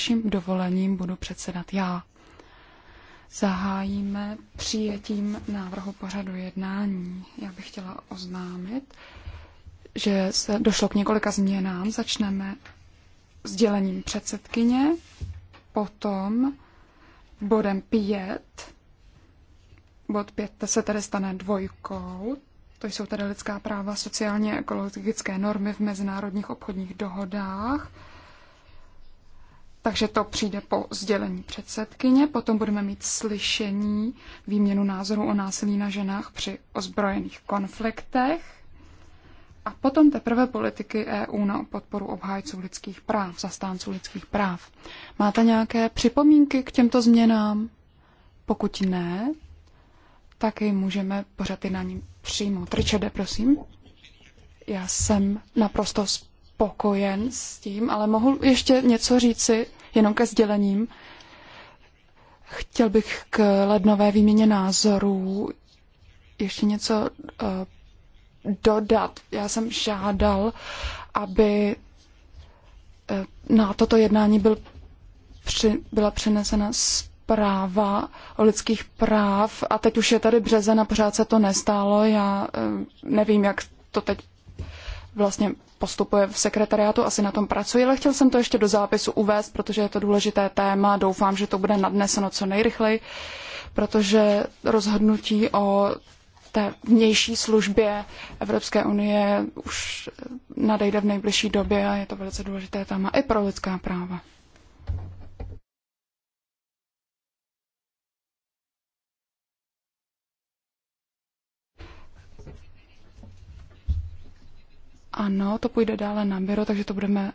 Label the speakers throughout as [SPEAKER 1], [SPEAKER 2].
[SPEAKER 1] vaším dovolením budu předsedat já. Zahájíme přijetím návrhu pořadu jednání. Já bych chtěla oznámit, že se došlo k několika změnám. Začneme sdělením předsedkyně, potom bodem 5. Bod 5 se tedy stane dvojkou. To jsou tedy lidská práva, sociálně ekologické normy v mezinárodních obchodních dohodách. Takže to přijde po sdělení předsedkyně, potom budeme mít slyšení, výměnu názoru o násilí na ženách při ozbrojených konfliktech a potom teprve politiky EU na podporu obhájců lidských práv, zastánců lidských práv. Máte nějaké připomínky k těmto změnám? Pokud ne, tak ji můžeme pořád i na ní přijmout. Richarde, prosím. Já jsem naprosto spokojen s tím, ale mohu ještě něco říci jenom ke sdělením. Chtěl bych k lednové výměně názorů ještě něco uh, dodat. Já jsem žádal, aby uh, na toto jednání byl při, byla přenesena zpráva o lidských práv a teď už je tady březen a pořád se to nestálo. Já uh, nevím, jak to teď vlastně postupuje v sekretariátu, asi na tom pracuji, ale chtěl jsem to ještě do zápisu uvést, protože je to důležité téma. Doufám, že to bude nadneseno co nejrychleji, protože rozhodnutí o té vnější službě Evropské unie už nadejde v nejbližší době a je to velice důležité téma i pro lidská práva. Ano, to půjde dále na byro, takže to budeme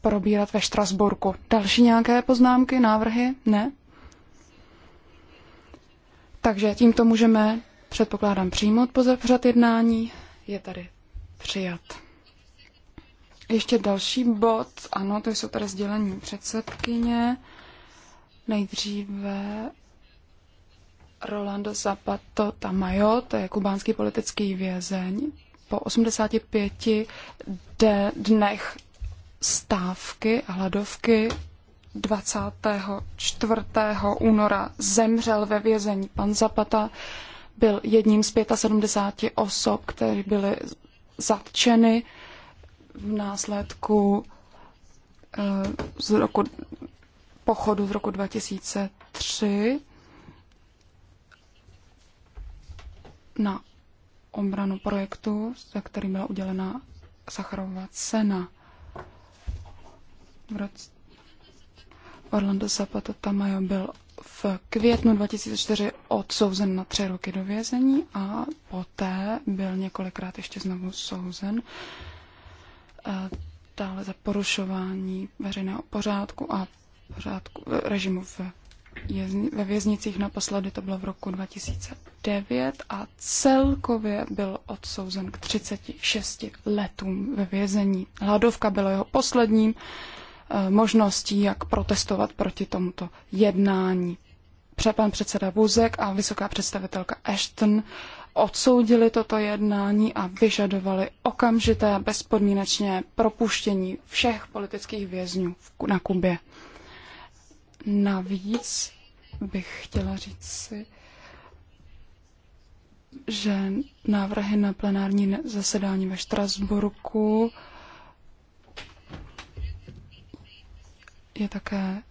[SPEAKER 1] probírat ve Štrasburku. Další nějaké poznámky, návrhy? Ne? Takže tímto můžeme, předpokládám, přijmout pořad jednání. Je tady přijat. Ještě další bod, ano, to jsou tady sdělení předsedkyně. Nejdříve Rolando Zapato Tamayo, to je kubánský politický vězeň, po 85 dnech stávky a hladovky 24. února zemřel ve vězení. Pan Zapata byl jedním z 75 osob, které byly zatčeny v následku eh, z roku, pochodu z roku 2003 na obranu projektu, za který byla udělena Sacharová cena. V roce Orlando Zapata Tamayo byl v květnu 2004 odsouzen na tři roky do vězení a poté byl několikrát ještě znovu souzen dále za porušování veřejného pořádku a pořádku, režimu v ve věznicích. Naposledy to bylo v roku 2009 a celkově byl odsouzen k 36 letům ve vězení. Hladovka byla jeho posledním eh, možností, jak protestovat proti tomuto jednání. Pan předseda Buzek a vysoká představitelka Ashton odsoudili toto jednání a vyžadovali okamžité bezpodmínečné propuštění všech politických vězňů na Kubě. Navíc bych chtěla říct si, že návrhy na plenární zasedání ve Štrasburku je také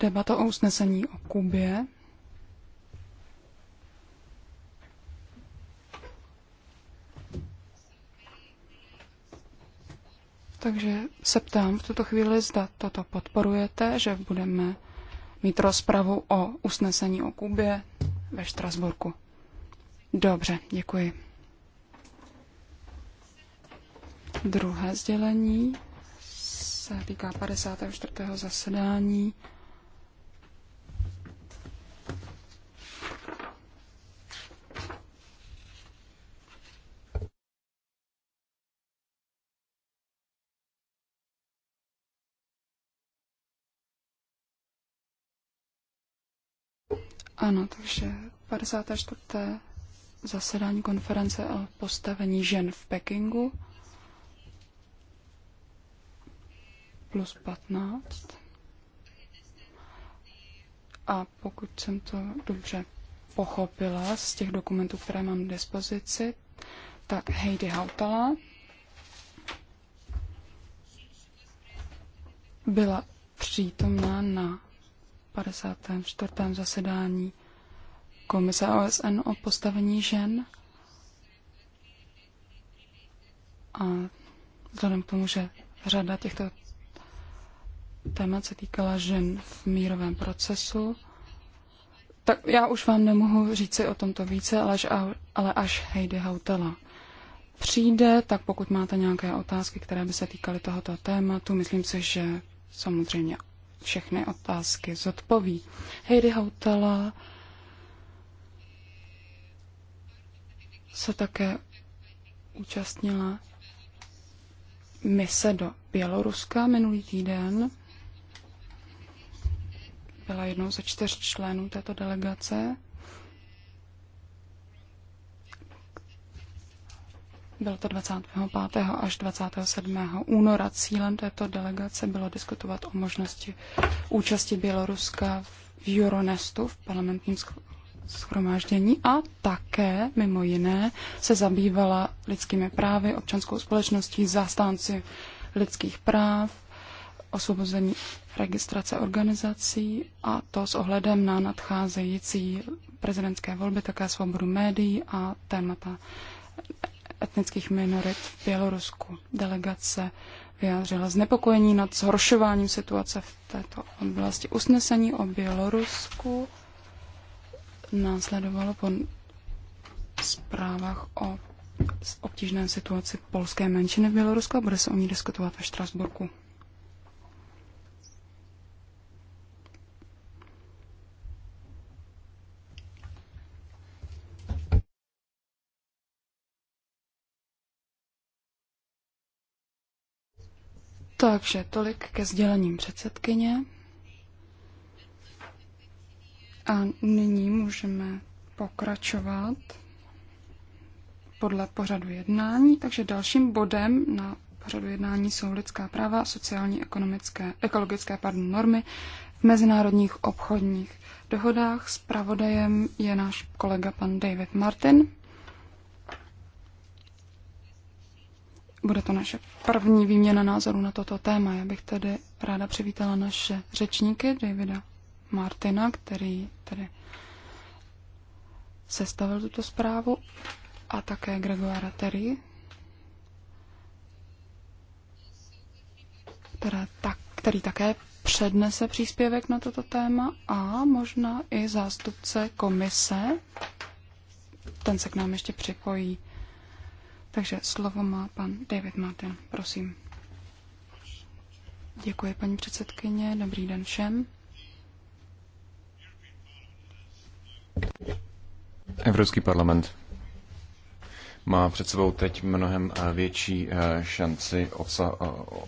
[SPEAKER 1] debata o usnesení o Kubě. Takže se ptám v tuto chvíli, zda toto podporujete, že budeme mít rozpravu o usnesení o Kubě ve Štrasburku. Dobře, děkuji. Druhé sdělení se týká 54. zasedání Ano, takže 54. zasedání konference o postavení žen v Pekingu plus 15. A pokud jsem to dobře pochopila z těch dokumentů, které mám k dispozici, tak Heidi Hautala byla přítomná na 54. zasedání Komise OSN o postavení žen. A vzhledem k tomu, že řada těchto témat se týkala žen v mírovém procesu, tak já už vám nemohu říci o tomto více, ale až, ale až Heidi Hautela přijde, tak pokud máte nějaké otázky, které by se týkaly tohoto tématu, myslím si, že samozřejmě všechny otázky zodpoví. Heidi Hautala se také účastnila mise do Běloruska minulý týden. Byla jednou ze čtyř členů této delegace Bylo to 25. až 27. února. Cílem této delegace bylo diskutovat o možnosti účasti Běloruska v Euronestu, v parlamentním schromáždění a také, mimo jiné, se zabývala lidskými právy, občanskou společností, zastánci lidských práv, osvobození registrace organizací a to s ohledem na nadcházející prezidentské volby, také svobodu médií a témata etnických minorit v Bělorusku. Delegace vyjádřila znepokojení nad zhoršováním situace v této oblasti. Usnesení o Bělorusku následovalo po zprávách o obtížné situaci polské menšiny v Bělorusku a bude se o ní diskutovat ve Štrasburku. Takže tolik ke sdělením předsedkyně. A nyní můžeme pokračovat podle pořadu jednání. Takže dalším bodem na pořadu jednání jsou lidská práva, sociální, ekonomické, ekologické pardon, normy v mezinárodních obchodních dohodách. s pravodajem je náš kolega pan David Martin. Bude to naše první výměna názorů na toto téma. Já bych tedy ráda přivítala naše řečníky Davida Martina, který tedy sestavil tuto zprávu, a také Gregora Terry, které tak, který také přednese příspěvek na toto téma a možná i zástupce komise. Ten se k nám ještě připojí. Takže slovo má pan David Martin, prosím. Děkuji, paní předsedkyně. Dobrý den všem.
[SPEAKER 2] Evropský parlament má před sebou teď mnohem větší eh, šanci eh, eh, obsah,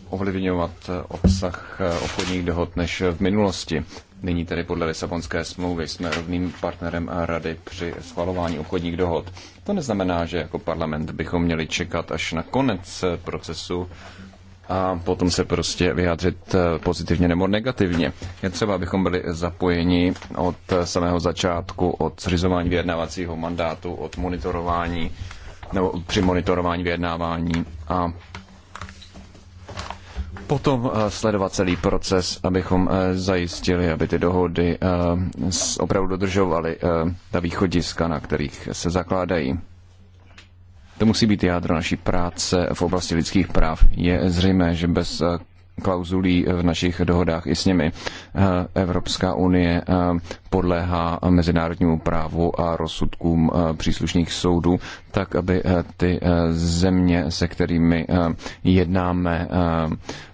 [SPEAKER 2] ovlivňovat obsah obchodních dohod než v minulosti. Nyní tedy podle Lisabonské smlouvy jsme rovným partnerem Rady při schvalování obchodních dohod. To neznamená, že jako parlament bychom měli čekat až na konec eh, procesu a potom se prostě vyjádřit eh, pozitivně nebo negativně. Je třeba, abychom byli zapojeni od eh, samého začátku, od zřizování vyjednávacího mandátu, od monitorování nebo při monitorování vyjednávání a potom eh, sledovat celý proces, abychom eh, zajistili, aby ty dohody eh, opravdu dodržovaly ta východiska, na kterých se zakládají. To musí být jádro naší práce v oblasti lidských práv. Je zřejmé, že bez klauzulí v našich dohodách i s nimi. Eh, Evropská unie eh, podléhá mezinárodnímu právu a rozsudkům eh, příslušných soudů, tak aby ty země, se kterými jednáme,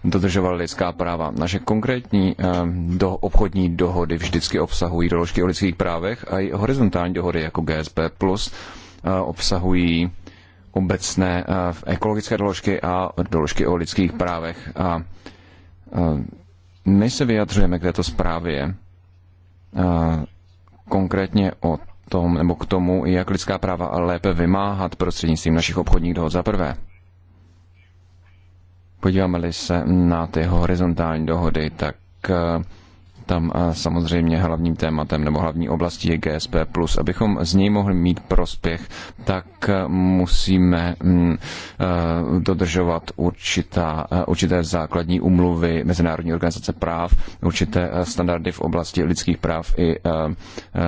[SPEAKER 2] dodržovaly lidská práva. Naše konkrétní do obchodní dohody vždycky obsahují doložky o lidských právech a i horizontální dohody jako GSP+, obsahují obecné ekologické doložky a doložky o lidských právech. A než eh, se vyjadřujeme k této zprávě, eh, konkrétně o tom, nebo k tomu, jak lidská práva lépe vymáhat prostřednictvím našich obchodních dohod za prvé. Podíváme-li se na ty horizontální dohody, tak eh, tam samozřejmě hlavním tématem nebo hlavní oblastí je GSP+. Abychom z něj mohli mít prospěch, tak eh, musíme mm, eh, dodržovat určitá, eh, určité základní umluvy Mezinárodní organizace práv, určité standardy v oblasti lidských práv i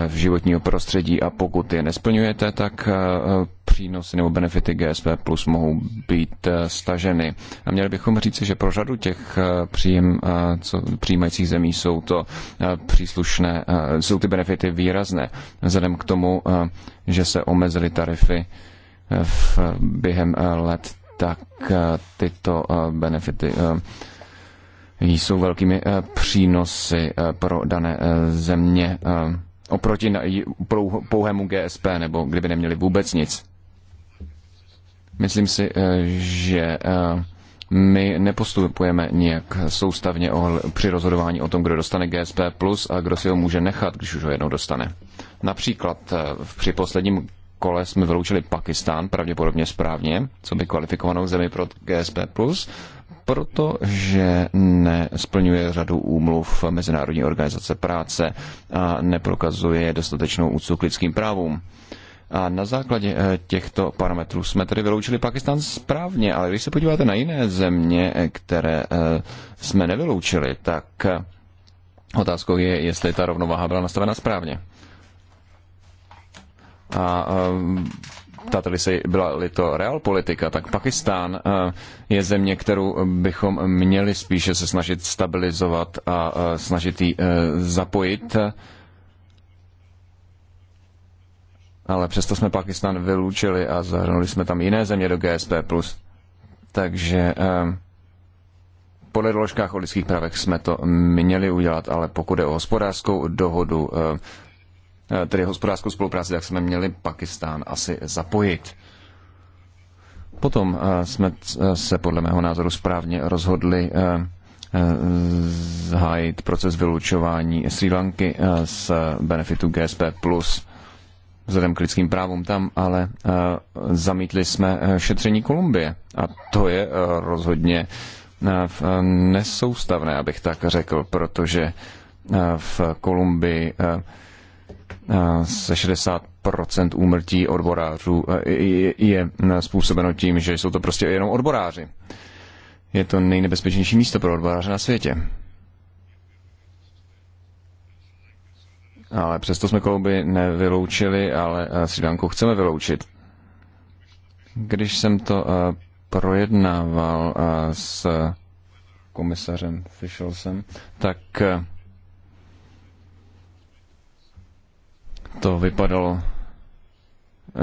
[SPEAKER 2] v životního prostředí a pokud je nesplňujete, tak přínosy nebo benefity GSP plus mohou být eh, staženy. A měli bychom říci, že pro řadu těch eh, příjem, eh, co, přijímajících zemí jsou to příslušné, jsou ty benefity výrazné, vzhledem k tomu, že se omezily tarify v, během let, tak tyto benefity jsou velkými přínosy pro dané země oproti pouhému GSP, nebo kdyby neměli vůbec nic. Myslím si, eh, že eh, my nepostupujeme nějak soustavně při rozhodování o tom, kdo dostane GSP plus a kdo si ho může nechat, když už ho jednou dostane. Například eh, při posledním kole jsme vyloučili Pakistán, pravděpodobně správně, co by kvalifikovanou zemi pro GSP+, protože nesplňuje řadu úmluv Mezinárodní organizace práce a neprokazuje dostatečnou úctu k lidským právům. A na základě eh, těchto parametrů jsme tedy vyloučili Pakistan správně, ale když se podíváte na jiné země, eh, které eh, jsme nevyloučili, tak otázkou je, jestli ta rovnováha byla nastavena správně. A ptáte-li se, byla-li to realpolitika, tak Pakistán je země, kterou bychom měli spíše se snažit stabilizovat a snažit ji zapojit Ale přesto jsme Pakistan vyloučili a zahrnuli jsme tam jiné země do GSP+. Takže ehm, podle doložkách o lidských právech jsme to měli udělat, ale pokud je o hospodářskou dohodu, ehm, e, tedy hospodářskou spolupráci, tak jsme měli Pakistán asi zapojit. Potom e, jsme e, se podle mého názoru správně rozhodli zhájit proces vylučování Sri Lanky z benefitu GSP+. Plus vzhledem k lidským právům tam, ale eh, zamítli jsme eh, šetření Kolumbie. A to je eh, rozhodně nesoustavné, abych tak řekl, protože v Kolumbii se 60% úmrtí odborářů je hm, způsobeno tím, že jsou to prostě jenom odboráři. Je to nejnebezpečnější místo pro odboráře na světě. Ale přesto jsme Kolumbii nevyloučili, ale eh, Sri Lanku chceme vyloučit. Když jsem to eh, projednával eh, s komisařem Fischelsem, tak to vypadalo,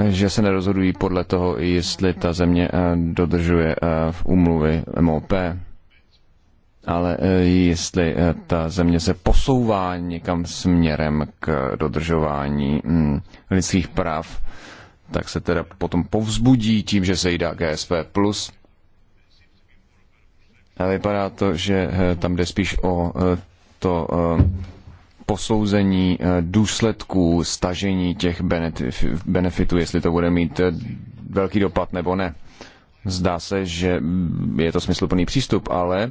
[SPEAKER 2] že se nerozhodují podle toho, jestli ta země dodržuje v úmluvy MOP ale e, jestli e, ta země se posouvá někam směrem k dodržování mm, lidských práv, tak se teda potom povzbudí tím, že se jde GSP+. A vypadá to, že e, tam jde spíš o to posouzení důsledků stažení těch benefitů, jestli to bude mít velký dopad nebo ne. Zdá se, že mm, je to smysluplný přístup, ale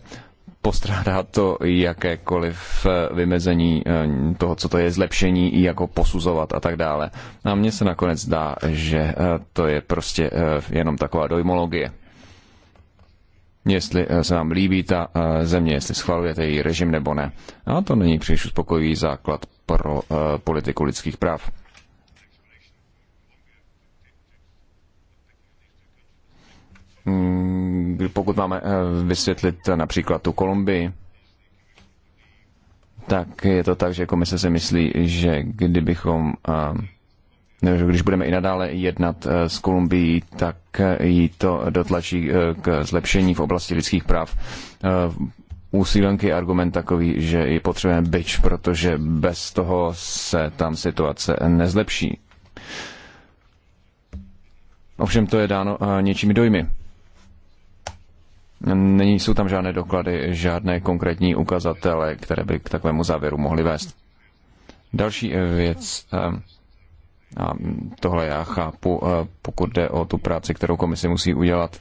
[SPEAKER 2] postrádá to jakékoliv eh, vymezení eh, toho, co to je zlepšení, jako posuzovat a tak dále. A mně se nakonec zdá, že eh, to je prostě jenom taková dojmologie. Jestli se vám líbí ta země, jestli schvalujete její režim nebo ne. A to není příliš uspokojivý základ pro politiku lidských práv. Mm, pokud máme eh, vysvětlit například tu Kolumbii, tak je to tak, že komise si myslí, že kdybychom, eh, když budeme i nadále jednat eh, s Kolumbií, tak jí to dotlačí k zlepšení v oblasti lidských práv. Úsílenky je argument takový, že je potřebujeme byč, protože bez toho se tam situace nezlepší. Ovšem to je dáno něčími dojmy. Není, jsou tam žádné doklady, žádné konkrétní ukazatele, které by k takovému závěru mohly vést. Další eh, věc, eh, a tohle já chápu, eh, pokud jde o tu práci, kterou komise musí udělat,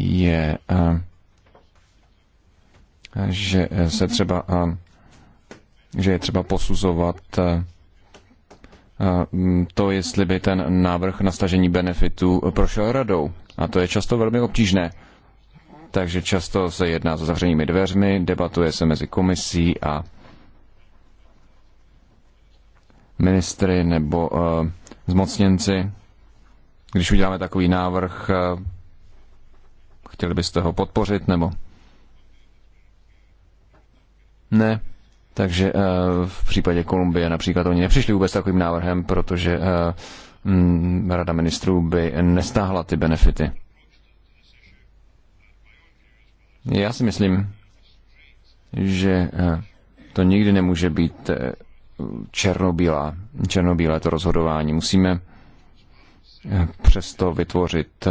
[SPEAKER 2] je, že se třeba, že je třeba posuzovat Mm, to, jestli by ten návrh na stažení benefitů prošel radou. A to je často velmi obtížné. Takže často se jedná s zavřenými dveřmi, debatuje se mezi komisí a ministry nebo uh, zmocněnci. Když uděláme takový návrh, uh, chtěli byste ho podpořit nebo? Ne, takže eh, v případě Kolumbie například oni nepřišli vůbec takovým návrhem, protože eh, mm, Rada ministrů by nestáhla ty benefity. Já si myslím, že eh, to nikdy nemůže být černobílá, černobílé to rozhodování. Musíme přesto vytvořit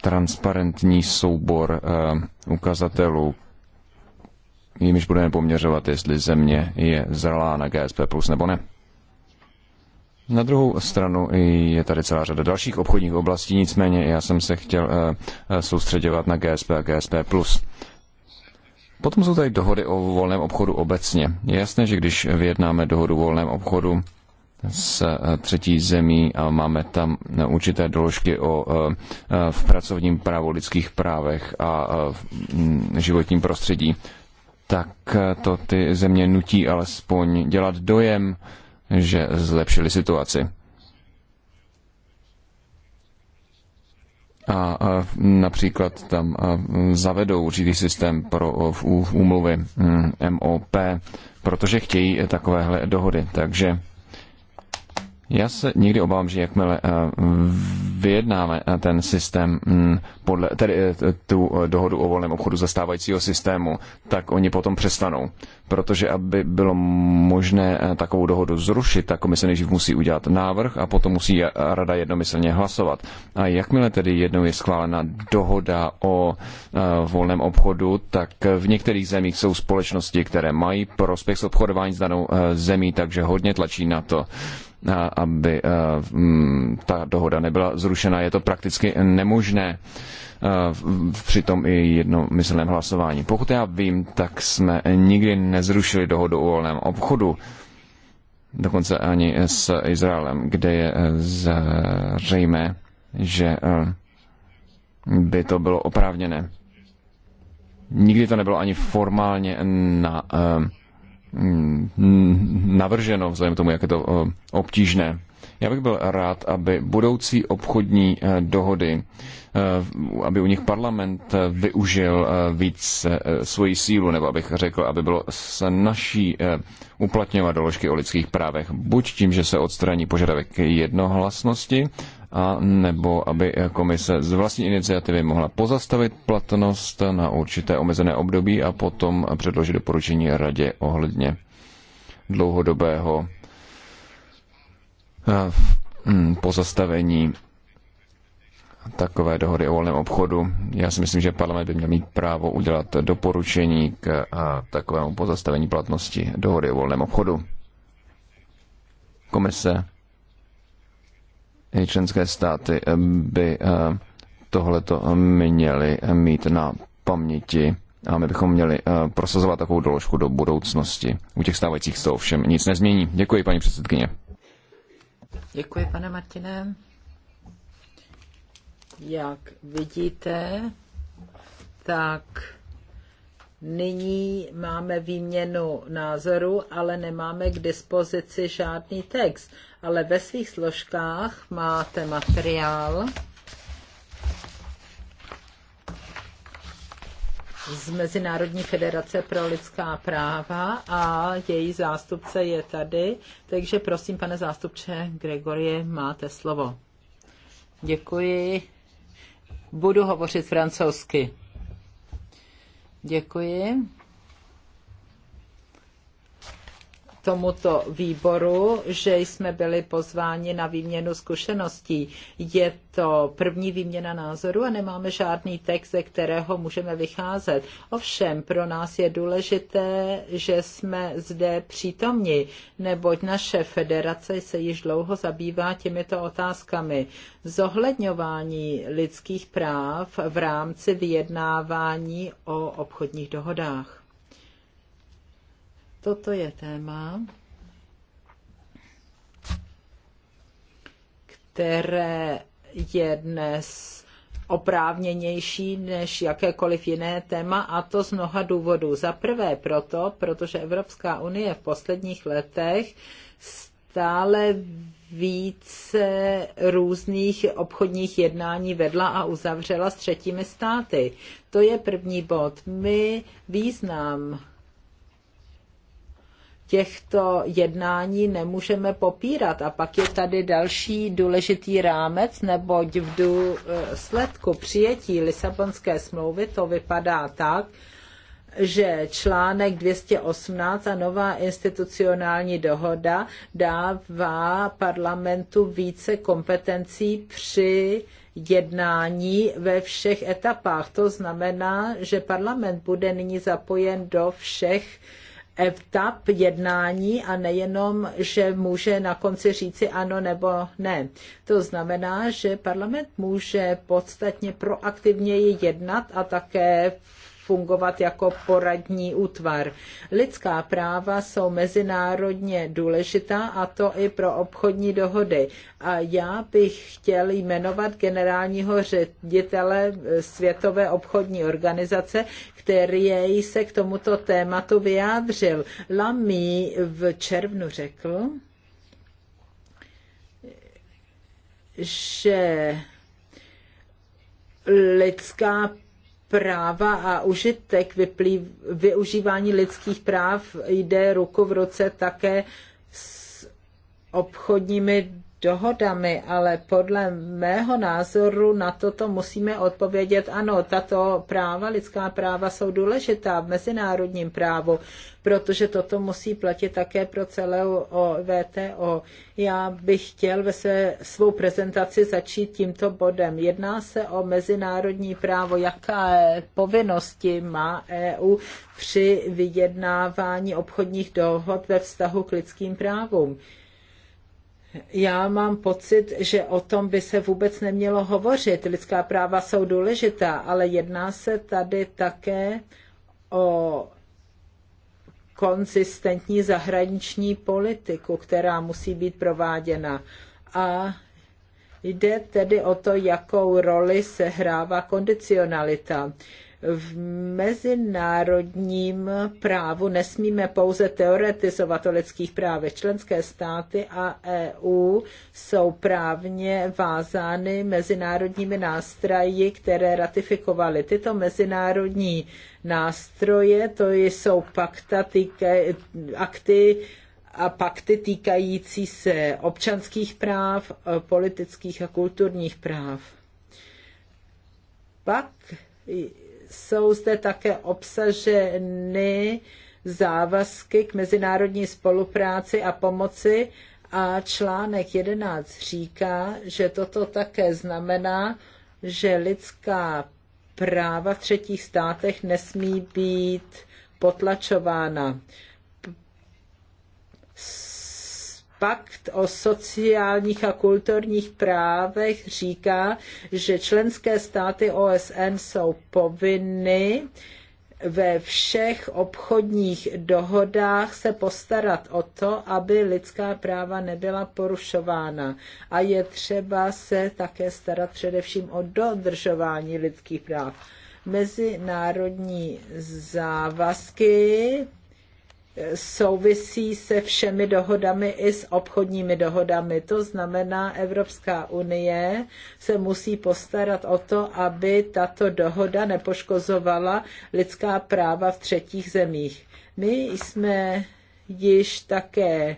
[SPEAKER 2] transparentní soubor ukazatelů, jimiž budeme poměřovat, jestli země je zralá na GSP plus nebo ne. Na druhou stranu je tady celá řada dalších obchodních oblastí, nicméně já jsem se chtěl eh, eh, soustředěvat na GSP a GSP+. Potom jsou tady dohody o volném obchodu obecně. Je jasné, že když vyjednáme dohodu o volném obchodu s eh, třetí zemí a máme tam určité doložky o v pracovním právu, lidských právech a v mm, životním prostředí, tak to ty země nutí alespoň dělat dojem, že zlepšili situaci. A, a například tam a, zavedou určitý systém pro v, v úmluvy MOP, mm, protože chtějí takovéhle dohody. Takže já se někdy obávám, že jakmile eh, vyjednáme eh, ten systém, mm, podle, tedy eh, tu dohodu o volném obchodu zastávajícího systému, tak oni potom přestanou. Protože aby bylo možné takovou dohodu zrušit, tak komise nejdřív musí udělat návrh a potom musí rada jednomyslně hlasovat. A jakmile tedy jednou je schválena dohoda o volném obchodu, tak v některých zemích jsou společnosti, které mají prospěch s obchodování s danou zemí, takže hodně tlačí na to aby mm, ta dohoda nebyla zrušena. Je to prakticky nemožné při tom i jednomyslném hlasování. Pokud já vím, tak jsme nikdy nezrušili dohodu o volném obchodu, dokonce ani s Izraelem, kde je e, zřejmé, že e, by to bylo oprávněné. Nikdy to nebylo ani formálně na e, Mm, navrženo, vzhledem k tomu, jak je to eh, obtížné. Já bych byl rád, aby budoucí obchodní eh, dohody, eh, aby u nich parlament využil víc svoji sílu, nebo abych řekl, aby bylo naší uplatňovat doložky o lidských právech, buď tím, že se odstraní požadavek jednohlasnosti, a nebo aby komise z vlastní iniciativy mohla pozastavit platnost na určité omezené období a potom předložit doporučení radě ohledně dlouhodobého eh, hm, pozastavení takové dohody o volném obchodu. Já si myslím, že parlament by měl mít právo udělat doporučení k eh, takovému pozastavení platnosti dohody o volném obchodu. Komise i členské státy by eh, tohleto měly mít na paměti a my bychom měli eh, prosazovat takovou doložku do budoucnosti. U těch stávajících se ovšem nic nezmění. Děkuji, paní předsedkyně.
[SPEAKER 3] Děkuji, pane Martine. Jak vidíte, tak nyní máme výměnu názoru, ale nemáme k dispozici žádný text ale ve svých složkách máte materiál z Mezinárodní federace pro lidská práva a její zástupce je tady. Takže prosím, pane zástupče Gregorie, máte slovo. Děkuji. Budu hovořit francouzsky. Děkuji. tomuto výboru, že jsme byli pozváni na výměnu zkušeností. Je to první výměna názoru a nemáme žádný text, ze kterého můžeme vycházet. Ovšem, pro nás je důležité, že jsme zde přítomni, neboť naše federace se již dlouho zabývá těmito otázkami. Zohledňování lidských práv v rámci vyjednávání o obchodních dohodách. Toto je téma, které je dnes oprávněnější než jakékoliv jiné téma a to z mnoha důvodů. Za prvé proto, protože Evropská unie v posledních letech stále více různých obchodních jednání vedla a uzavřela s třetími státy. To je první bod. My význam těchto jednání nemůžeme popírat. A pak je tady další důležitý rámec, neboť v důsledku eh, přijetí Lisabonské smlouvy to vypadá tak, že článek 218 a nová institucionální dohoda dává parlamentu více kompetencí při jednání ve všech etapách. To znamená, že parlament bude nyní zapojen do všech etap jednání a nejenom, že může na konci říci ano nebo ne. To znamená, že parlament může podstatně proaktivněji jednat a také fungovat jako poradní útvar. Lidská práva jsou mezinárodně důležitá a to i pro obchodní dohody. A já bych chtěl jmenovat generálního ředitele Světové obchodní organizace, který se k tomuto tématu vyjádřil. Lamy v červnu řekl, že lidská práva a užitek vyplýv, využívání lidských práv jde ruku v roce také s obchodními dohodami, ale podle mého názoru na toto musíme odpovědět ano, tato práva, lidská práva jsou důležitá v mezinárodním právu, protože toto musí platit také pro celou VTO. Já bych chtěl ve své, svou prezentaci začít tímto bodem. Jedná se o mezinárodní právo, Jaká povinnosti má EU při vyjednávání obchodních dohod ve vztahu k lidským právům já mám pocit, že o tom by se vůbec nemělo hovořit. Lidská práva jsou důležitá, ale jedná se tady také o konzistentní zahraniční politiku, která musí být prováděna. A jde tedy o to, jakou roli se kondicionalita v mezinárodním právu nesmíme pouze teoretizovat o lidských právech. Členské státy a EU jsou právně vázány mezinárodními nástroji, které ratifikovaly. Tyto mezinárodní nástroje, to jsou pakta týka, akty a pakty týkající se občanských práv, politických a kulturních práv. Pak jsou zde také obsaženy závazky k mezinárodní spolupráci a pomoci a článek 11 říká, že toto také znamená, že lidská práva v třetích státech nesmí být potlačována. Pakt o sociálních a kulturních právech říká, že členské státy OSN jsou povinny ve všech obchodních dohodách se postarat o to, aby lidská práva nebyla porušována. A je třeba se také starat především o dodržování lidských práv. Mezinárodní závazky souvisí se všemi dohodami i s obchodními dohodami. To znamená, Evropská unie se musí postarat o to, aby tato dohoda nepoškozovala lidská práva v třetích zemích. My jsme již také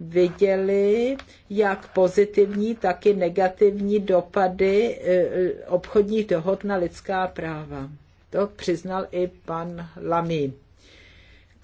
[SPEAKER 3] viděli jak pozitivní, tak i negativní dopady e, obchodních dohod na lidská práva. To přiznal i pan Lamy.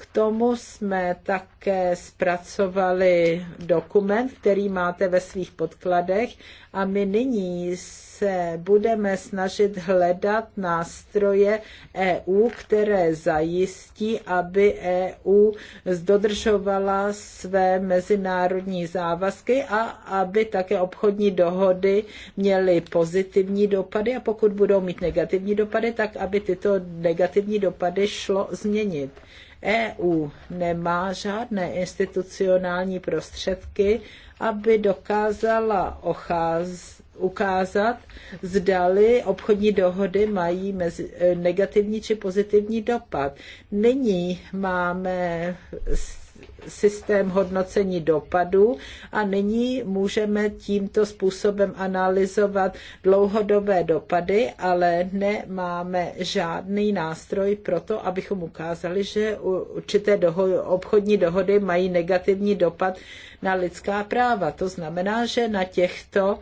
[SPEAKER 3] K tomu jsme také zpracovali dokument, který máte ve svých podkladech a my nyní se budeme snažit hledat nástroje EU, které zajistí, aby EU zdodržovala své mezinárodní závazky a aby také obchodní dohody měly pozitivní dopady a pokud budou mít negativní dopady, tak aby tyto negativní dopady šlo změnit. EU nemá žádné institucionální prostředky, aby dokázala ocház, ukázat, zdali obchodní dohody mají mezi, e, negativní či pozitivní dopad. Nyní máme systém hodnocení dopadů a nyní můžeme tímto způsobem analyzovat dlouhodobé dopady, ale nemáme žádný nástroj pro to, abychom ukázali, že určité doho- obchodní dohody mají negativní dopad na lidská práva. To znamená, že na těchto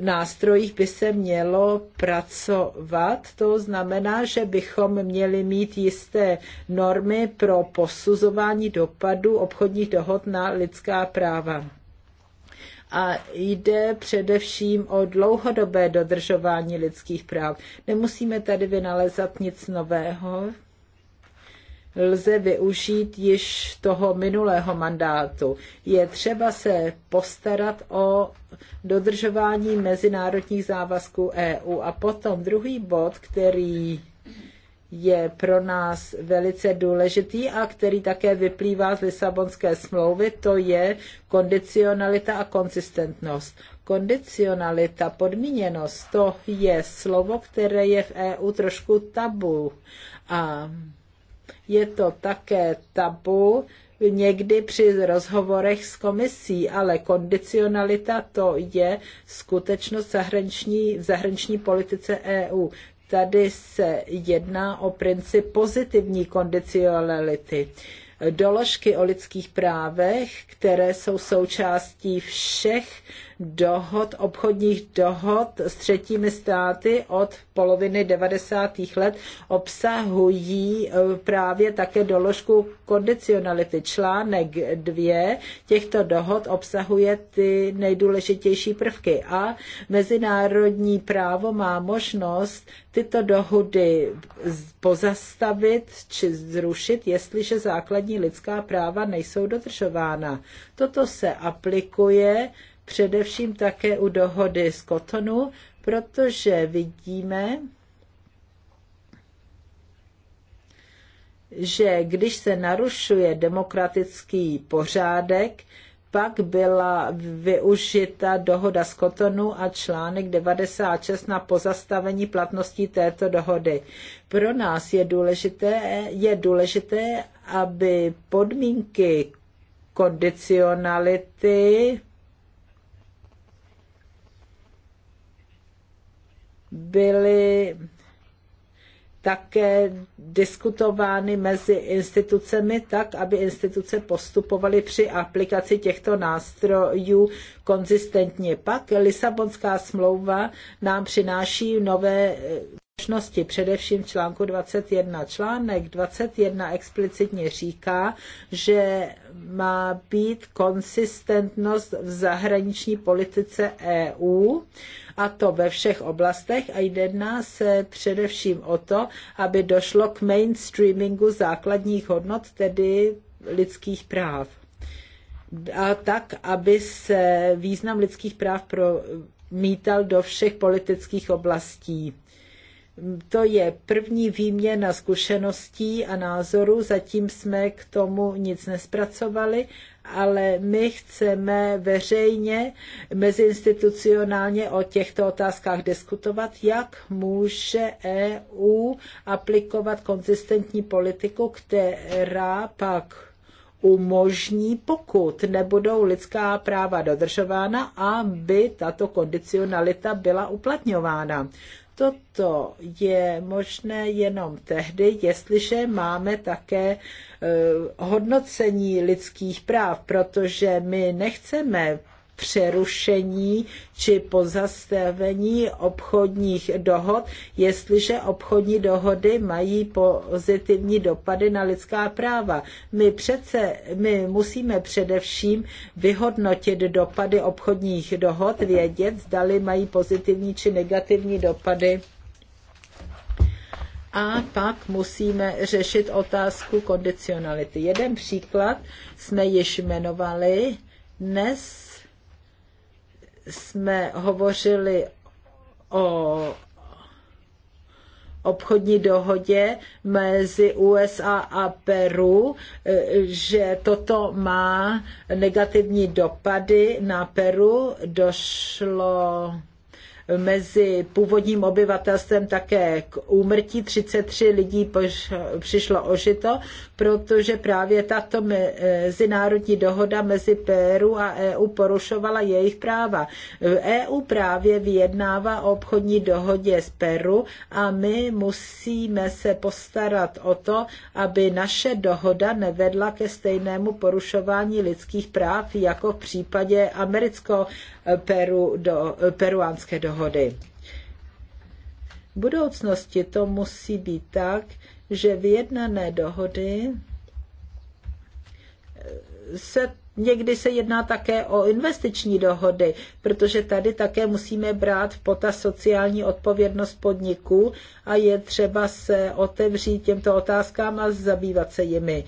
[SPEAKER 3] nástrojích by se mělo pracovat. To znamená, že bychom měli mít jisté normy pro posuzování dopadu obchodních dohod na lidská práva a jde především o dlouhodobé dodržování lidských práv. Nemusíme tady vynalézat nic nového, lze využít již toho minulého mandátu. Je třeba se postarat o dodržování mezinárodních závazků EU. A potom druhý bod, který je pro nás velice důležitý a který také vyplývá z Lisabonské smlouvy, to je kondicionalita a konsistentnost. Kondicionalita, podmíněnost, to je slovo, které je v EU trošku tabu. A je to také tabu někdy při rozhovorech s komisí, ale kondicionalita to je skutečnost zahraniční, v zahraniční politice EU. Tady se jedná o princip pozitivní kondicionality doložky o lidských právech, které jsou součástí všech dohod, obchodních dohod s třetími státy od poloviny 90. let obsahují e, právě také doložku kondicionality. Článek 2 těchto dohod obsahuje ty nejdůležitější prvky a mezinárodní právo má možnost tyto dohody pozastavit či zrušit, jestliže základní lidská práva nejsou dodržována. Toto se aplikuje především také u dohody z Kotonu, protože vidíme, že když se narušuje demokratický pořádek, pak byla využita dohoda z Kotonu a článek 96 na pozastavení platnosti této dohody. Pro nás je důležité, je důležité aby podmínky kondicionality byly také diskutovány mezi institucemi tak, aby instituce postupovaly při aplikaci těchto nástrojů konzistentně. Pak Lisabonská smlouva nám přináší nové eh, možnosti, především v článku 21. Článek 21 explicitně říká, že má být konsistentnost v zahraniční politice EU a to ve všech oblastech a jedná se především o to, aby došlo k mainstreamingu základních hodnot, tedy lidských práv. A tak, aby se význam lidských práv promítal do všech politických oblastí. To je první výměna zkušeností a názorů, zatím jsme k tomu nic nespracovali ale my chceme veřejně, meziinstitucionálně o těchto otázkách diskutovat, jak může EU aplikovat konzistentní politiku, která pak umožní, pokud nebudou lidská práva dodržována, aby tato kondicionalita byla uplatňována. Toto je možné jenom tehdy, jestliže máme také e, hodnocení lidských práv, protože my nechceme přerušení či pozastavení obchodních dohod, jestliže obchodní dohody mají pozitivní dopady na lidská práva. My přece, my musíme především vyhodnotit dopady obchodních dohod, vědět, zdali mají pozitivní či negativní dopady a pak musíme řešit otázku kondicionality. Jeden příklad jsme již jmenovali. Dnes jsme hovořili o obchodní dohodě mezi USA a Peru, že toto má negativní dopady na Peru. Došlo mezi původním obyvatelstvem také k úmrtí. 33 lidí přišlo ožito, protože právě tato mezinárodní dohoda mezi Peru a EU porušovala jejich práva. EU právě vyjednává o obchodní dohodě s Peru a my musíme se postarat o to, aby naše dohoda nevedla ke stejnému porušování lidských práv jako v případě americko-peruánské dohody dohody. V budoucnosti to musí být tak, že vyjednané dohody eh, se Někdy se jedná také o investiční dohody, protože tady také musíme brát v potaz sociální odpovědnost podniků a je třeba se otevřít těmto otázkám a zabývat se jimi.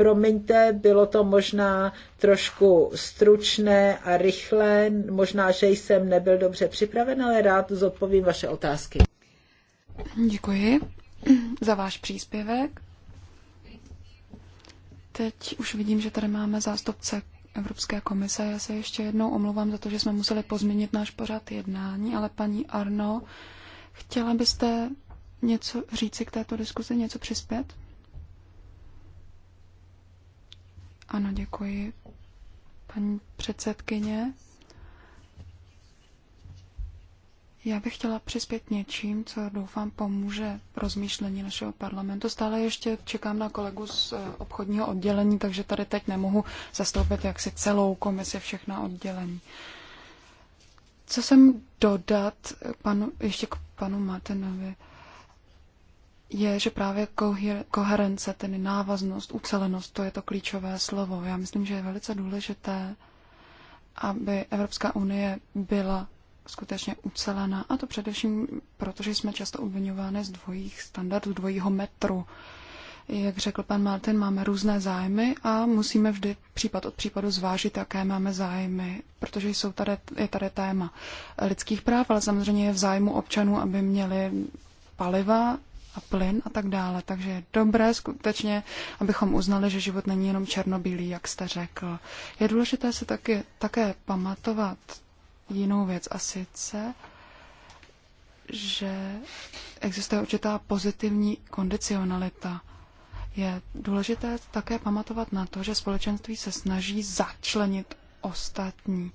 [SPEAKER 3] Promiňte, bylo to možná trošku stručné a rychlé, možná, že jsem nebyl dobře připraven, ale rád zodpovím vaše otázky. Děkuji za
[SPEAKER 1] váš příspěvek. Teď už vidím, že tady máme zástupce Evropské komise. Já se ještě jednou omlouvám za to, že jsme museli pozměnit náš pořad jednání, ale paní Arno, chtěla byste něco říci k této diskuzi, něco přispět? Ano, děkuji. Paní předsedkyně, já bych chtěla přispět něčím, co doufám pomůže rozmýšlení našeho parlamentu. Stále ještě čekám na kolegu z eh, obchodního oddělení, takže tady teď nemohu zastoupit jaksi celou komisi všechna oddělení. Co jsem dodat panu, ještě k panu Matenovi? je, že právě koherence, tedy návaznost, ucelenost, to je to klíčové slovo. Já myslím, že je velice důležité, aby Evropská unie byla skutečně ucelená, a to především proto, že jsme často obvinovány z dvojích standardů, dvojího metru. Jak řekl pan Martin, máme různé zájmy a musíme vždy případ od případu zvážit, jaké máme zájmy, protože jsou tady, je tady téma lidských práv, ale samozřejmě je v zájmu občanů, aby měli paliva a plyn a tak dále. Takže je dobré skutečně, abychom uznali, že život není jenom černobílý, jak jste řekl. Je důležité se taky, také pamatovat jinou věc a sice, že existuje určitá pozitivní kondicionalita. Je důležité také pamatovat na to, že společenství se snaží začlenit ostatní.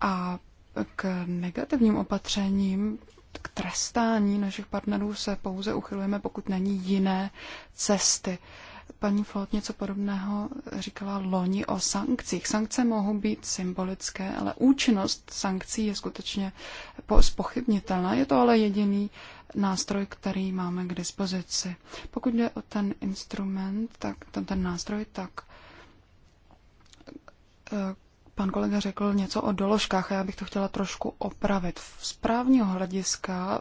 [SPEAKER 1] A k negativním opatřením k trestání našich partnerů se pouze uchylujeme, pokud není jiné cesty. Paní Flot něco podobného říkala loni o sankcích. Sankce mohou být symbolické, ale účinnost sankcí je skutečně spochybnitelná. Je to ale jediný nástroj, který máme k dispozici. Pokud jde o ten instrument, tak ten, ten nástroj, tak eh, pan kolega řekl něco o doložkách a já bych to chtěla trošku opravit. Z právního hlediska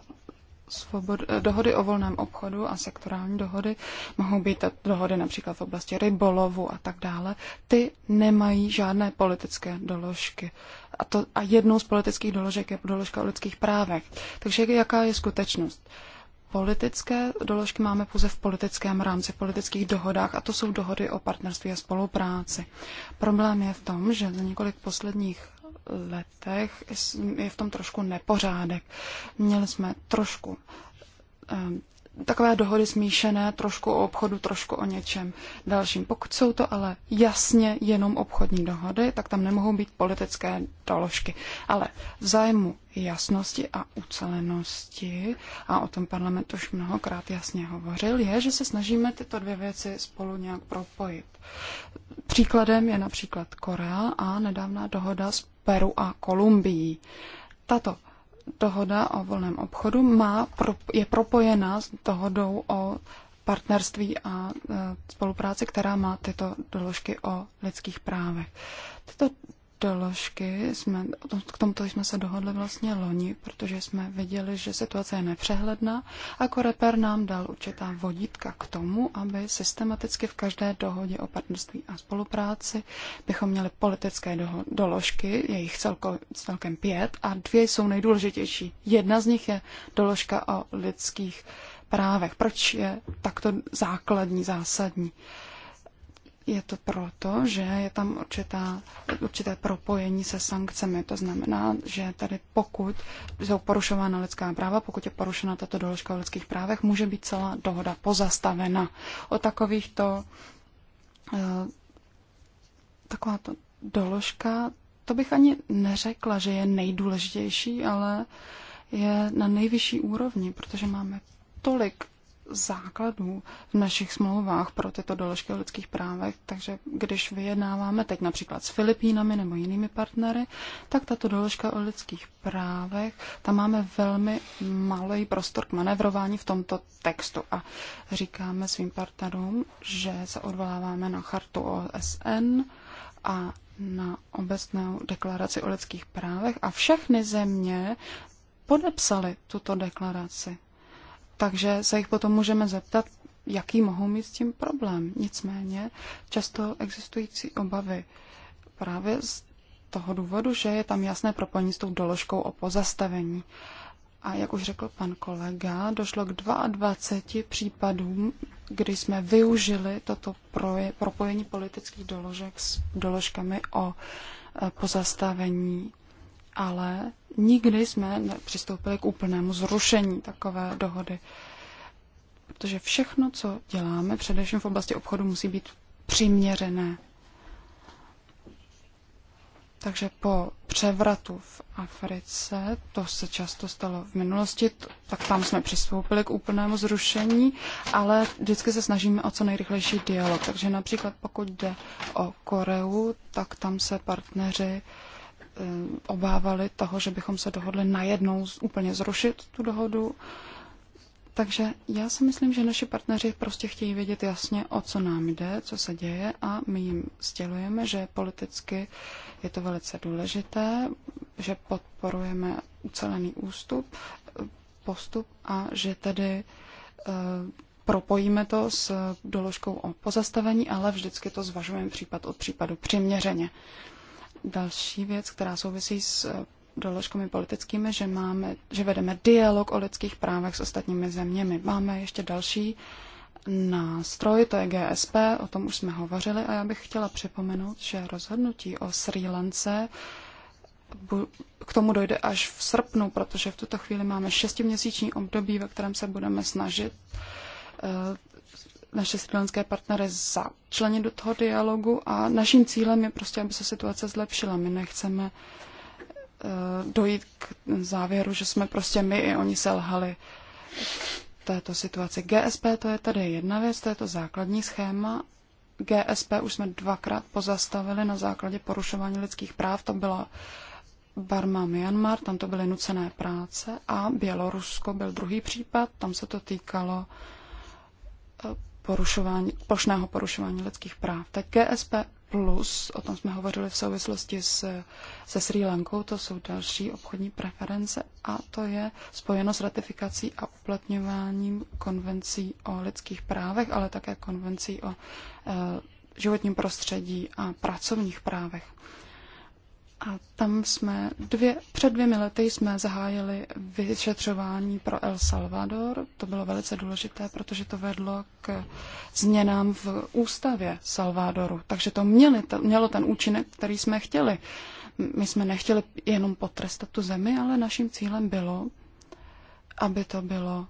[SPEAKER 1] svobod, dohody o volném obchodu a sektorální dohody mohou být dohody například v oblasti rybolovu a tak dále. Ty nemají žádné politické doložky. A, to, a jednou z politických doložek je doložka o lidských právech. Takže jaká je skutečnost? Uh, politické doložky máme pouze v politickém rámci, v politických dohodách, a to jsou dohody o partnerství a spolupráci. Problém je v tom, že za několik posledních letech je v tom trošku nepořádek. Měli jsme trošku eh, takové dohody smíšené, trošku o obchodu, trošku o něčem dalším. Pokud jsou to ale jasně jenom obchodní dohody, tak tam nemohou být politické doložky. Ale v zájmu jasnosti a ucelenosti, a o tom parlament už mnohokrát jasně hovořil, je, že se snažíme tyto dvě věci spolu nějak propojit. Příkladem je například Korea a nedávná dohoda s Peru a Kolumbií. Tato dohoda o volném obchodu má, je propojena s dohodou o partnerství a e, spolupráci, která má tyto doložky o lidských právech. Tyto doložky, jsme, k tomuto jsme se dohodli vlastně loni, protože jsme viděli, že situace je nepřehledná a Koreper nám dal určitá vodítka k tomu, aby systematicky v každé dohodě o partnerství a spolupráci bychom měli politické doložky, je jich celko, celkem pět a dvě jsou nejdůležitější. Jedna z nich je doložka o lidských právech. Proč je takto základní, zásadní? Uh, je to proto, že je tam určitá, určité propojení se sankcemi. To znamená, že tady pokud jsou porušována lidská práva, pokud je porušena tato doložka o lidských právech, může být celá dohoda pozastavena. O takovýchto eh, to doložka, to bych ani neřekla, že je nejdůležitější, ale je na nejvyšší úrovni, protože máme tolik základů v našich smlouvách pro tyto doložky o lidských právech, takže když vyjednáváme teď například s Filipínami nebo jinými partnery, tak tato doložka o lidských právech, tam máme velmi malý prostor k manevrování v tomto textu a říkáme svým partnerům, že se odvoláváme na chartu OSN a na obecnou deklaraci o lidských právech a všechny země podepsali tuto deklaraci takže se jich potom můžeme zeptat, jaký mohou mít s tím problém. Nicméně často existující obavy právě z toho důvodu, že je tam jasné propojení s tou doložkou o pozastavení. A jak už řekl pan kolega, došlo k 22 případům, kdy jsme využili toto proje, propojení politických doložek s doložkami o e, pozastavení, ale nikdy jsme nepřistoupili k úplnému zrušení takové dohody. Protože všechno, co děláme, především v oblasti obchodu, musí být přiměřené. Takže po převratu v Africe, to se často stalo v minulosti, tak tam jsme přistoupili k úplnému zrušení, ale vždycky se snažíme o co nejrychlejší dialog. Takže například pokud jde o Koreu, tak tam se partneři uh, Eh, obávali toho, že bychom se dohodli najednou úplně zrušit tu dohodu. Takže já si myslím, že naši partneři prostě chtějí vědět jasně, o co nám jde, co se děje a my jim sdělujeme, že politicky je to velice důležité, že podporujeme ucelený ústup, postup a že tedy eh, propojíme to s doložkou o pozastavení, ale vždycky to zvažujeme případ od případu přiměřeně. Další věc, která souvisí s eh, doložkami politickými, že, máme, že vedeme dialog o lidských právech s ostatními zeměmi. Máme ještě další nástroj, to je GSP, o tom už jsme hovořili a já bych chtěla připomenout, že rozhodnutí o Sri Lance k tomu dojde až v srpnu, protože v tuto chvíli máme šestiměsíční období, ve kterém se budeme snažit eh, naše srilonské partnery členě do toho dialogu a naším cílem je prostě, aby se situace zlepšila. My nechceme eh, dojít k závěru, že jsme prostě my i oni selhali této situaci. GSP to je tady jedna věc, to je to základní schéma. GSP už jsme dvakrát pozastavili na základě porušování lidských práv. To byla Barma Myanmar, tam to byly nucené práce a Bělorusko byl druhý případ, tam se to týkalo uh, porušování, plošného porušování lidských práv. Tak GSP Plus, o tom jsme hovořili v souvislosti s, se Sri Lankou, to jsou další obchodní preference a to je spojeno s ratifikací a uplatňováním konvencí o lidských právech, ale také konvencí o e, životním prostředí a pracovních právech. A tam jsme dvě, před dvěmi lety jsme zahájili vyšetřování pro El Salvador. To bylo velice důležité, protože to vedlo k změnám v ústavě Salvadoru. Takže to měli, mělo ten účinek, který jsme chtěli. My jsme nechtěli jenom potrestat tu zemi, ale naším cílem bylo, aby to bylo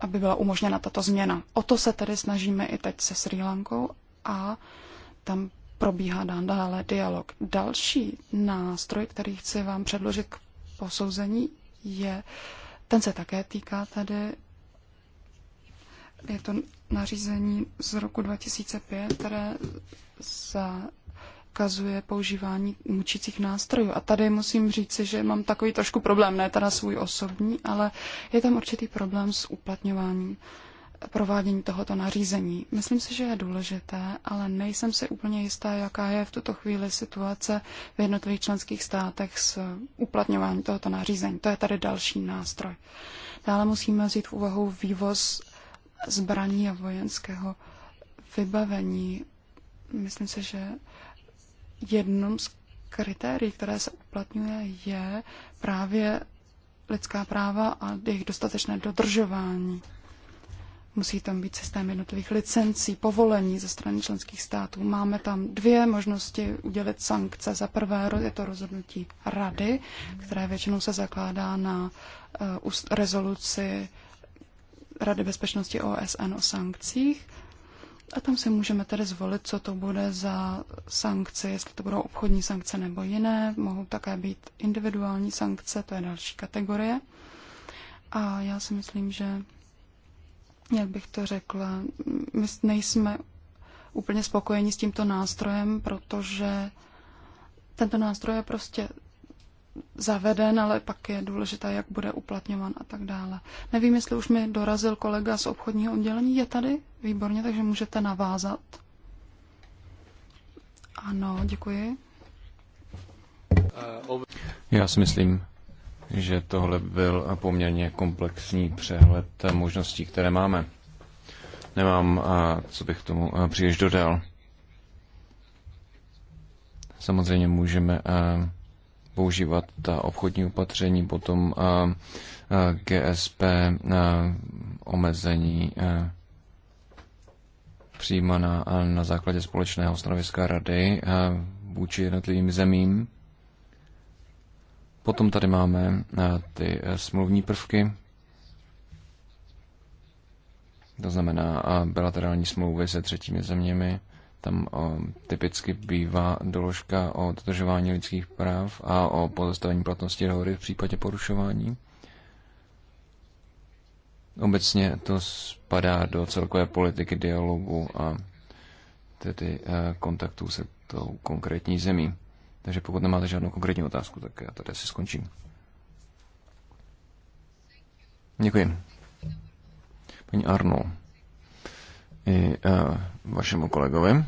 [SPEAKER 1] aby byla umožněna tato změna. O to se tedy snažíme i teď se Sri Lankou a tam probíhá dále dialog. Další nástroj, který chci vám předložit k posouzení, je, ten se také týká tady, je to nařízení z roku 2005, které zakazuje používání mučících nástrojů. A tady musím říci, že mám takový trošku problém, ne teda svůj osobní, ale je tam určitý problém s uplatňováním provádění tohoto nařízení. Myslím si, že je důležité, ale nejsem si úplně jistá, jaká je v tuto chvíli situace v jednotlivých členských státech s uplatňováním tohoto nařízení. To je tady další nástroj. Dále musíme vzít v úvahu vývoz zbraní a vojenského vybavení. Myslím si, že jednou z kritérií, které se uplatňuje, je právě lidská práva a jejich dostatečné dodržování. Musí tam být systém jednotlivých licencí, povolení ze strany členských států. Máme tam dvě možnosti udělit sankce. Za prvé je to rozhodnutí rady, které většinou se zakládá na eh, rezoluci Rady bezpečnosti OSN o sankcích. A tam si můžeme tedy zvolit, co to bude za sankce, jestli to budou obchodní sankce nebo jiné. Mohou také být individuální sankce, to je další kategorie. A já si myslím, že jak bych to řekla, my nejsme úplně spokojeni s tímto nástrojem, protože tento nástroj je prostě zaveden, ale pak je důležité, jak bude uplatňovan a tak dále. Nevím, jestli už mi dorazil kolega z obchodního oddělení. Je tady? Výborně, takže můžete navázat. Ano, děkuji.
[SPEAKER 2] Já si myslím, že tohle byl poměrně komplexní přehled možností, které máme. Nemám, co bych tomu příliš dodal. Samozřejmě můžeme používat ta obchodní opatření, potom GSP, omezení přijímaná na základě společného stanoviska rady vůči jednotlivým zemím. Potom tady máme eh, ty eh, smluvní prvky, to znamená eh, bilaterální smlouvy se třetími zeměmi. Tam o, typicky bývá doložka o dodržování lidských práv a o pozastavení platnosti dohody v případě porušování. Obecně to spadá do celkové politiky dialogu a tedy kontaktů se tou konkrétní zemí. Takže pokud nemáte žádnou konkrétní otázku, tak já tady asi skončím. Děkuji. Paní Arno, i uh, vašemu kolegovi.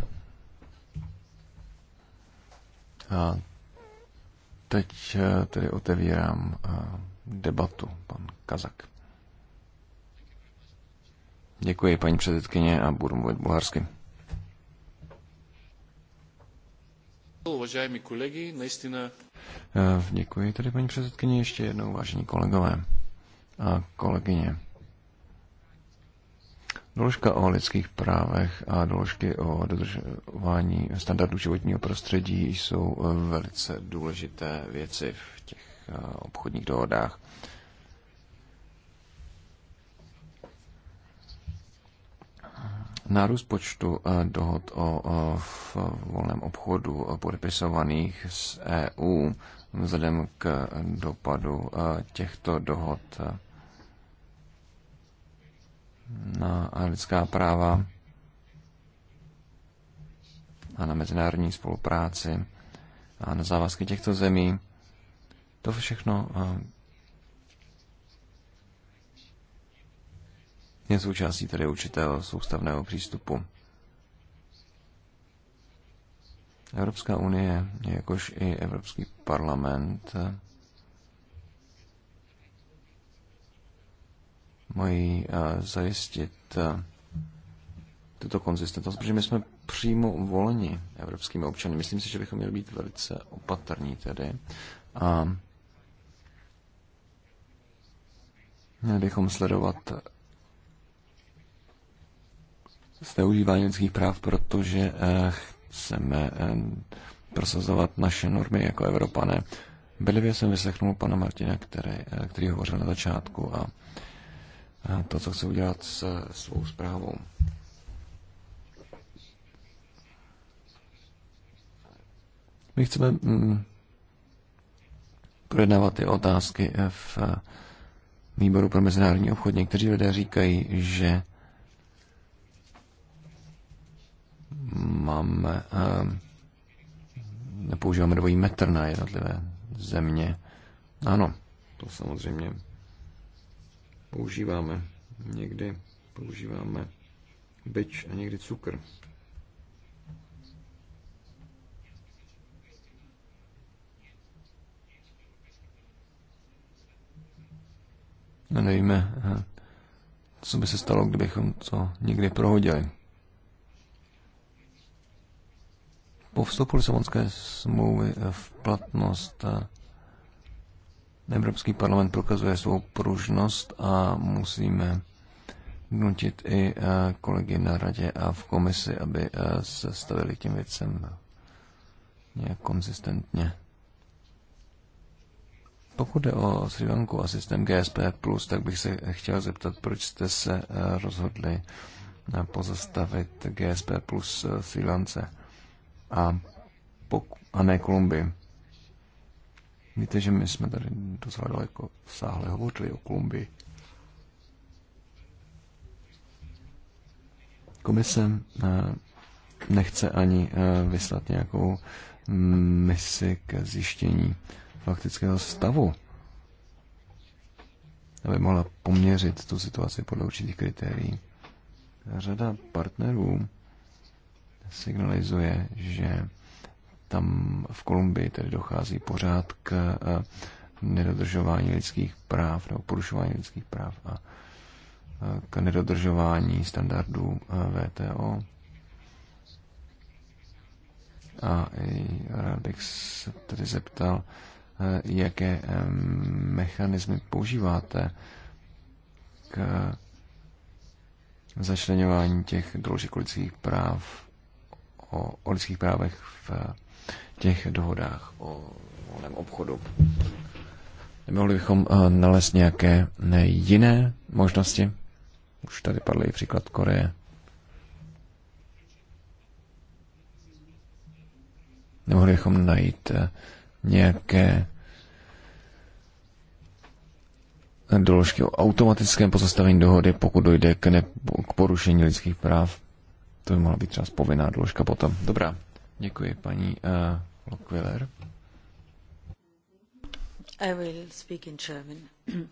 [SPEAKER 2] A teď uh, tedy otevírám uh, debatu, pan Kazak. Děkuji, paní předsedkyně, a budu mluvit bulharsky. Uvažajmi kolegy, naistina... Děkuji tady paní předsedkyně ještě jednou, vážení kolegové a kolegyně. Doložka o lidských právech a doložky o dodržování standardů životního prostředí jsou e, velice důležité věci v těch e, obchodních dohodách. Nárůst počtu eh, dohod o volném obchodu eh, podepisovaných z EU vzhledem k dopadu eh, těchto dohod na lidská práva a na mezinárodní spolupráci a na závazky těchto zemí. To všechno je součástí tedy určitého soustavného přístupu. Evropská unie, jakož i Evropský parlament, mají eh, zajistit eh, tuto konzistentnost, protože my jsme přímo voleni evropskými občany. Myslím si, že bychom měli být velice opatrní tedy. A měli bychom sledovat zneužívání lidských práv, protože eh, chceme eh, prosazovat naše normy jako Evropané. Bedlivě jsem vyslechnul pana Martina, který, eh, který hovořil na začátku a to, co chce udělat s svou zprávou. My chceme mm, projednávat ty otázky v výboru pro mezinárodní obchod. Někteří lidé říkají, že máme, eh, používáme dvojí metr na jednotlivé země. Ano, to samozřejmě používáme. Někdy používáme byč a někdy cukr. nevíme, eh, co by se stalo, kdybychom to někdy prohodili. Po vstupu Lisabonské smlouvy v platnost eh, Evropský parlament prokazuje svou pružnost a musíme nutit i eh, kolegy na radě a v komisi, aby eh, se stavili tím těm věcem nějak konzistentně. Pokud jde o Sri Lanku a systém GSP+, tak bych se chtěl zeptat, proč jste se rozhodli pozastavit GSP plus Sri Lance a, poku- a ne Kolumbii. Víte, že my jsme tady docela daleko sáhle hovořili o Kolumbii. Komise eh, nechce ani eh, vyslat nějakou misi k zjištění faktického stavu, aby mohla poměřit tu situaci podle určitých kritérií. Řada partnerů signalizuje, že tam v Kolumbii tedy dochází pořád k eh, nedodržování lidských práv nebo porušování lidských práv a eh, k nedodržování standardů eh, VTO. A rád bych se tedy zeptal, jaké mechanismy používáte k začleňování těch důležitých lidských práv o, o lidských právech v eh, těch dohodách o volném obchodu. Nemohli bychom eh, nalézt nějaké eh, jiné možnosti? Už tady padl i příklad Koreje. Nemohli bychom najít nějaké doložky o automatickém pozastavení dohody, pokud dojde k, ne- k porušení lidských práv. To by mohla být třeba povinná dložka potom. Dobrá, děkuji paní uh,
[SPEAKER 3] eh, Lockwiller. I will speak in German.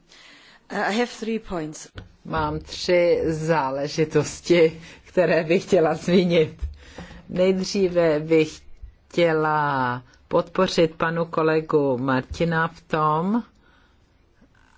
[SPEAKER 3] Uh, I have three points. Mám tři záležitosti, které bych chtěla zmínit. Nejdříve bych chtěla podpořit panu kolegu Martina v tom,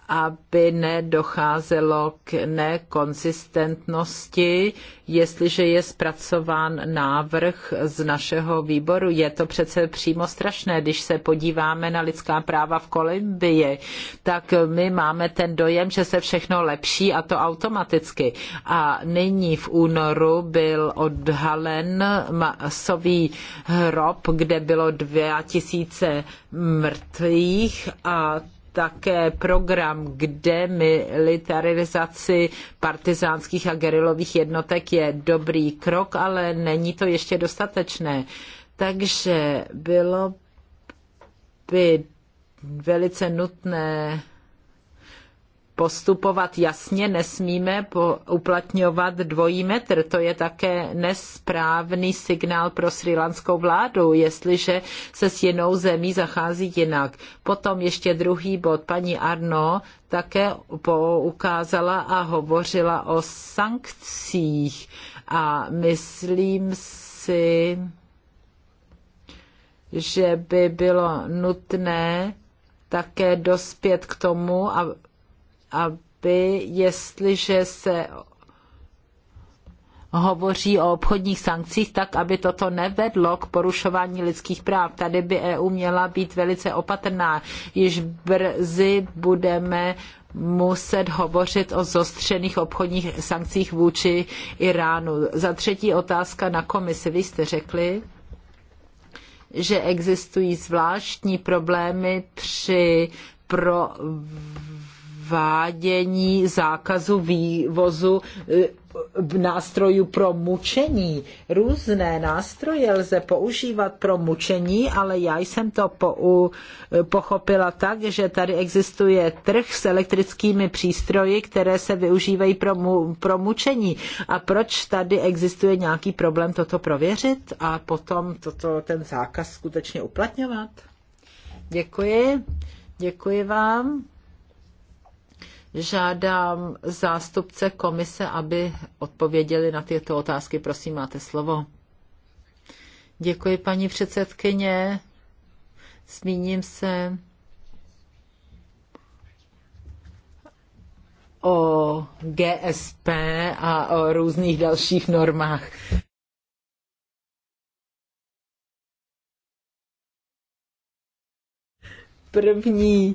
[SPEAKER 3] aby nedocházelo k nekonsistentnosti, jestliže je zpracován návrh z našeho výboru. Je to přece přímo strašné, když se podíváme na lidská práva v Kolumbii, tak my máme ten dojem, že se všechno lepší a to automaticky. A nyní v únoru byl odhalen masový hrob, kde bylo 2000 mrtvých a také program k demilitarizaci partizánských a gerilových jednotek je dobrý krok, ale není to ještě dostatečné. Takže bylo by velice nutné postupovat jasně, nesmíme po, uplatňovat dvojí metr. To je také nesprávný signál pro srilanskou vládu, jestliže se s jinou zemí zachází jinak. Potom ještě druhý bod. Paní Arno také poukázala a hovořila o sankcích a myslím si, že by bylo nutné také dospět k tomu, a aby jestliže se hovoří o obchodních sankcích, tak aby toto nevedlo k porušování lidských práv. Tady by EU měla být velice opatrná. Již brzy budeme muset hovořit o zostřených obchodních sankcích vůči Iránu. Za třetí otázka na komisi. Vy jste řekli, že existují zvláštní problémy při pro zavádění zákazu vývozu eh, nástrojů pro mučení. Různé nástroje lze používat pro mučení, ale já jsem to u, eh, pochopila tak, že tady existuje trh s elektrickými přístroji, které se využívají pro, mu, pro mučení. A proč tady existuje nějaký problém toto prověřit a potom toto, ten zákaz skutečně uplatňovat? Děkuji. Děkuji vám. Žádám zástupce komise, aby odpověděli na tyto otázky. Prosím, máte slovo. Děkuji, paní předsedkyně. Zmíním se o GSP a o různých dalších normách. První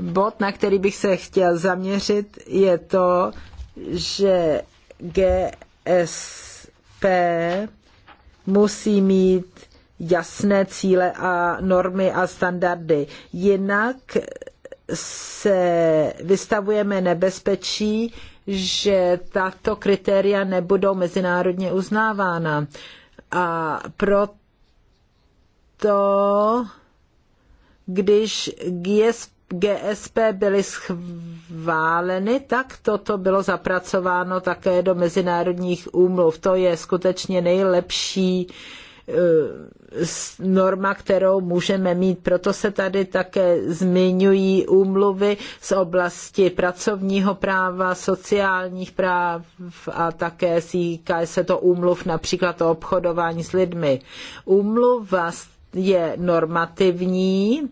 [SPEAKER 3] bod, na který bych se chtěl zaměřit, je to, že GSP musí mít jasné cíle a normy a standardy. Jinak se vystavujeme nebezpečí, že tato kritéria nebudou mezinárodně uznávána. A proto, když GSP GSP byly schváleny, tak toto bylo zapracováno také do mezinárodních úmluv. To je skutečně nejlepší eh, norma, kterou můžeme mít. Proto se tady také zmiňují úmluvy z oblasti pracovního práva, sociálních práv a také týká se to úmluv například o obchodování s lidmi. Úmluva je normativní,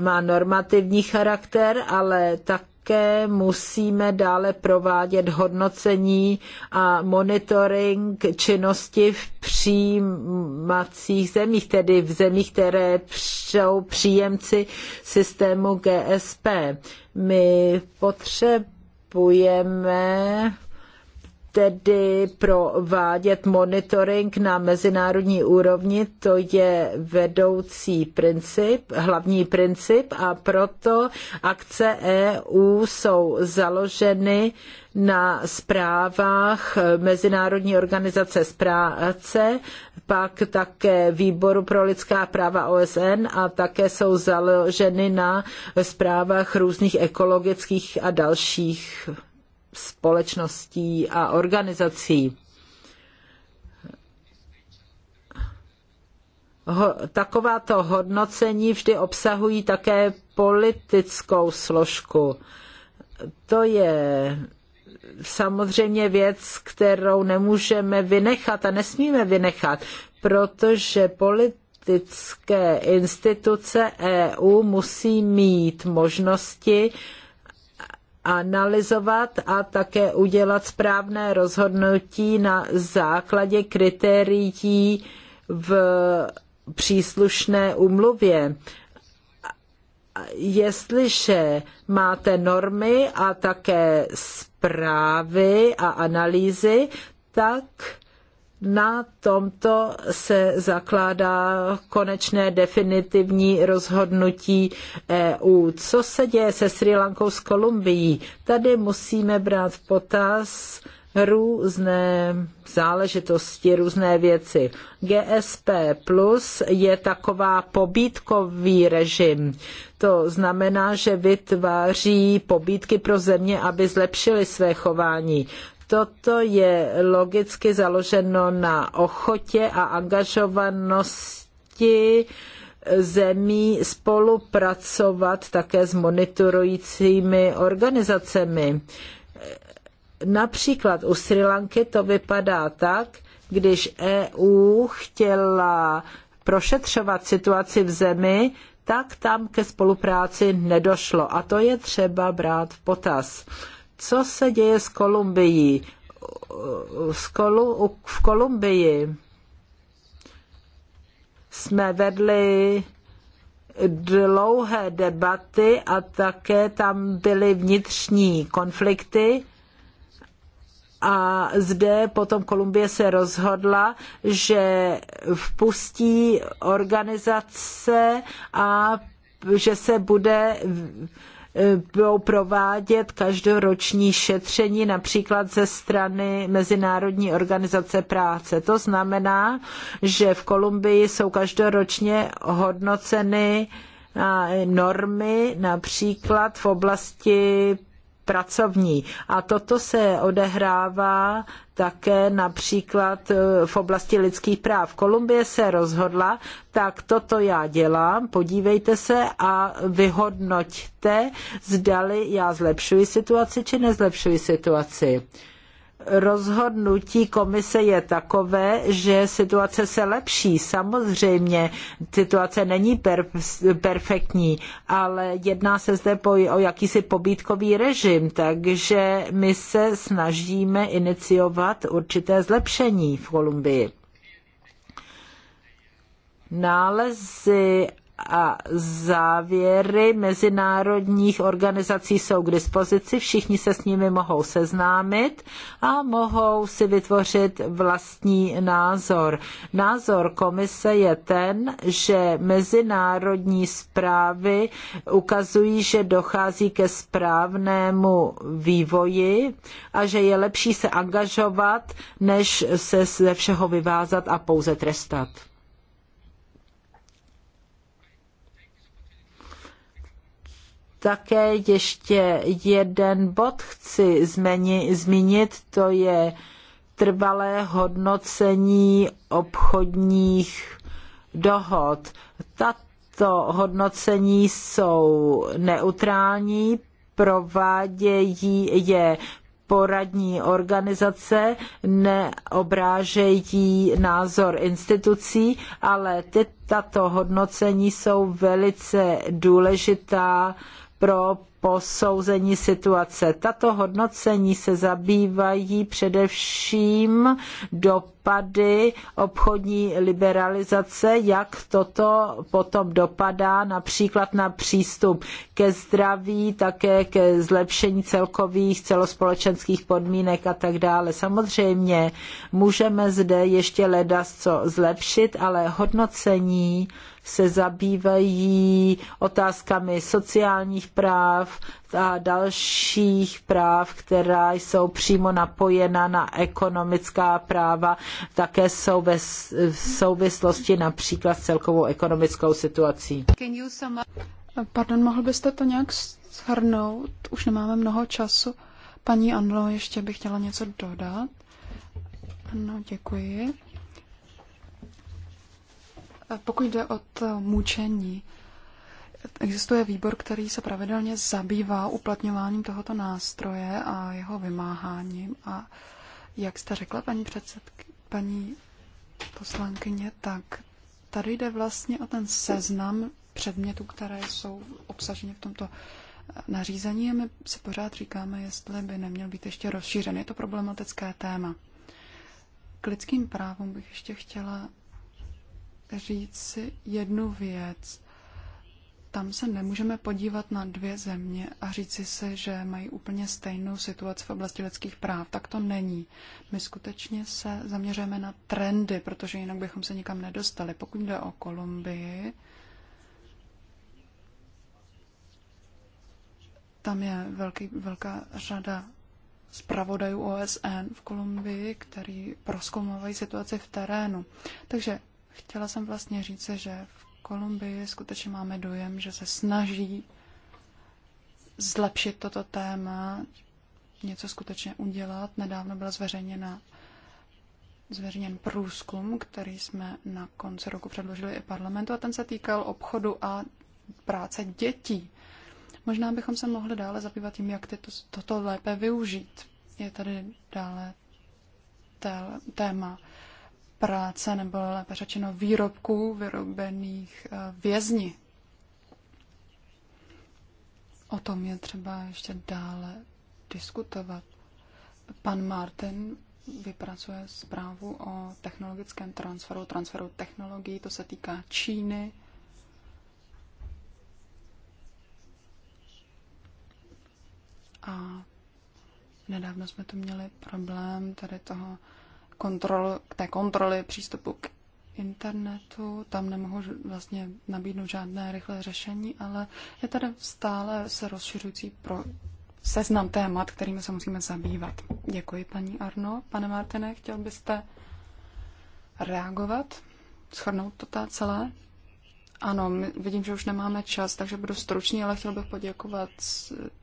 [SPEAKER 3] má normativní charakter, ale také musíme dále provádět hodnocení a monitoring činnosti v přijímacích zemích, tedy v zemích, které jsou příjemci systému GSP. My potřebujeme tedy provádět monitoring na mezinárodní úrovni, to je vedoucí princip, hlavní princip a proto akce EU jsou založeny na zprávách Mezinárodní organizace z práce, pak také Výboru pro lidská práva OSN a také jsou založeny na zprávách různých ekologických a dalších společností a organizací. Ho, takováto hodnocení vždy obsahují také politickou složku. To je samozřejmě věc, kterou nemůžeme vynechat a nesmíme vynechat, protože politické instituce EU musí mít možnosti, analyzovat a také udělat správné rozhodnutí na základě kritérií v příslušné umluvě jestliže máte normy a také zprávy a analýzy, tak na tomto se zakládá konečné definitivní rozhodnutí EU. Co se děje se Sri Lankou s Kolumbií? Tady musíme brát v potaz různé záležitosti, různé věci. GSP plus je taková pobítkový režim. To znamená, že vytváří pobítky pro země, aby zlepšili své chování. Toto je logicky založeno na ochotě a angažovanosti zemí spolupracovat také s monitorujícími organizacemi. Například u Sri Lanky to vypadá tak, když EU chtěla prošetřovat situaci v zemi, tak tam ke spolupráci nedošlo. A to je třeba brát v potaz. Co se děje s Kolumbií? v Kolumbii jsme vedli dlouhé debaty a také tam byly vnitřní konflikty. A zde potom Kolumbie se rozhodla, že vpustí organizace a že se bude budou provádět každoroční šetření například ze strany Mezinárodní organizace práce. To znamená, že v Kolumbii jsou každoročně hodnoceny normy například v oblasti pracovní. A toto se odehrává také například e, v oblasti lidských práv. Kolumbie se rozhodla, tak toto já dělám, podívejte se a vyhodnoťte, zdali já zlepšuji situaci či nezlepšuji situaci rozhodnutí komise je takové, že situace se lepší. Samozřejmě situace není perfektní, ale jedná se zde po, o jakýsi pobídkový režim, takže my se snažíme iniciovat určité zlepšení v Kolumbii. Nálezy a závěry mezinárodních organizací jsou k dispozici, všichni se s nimi mohou seznámit a mohou si vytvořit vlastní názor. Názor komise je ten, že mezinárodní zprávy ukazují, že dochází ke správnému vývoji a že je lepší se angažovat, než se ze všeho vyvázat a pouze trestat. Také ještě jeden bod chci zmeni, zmínit, to je trvalé hodnocení obchodních dohod. Tato hodnocení jsou neutrální, provádějí je poradní organizace, neobrážejí názor institucí, ale ty, tato hodnocení jsou velice důležitá pro posouzení situace. Tato hodnocení se zabývají především dopady obchodní liberalizace, jak toto potom dopadá například na přístup ke zdraví, také ke zlepšení celkových celospolečenských podmínek a tak dále. Samozřejmě můžeme zde ještě ledas co zlepšit, ale hodnocení se zabývají otázkami sociálních práv a dalších práv, která jsou přímo napojena na ekonomická práva, také jsou ve souvislosti například s celkovou ekonomickou situací.
[SPEAKER 1] Pardon, mohl byste to nějak shrnout? Už nemáme mnoho času. Paní Anlo, ještě bych chtěla něco dodat. Ano, děkuji. Pokud jde o to mučení, existuje výbor, který se pravidelně zabývá uplatňováním tohoto nástroje a jeho vymáháním. A jak jste řekla, paní, předsedky, paní poslankyně, tak tady jde vlastně o ten seznam předmětů, které jsou obsaženy v tomto nařízení a my si pořád říkáme, jestli by neměl být ještě rozšířen. Je to problematické téma. K lidským právům bych ještě chtěla říct si jednu věc. Tam se nemůžeme podívat na dvě země a říci si, že mají úplně stejnou situaci v oblasti lidských práv. Tak to není. My skutečně se zaměřujeme na trendy, protože jinak bychom se nikam nedostali. Pokud jde o Kolumbii, tam je velký, velká řada zpravodajů OSN v Kolumbii, který proskoumávají situaci v terénu. Takže Chtěla jsem vlastně říct, že v Kolumbii skutečně máme dojem, že se snaží zlepšit toto téma, něco skutečně udělat. Nedávno byl zveřejněna zveřejněn průzkum, který jsme na konci roku předložili i parlamentu a ten se týkal obchodu a práce dětí. Možná bychom se mohli dále zabývat tím, jak tyto, toto lépe využít. Je tady dále tél, téma práce nebo lépe řečeno výrobků vyrobených eh, vězni. O tom je třeba ještě dále diskutovat. Pan Martin vypracuje zprávu o technologickém transferu, transferu technologií, to se týká Číny. A nedávno jsme tu měli problém tady toho kontrol, k té kontroly přístupu k internetu, tam nemohu vlastně nabídnout žádné rychlé řešení, ale je tady stále se rozšiřující pro seznam témat, kterými se musíme zabývat. Děkuji, paní Arno. Pane Martine, chtěl byste reagovat, shrnout to celé? Ano, vidím, že už nemáme čas, takže budu stručný, ale chtěl bych poděkovat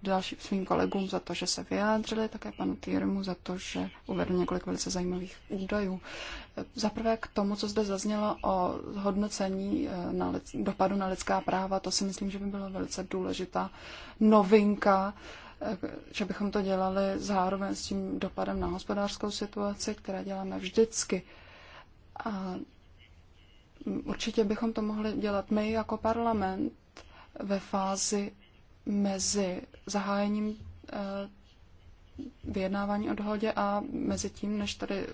[SPEAKER 1] dalším svým kolegům za to, že se vyjádřili, také panu Týrmu za to, že uvedl několik velice zajímavých údajů. Za prvé k tomu, co zde zaznělo o hodnocení eh, na lid, dopadu na lidská práva, to si myslím, že by byla velice důležitá novinka, eh, že bychom to dělali zároveň s tím dopadem na hospodářskou situaci, které děláme vždycky. A Určitě bychom to mohli dělat my jako parlament ve fázi mezi zahájením eh, vyjednávání o dohodě a mezi tím, než tady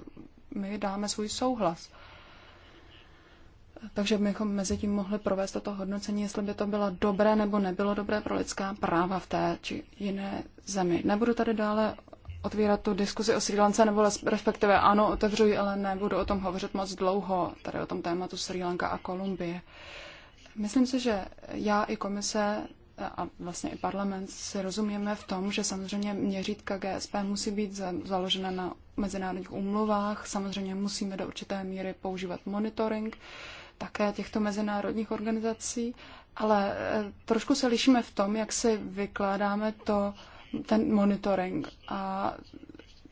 [SPEAKER 1] my dáme svůj souhlas. Takže bychom mezi tím mohli provést toto hodnocení, jestli by to bylo dobré nebo nebylo dobré pro lidská práva v té či jiné zemi. Nebudu tady dále otvírat tu diskuzi o Sri Lance, nebo respektive ano, otevřuji, ale nebudu o tom hovořit moc dlouho, tady o tom tématu Sri Lanka a Kolumbie. Myslím si, že já i komise a vlastně i parlament si rozumíme v tom, že samozřejmě měřítka GSP musí být založena na mezinárodních úmluvách, samozřejmě musíme do určité míry používat monitoring také těchto mezinárodních organizací, ale eh, trošku se lišíme v tom, jak si vykládáme to, ten monitoring a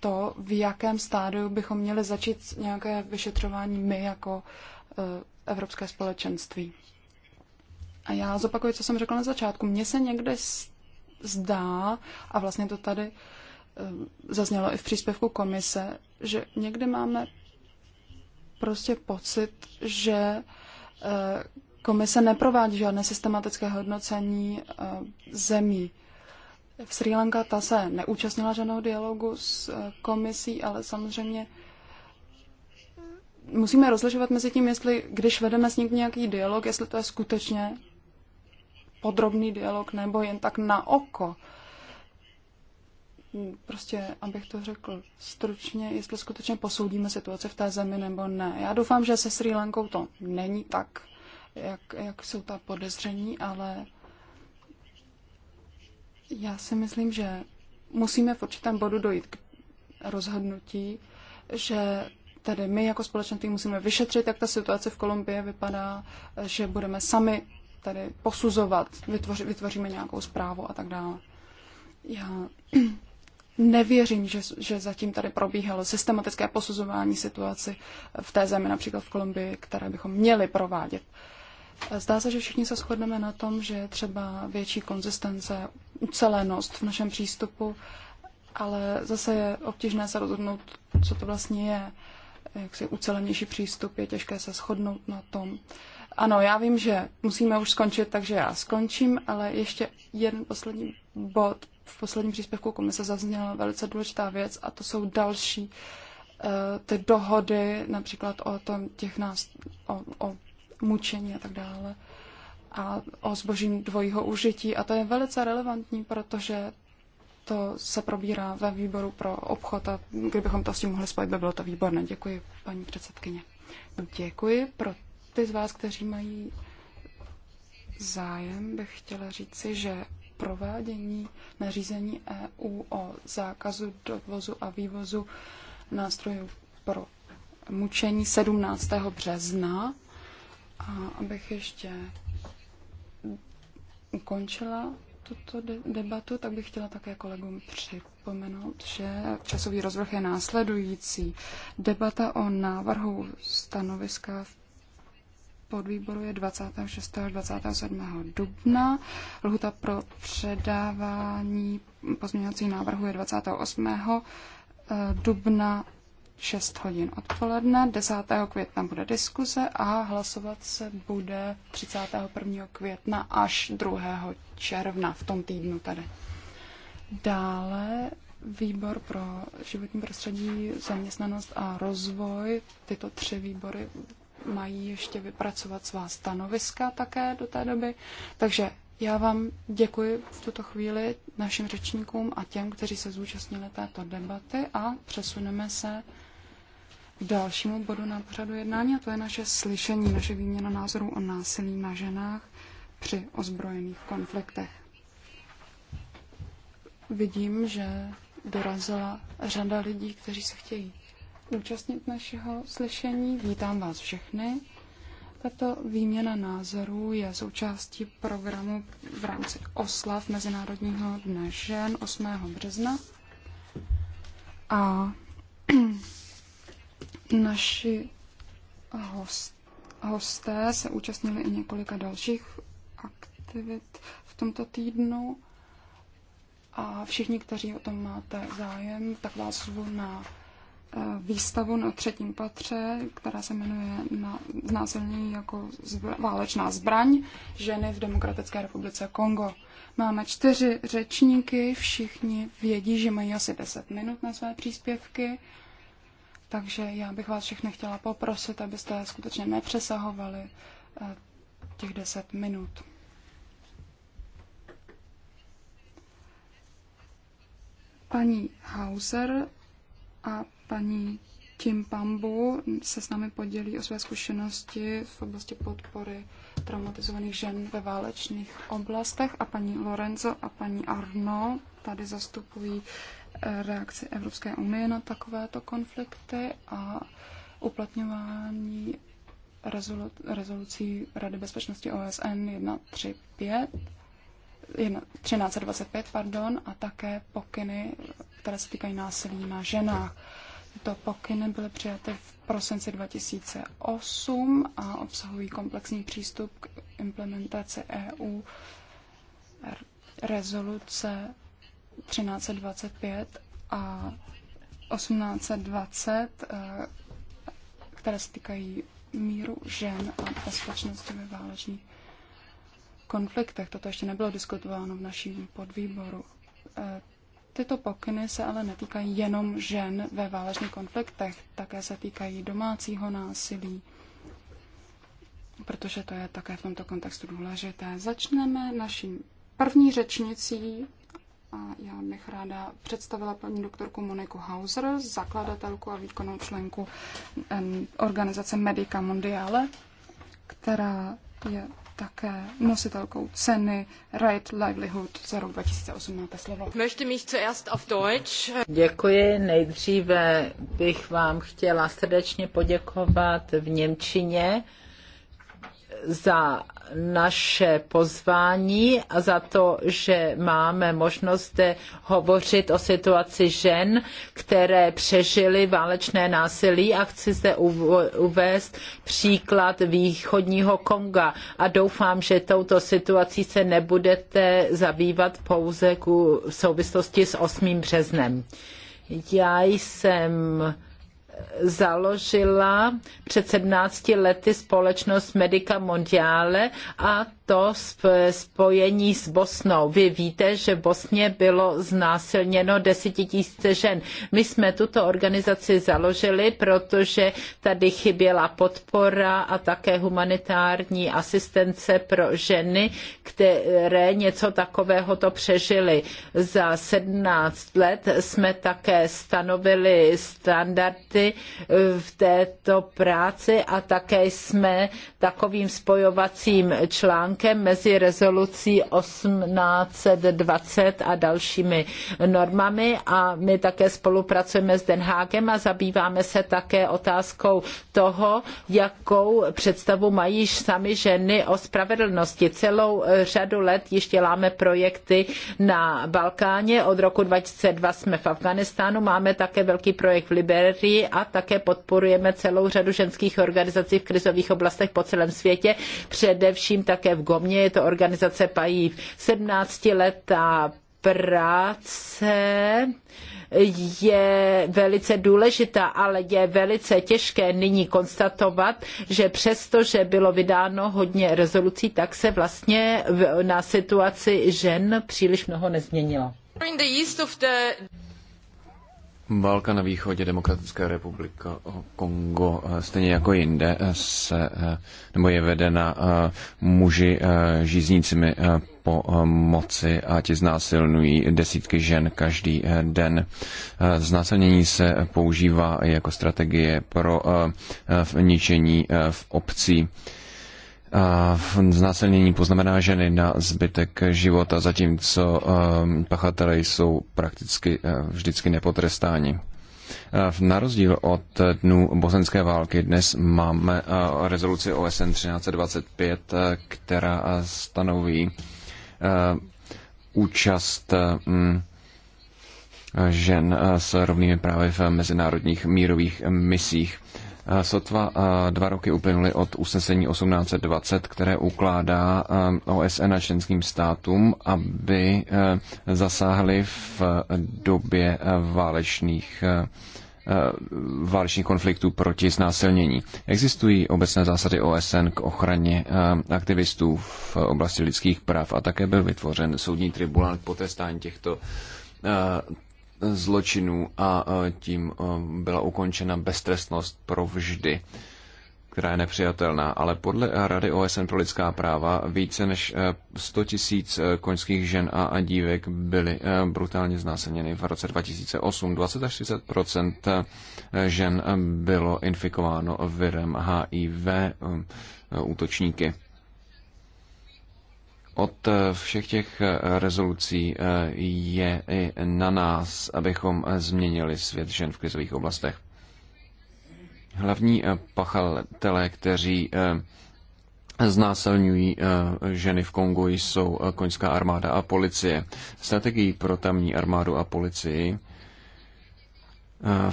[SPEAKER 1] to, v jakém stádiu bychom měli začít nějaké vyšetřování my jako e, Evropské společenství. A já zopakuju, co jsem řekla na začátku. Mně se někde zdá, a vlastně to tady e, zaznělo i v příspěvku komise, že někdy máme prostě pocit, že e, komise neprovádí žádné systematické hodnocení zemí v Sri Lanka ta se neúčastnila žádného dialogu s eh, komisí, ale samozřejmě musíme rozlišovat mezi tím, jestli když vedeme s ním nějaký dialog, jestli to je skutečně podrobný dialog nebo jen tak na oko. Prostě, abych to řekl stručně, jestli skutečně posoudíme situaci v té zemi nebo ne. Já doufám, že se Sri Lankou to není tak, jak, jak jsou ta podezření, ale já si myslím, že musíme v určitém bodu dojít k rozhodnutí, že tedy my jako společenství musíme vyšetřit, jak ta situace v Kolumbii vypadá, že budeme sami tady posuzovat, vytvoři, vytvoříme nějakou zprávu a tak dále. Já nevěřím, že, že zatím tady probíhalo systematické posuzování situaci v té zemi, například v Kolumbii, které bychom měli provádět. Uh, Zdá se, že všichni se shodneme na tom, že je třeba větší konzistence, ucelenost v našem přístupu, ale zase je obtížné se rozhodnout, co to vlastně je. Jak si ucelenější přístup, je těžké se shodnout na tom. Ano, já vím, že musíme už skončit, takže já skončím, ale ještě jeden poslední bod. V posledním příspěvku komise zazněla velice důležitá věc a to jsou další eh, ty dohody, například o tom těch nás, o, o mučení a tak dále a o zbožím dvojího užití. A to je velice relevantní, protože to se probírá ve výboru pro obchod a kdybychom to s tím mohli spojit, by bylo to výborné. Děkuji, paní předsedkyně. No, děkuji. Pro ty z vás, kteří mají zájem, bych chtěla říci, že provádění nařízení EU o zákazu dovozu a vývozu nástrojů pro mučení 17. března a abych ještě ukončila tuto debatu, tak bych chtěla také kolegům připomenout, že časový rozvrh je následující. Debata o návrhu stanoviska v podvýboru je 26. až 27. dubna. Lhuta pro předávání pozměňovacích návrhů je 28. Eh, dubna 6 hodin odpoledne. 10. května bude diskuze a hlasovat se bude 31. května až 2. června v tom týdnu tady. Dále výbor pro životní prostředí, zaměstnanost a rozvoj. Tyto tři výbory mají ještě vypracovat svá stanoviska také do té doby. Takže já vám děkuji v tuto chvíli našim řečníkům a těm, kteří se zúčastnili této debaty a přesuneme se k dalšímu bodu na pořadu jednání, a to je naše slyšení, naše výměna názorů o násilí na ženách při ozbrojených konfliktech. Vidím, že dorazila řada lidí, kteří se chtějí účastnit našeho slyšení. Vítám vás všechny. Tato výměna názorů je součástí programu v rámci oslav Mezinárodního dne žen 8. března. A Naši host, hosté se účastnili i několika dalších aktivit v tomto týdnu. A všichni, kteří o tom máte zájem, tak vás zvu na eh, výstavu na třetím patře, která se jmenuje na, znásilnění jako zbr, válečná zbraň ženy v Demokratické republice Kongo. Máme čtyři řečníky, všichni vědí, že mají asi 10 minut na své příspěvky takže já bych vás všechny chtěla poprosit, abyste skutečně nepřesahovali eh, těch 10 minut. Paní Hauser a paní Kim Pambu se s námi podělí o své zkušenosti v oblasti podpory traumatizovaných žen ve válečných oblastech a paní Lorenzo a paní Arno tady zastupují reakci Evropské unie na takovéto konflikty a uplatňování rezolucí Rady bezpečnosti OSN 135, 1325 pardon, a také pokyny, které se týkají násilí na ženách. Tyto pokyny byly přijaty v prosinci 2008 a obsahují komplexní přístup k implementaci EU rezoluce 1325 a 1820, eh, které se týkají míru žen a bezpečnosti ve válečných konfliktech. Toto ještě nebylo diskutováno v naším podvýboru. Eh, tyto pokyny se ale netýkají jenom žen ve válečných konfliktech, také se týkají domácího násilí, protože to je také v tomto kontextu důležité. Začneme naším první řečnicí, a já bych ráda představila paní doktorku Moniku Hauser, zakladatelku a výkonnou členku organizace Medica Mondiale, která je také nositelkou ceny Right Livelihood za rok 2008. slovo.
[SPEAKER 3] Děkuji. Nejdříve bych vám chtěla srdečně poděkovat v Němčině za naše pozvání a za to, že máme možnost zde hovořit o situaci žen, které přežily válečné násilí a chci zde uvést příklad východního Konga a doufám, že touto situací se nebudete zabývat pouze v souvislosti s 8. březnem. Já jsem založila před 17 lety společnost Medica Mondiale a to v spojení s Bosnou. Vy víte, že v Bosně bylo znásilněno desetitisíce žen. My jsme tuto organizaci založili, protože tady chyběla podpora a také humanitární asistence pro ženy, které něco takového to přežily. Za 17 let jsme také stanovili standardy v této práci a také jsme takovým spojovacím článkem článkem mezi rezolucí 1820 a dalšími normami a my také spolupracujeme s Den Hagem a zabýváme se také otázkou toho, jakou představu mají sami ženy o spravedlnosti. Celou řadu let již děláme projekty na Balkáně. Od roku 2002 jsme v Afganistánu, máme také velký projekt v Liberii a také podporujeme celou řadu ženských organizací v krizových oblastech po celém světě, především také v Gomě, je to organizace PAJIV. 17 letá práce je velice důležitá, ale je velice těžké nyní konstatovat, že přesto, že bylo vydáno hodně rezolucí, tak se vlastně na situaci žen příliš mnoho nezměnilo.
[SPEAKER 2] Válka na východě Demokratická republika Kongo, eh, stejně jako jinde, eh, se, eh, nebo je vedena muži žíznícími po moci a ti znásilnují desítky žen každý den. Znásilnění se používá jako strategie pro ničení v obcí znásilnění poznamená ženy na zbytek života, zatímco ehm, pachatelé jsou prakticky eh, vždycky nepotrestáni. Na rozdíl od dnů bosenské války dnes máme eh, rezoluci OSN 1325, eh, která stanoví účast mm, žen s rovnými právy v mezinárodních mírových misích. Sotva dva roky uplynuly od usnesení 1820, které ukládá OSN a členským státům, aby e, zasáhly v době e, válečných e, válečných konfliktů proti znásilnění. Existují obecné zásady OSN k ochraně aktivistů v oblasti lidských práv a také byl vytvořen soudní tribunál k potestání těchto zločinů a tím byla ukončena beztrestnost vždy, která je nepřijatelná, ale podle Rady OSN pro lidská práva více než 100 e, tisíc e, koňských žen a dívek byly e, brutálně znásilněny v roce 2008. 20 až 30 žen bylo infikováno virem HIV útočníky od eh, všech těch eh, rezolucí eh, je i na nás, abychom změnili svět žen v krizových oblastech. Hlavní pachatelé, kteří znásilňují ženy v Kongu, jsou koňská armáda a policie. Strategií pro tamní armádu a policii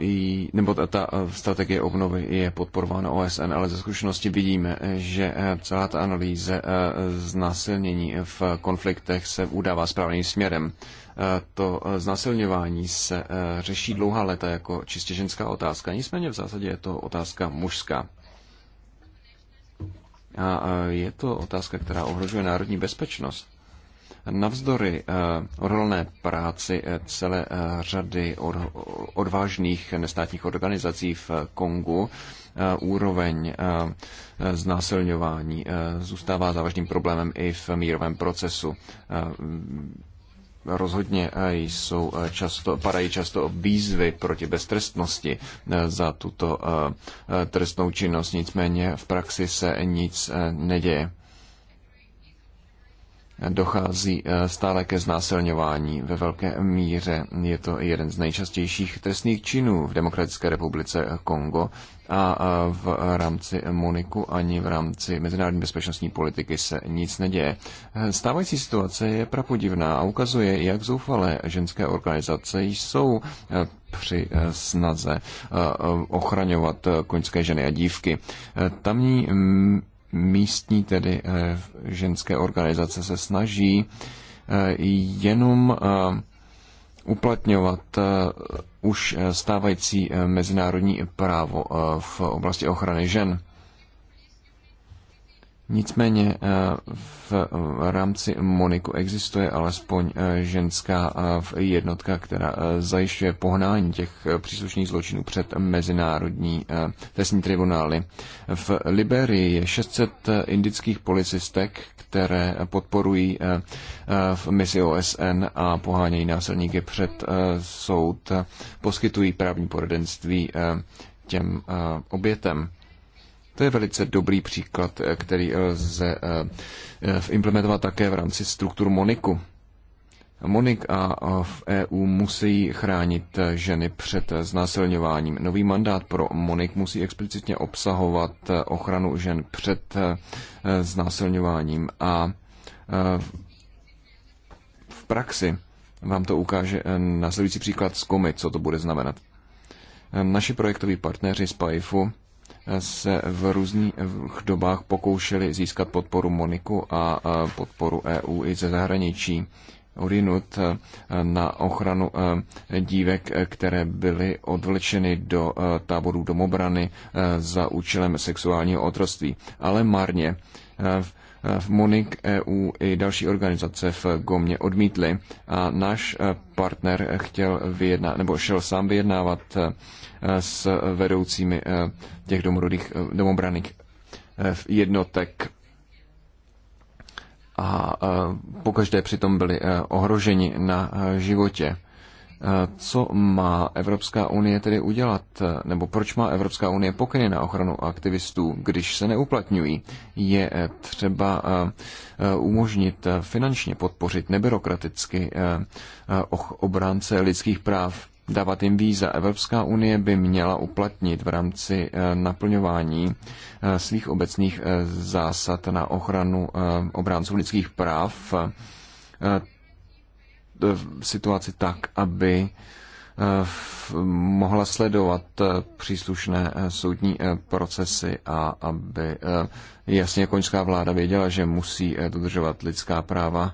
[SPEAKER 2] Eh, nebo ta, ta eh, strategie obnovy je podporována OSN, ale ze zkušenosti vidíme, že eh, celá ta analýze znásilnění v konfliktech se udává správným směrem. To znásilňování se řeší dlouhá léta jako čistě ženská otázka, nicméně v zásadě je to otázka mužská. A je to otázka, která ohrožuje národní bezpečnost. Navzdory eh, odolné práci eh, celé eh, řady odvážných nestátních organizací v Kongu, úroveň znásilňování zůstává závažným problémem i v mírovém procesu. Rozhodně jsou často, padají často výzvy proti beztrestnosti za tuto trestnou činnost, nicméně v praxi se nic neděje dochází eh, stále ke znásilňování ve velké míře. Je to jeden z nejčastějších trestných činů v Demokratické republice Kongo a eh, v rámci Moniku ani v rámci mezinárodní bezpečnostní politiky se nic neděje. Eh, stávající situace je prapodivná a ukazuje, jak zoufalé ženské organizace jsou při snaze ochraňovat koňské ženy a dívky. Tamní mm, místní, tedy eh, ženské organizace se snaží eh, jenom eh, uplatňovat už stávající mezinárodní právo v oblasti ochrany žen. Nicméně eh, v rámci Moniku existuje alespoň eh, ženská eh, jednotka, která zajišťuje pohnání těch příslušných zločinů před mezinárodní trestní tribunály. V Liberii je 600 indických policistek, které podporují v misi OSN a pohánějí násilníky před soud, poskytují právní poradenství těm obětem. To je velice dobrý příklad, eh, který eh, lze eh, implementovat také v rámci struktur Moniku. Monik a v EU musí chránit ženy před znásilňováním. Nový mandát pro Monik musí explicitně obsahovat ochranu žen před znásilňováním a v praxi vám to ukáže následující příklad z komy, co to bude znamenat. Naši projektoví partneři z PAIFu se v různých dobách pokoušeli získat podporu Moniku a podporu EU i ze zahraničí odinut e, na ochranu e, dívek, e, které byly odvlečeny do táborů domobrany za účelem sexuálního otroství. Ale marně v Monik EU i další organizace v Gomě odmítly a náš e, partner chtěl vyjednat, nebo šel sám vyjednávat e, s vedoucími e, těch domorodých, domobraných jednotek a pokaždé přitom byli ohroženi na životě. Eh, co má Evropská unie tedy udělat, nebo proč má Evropská unie pokyny na ochranu aktivistů, když se neuplatňují? Je eh, třeba eh, umožnit finančně podpořit nebyrokraticky obránce lidských práv, dávat jim víza. Evropská unie by měla uplatnit v rámci naplňování svých obecných zásad na ochranu obránců lidských práv situaci tak, aby eh, mohla sledovat eh, příslušné eh, soudní procesy a aby jasně koňská vláda věděla, že musí dodržovat lidská práva.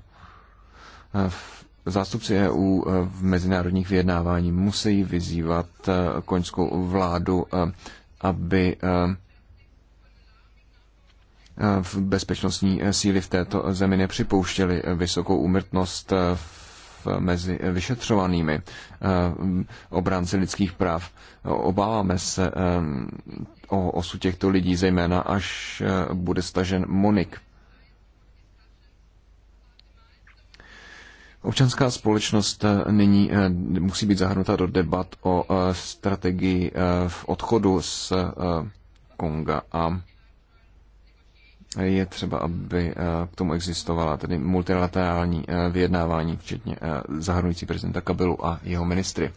[SPEAKER 2] Zástupci EU v mezinárodních vyjednávání musí vyzývat koňskou vládu, aby v bezpečnostní síly v této zemi nepřipouštěly vysokou úmrtnost v mezi vyšetřovanými eh, obránci lidských práv. Obáváme se eh, o osu těchto lidí, zejména až eh, bude stažen Monik. Občanská společnost nyní musí být zahrnuta do debat o strategii v odchodu z Konga a je třeba, aby eh, k tomu existovala tedy multilaterální eh, vyjednávání, včetně eh, zahrnující prezidenta Kabilu a jeho ministry.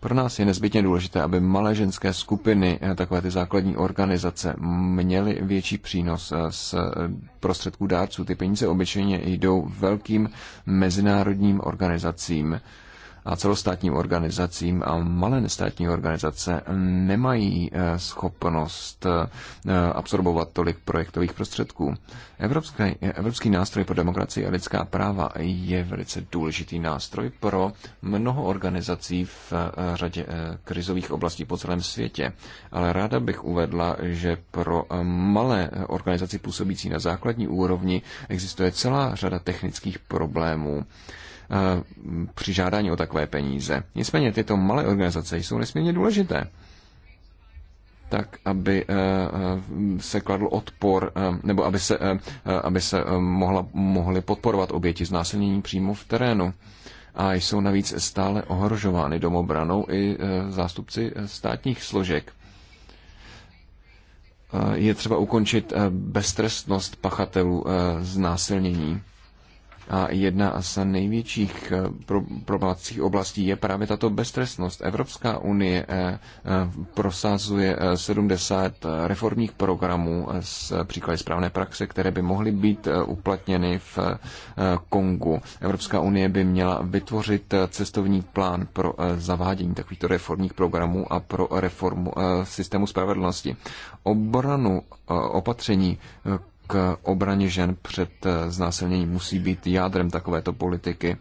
[SPEAKER 2] Pro nás je nezbytně důležité, aby malé ženské skupiny, takové ty základní organizace, měly větší přínos z prostředků dárců. Ty peníze obyčejně jdou velkým mezinárodním organizacím, a celostátním organizacím a malé nestátní organizace nemají eh, schopnost eh, absorbovat tolik projektových prostředků. Evropský, Evropský nástroj pro demokracii a lidská práva je velice důležitý nástroj pro mnoho organizací v eh, řadě krizových oblastí po celém světě, ale ráda bych uvedla, že pro malé organizaci působící na základní úrovni existuje celá řada technických problémů Eh, při žádání o takové peníze. Nicméně tyto malé organizace jsou nesmírně důležité tak, aby eh, eh, se kladl odpor, nebo aby se, aby se mohla, mohly podporovat oběti znásilnění přímo v terénu. A jsou navíc stále ohrožovány domobranou i zástupci státních složek. Je třeba ukončit beztrestnost pachatelů znásilnění a jedna z největších eh, problematických oblastí je právě tato beztrestnost. Evropská unie eh, eh, prosazuje 70 reformních programů z příklady správné praxe, které by mohly být uplatněny v Kongu. Evropská unie by měla vytvořit cestovní plán pro zavádění takovýchto reformních programů a pro reformu systému spravedlnosti. Obranu opatření k obraně žen před eh, znásilněním musí být jádrem takovéto politiky.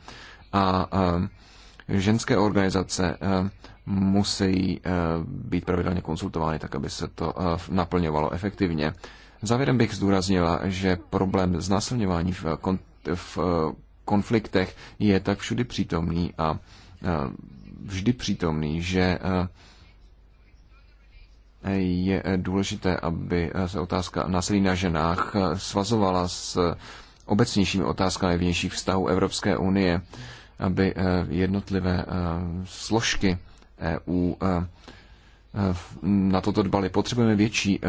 [SPEAKER 2] A eh, ženské organizace eh, musí být pravidelně konsultovány, tak aby se to naplňovalo efektivně. Závěrem bych zdůraznila, že problém znásilňování v, kon, v konfliktech je tak všudy přítomný a vždy přítomný, že je důležité, aby se otázka násilí na ženách svazovala s obecnějšími otázkami vnějších vztahů Evropské unie, aby jednotlivé složky EU e, e, na toto dbali. Potřebujeme větší e,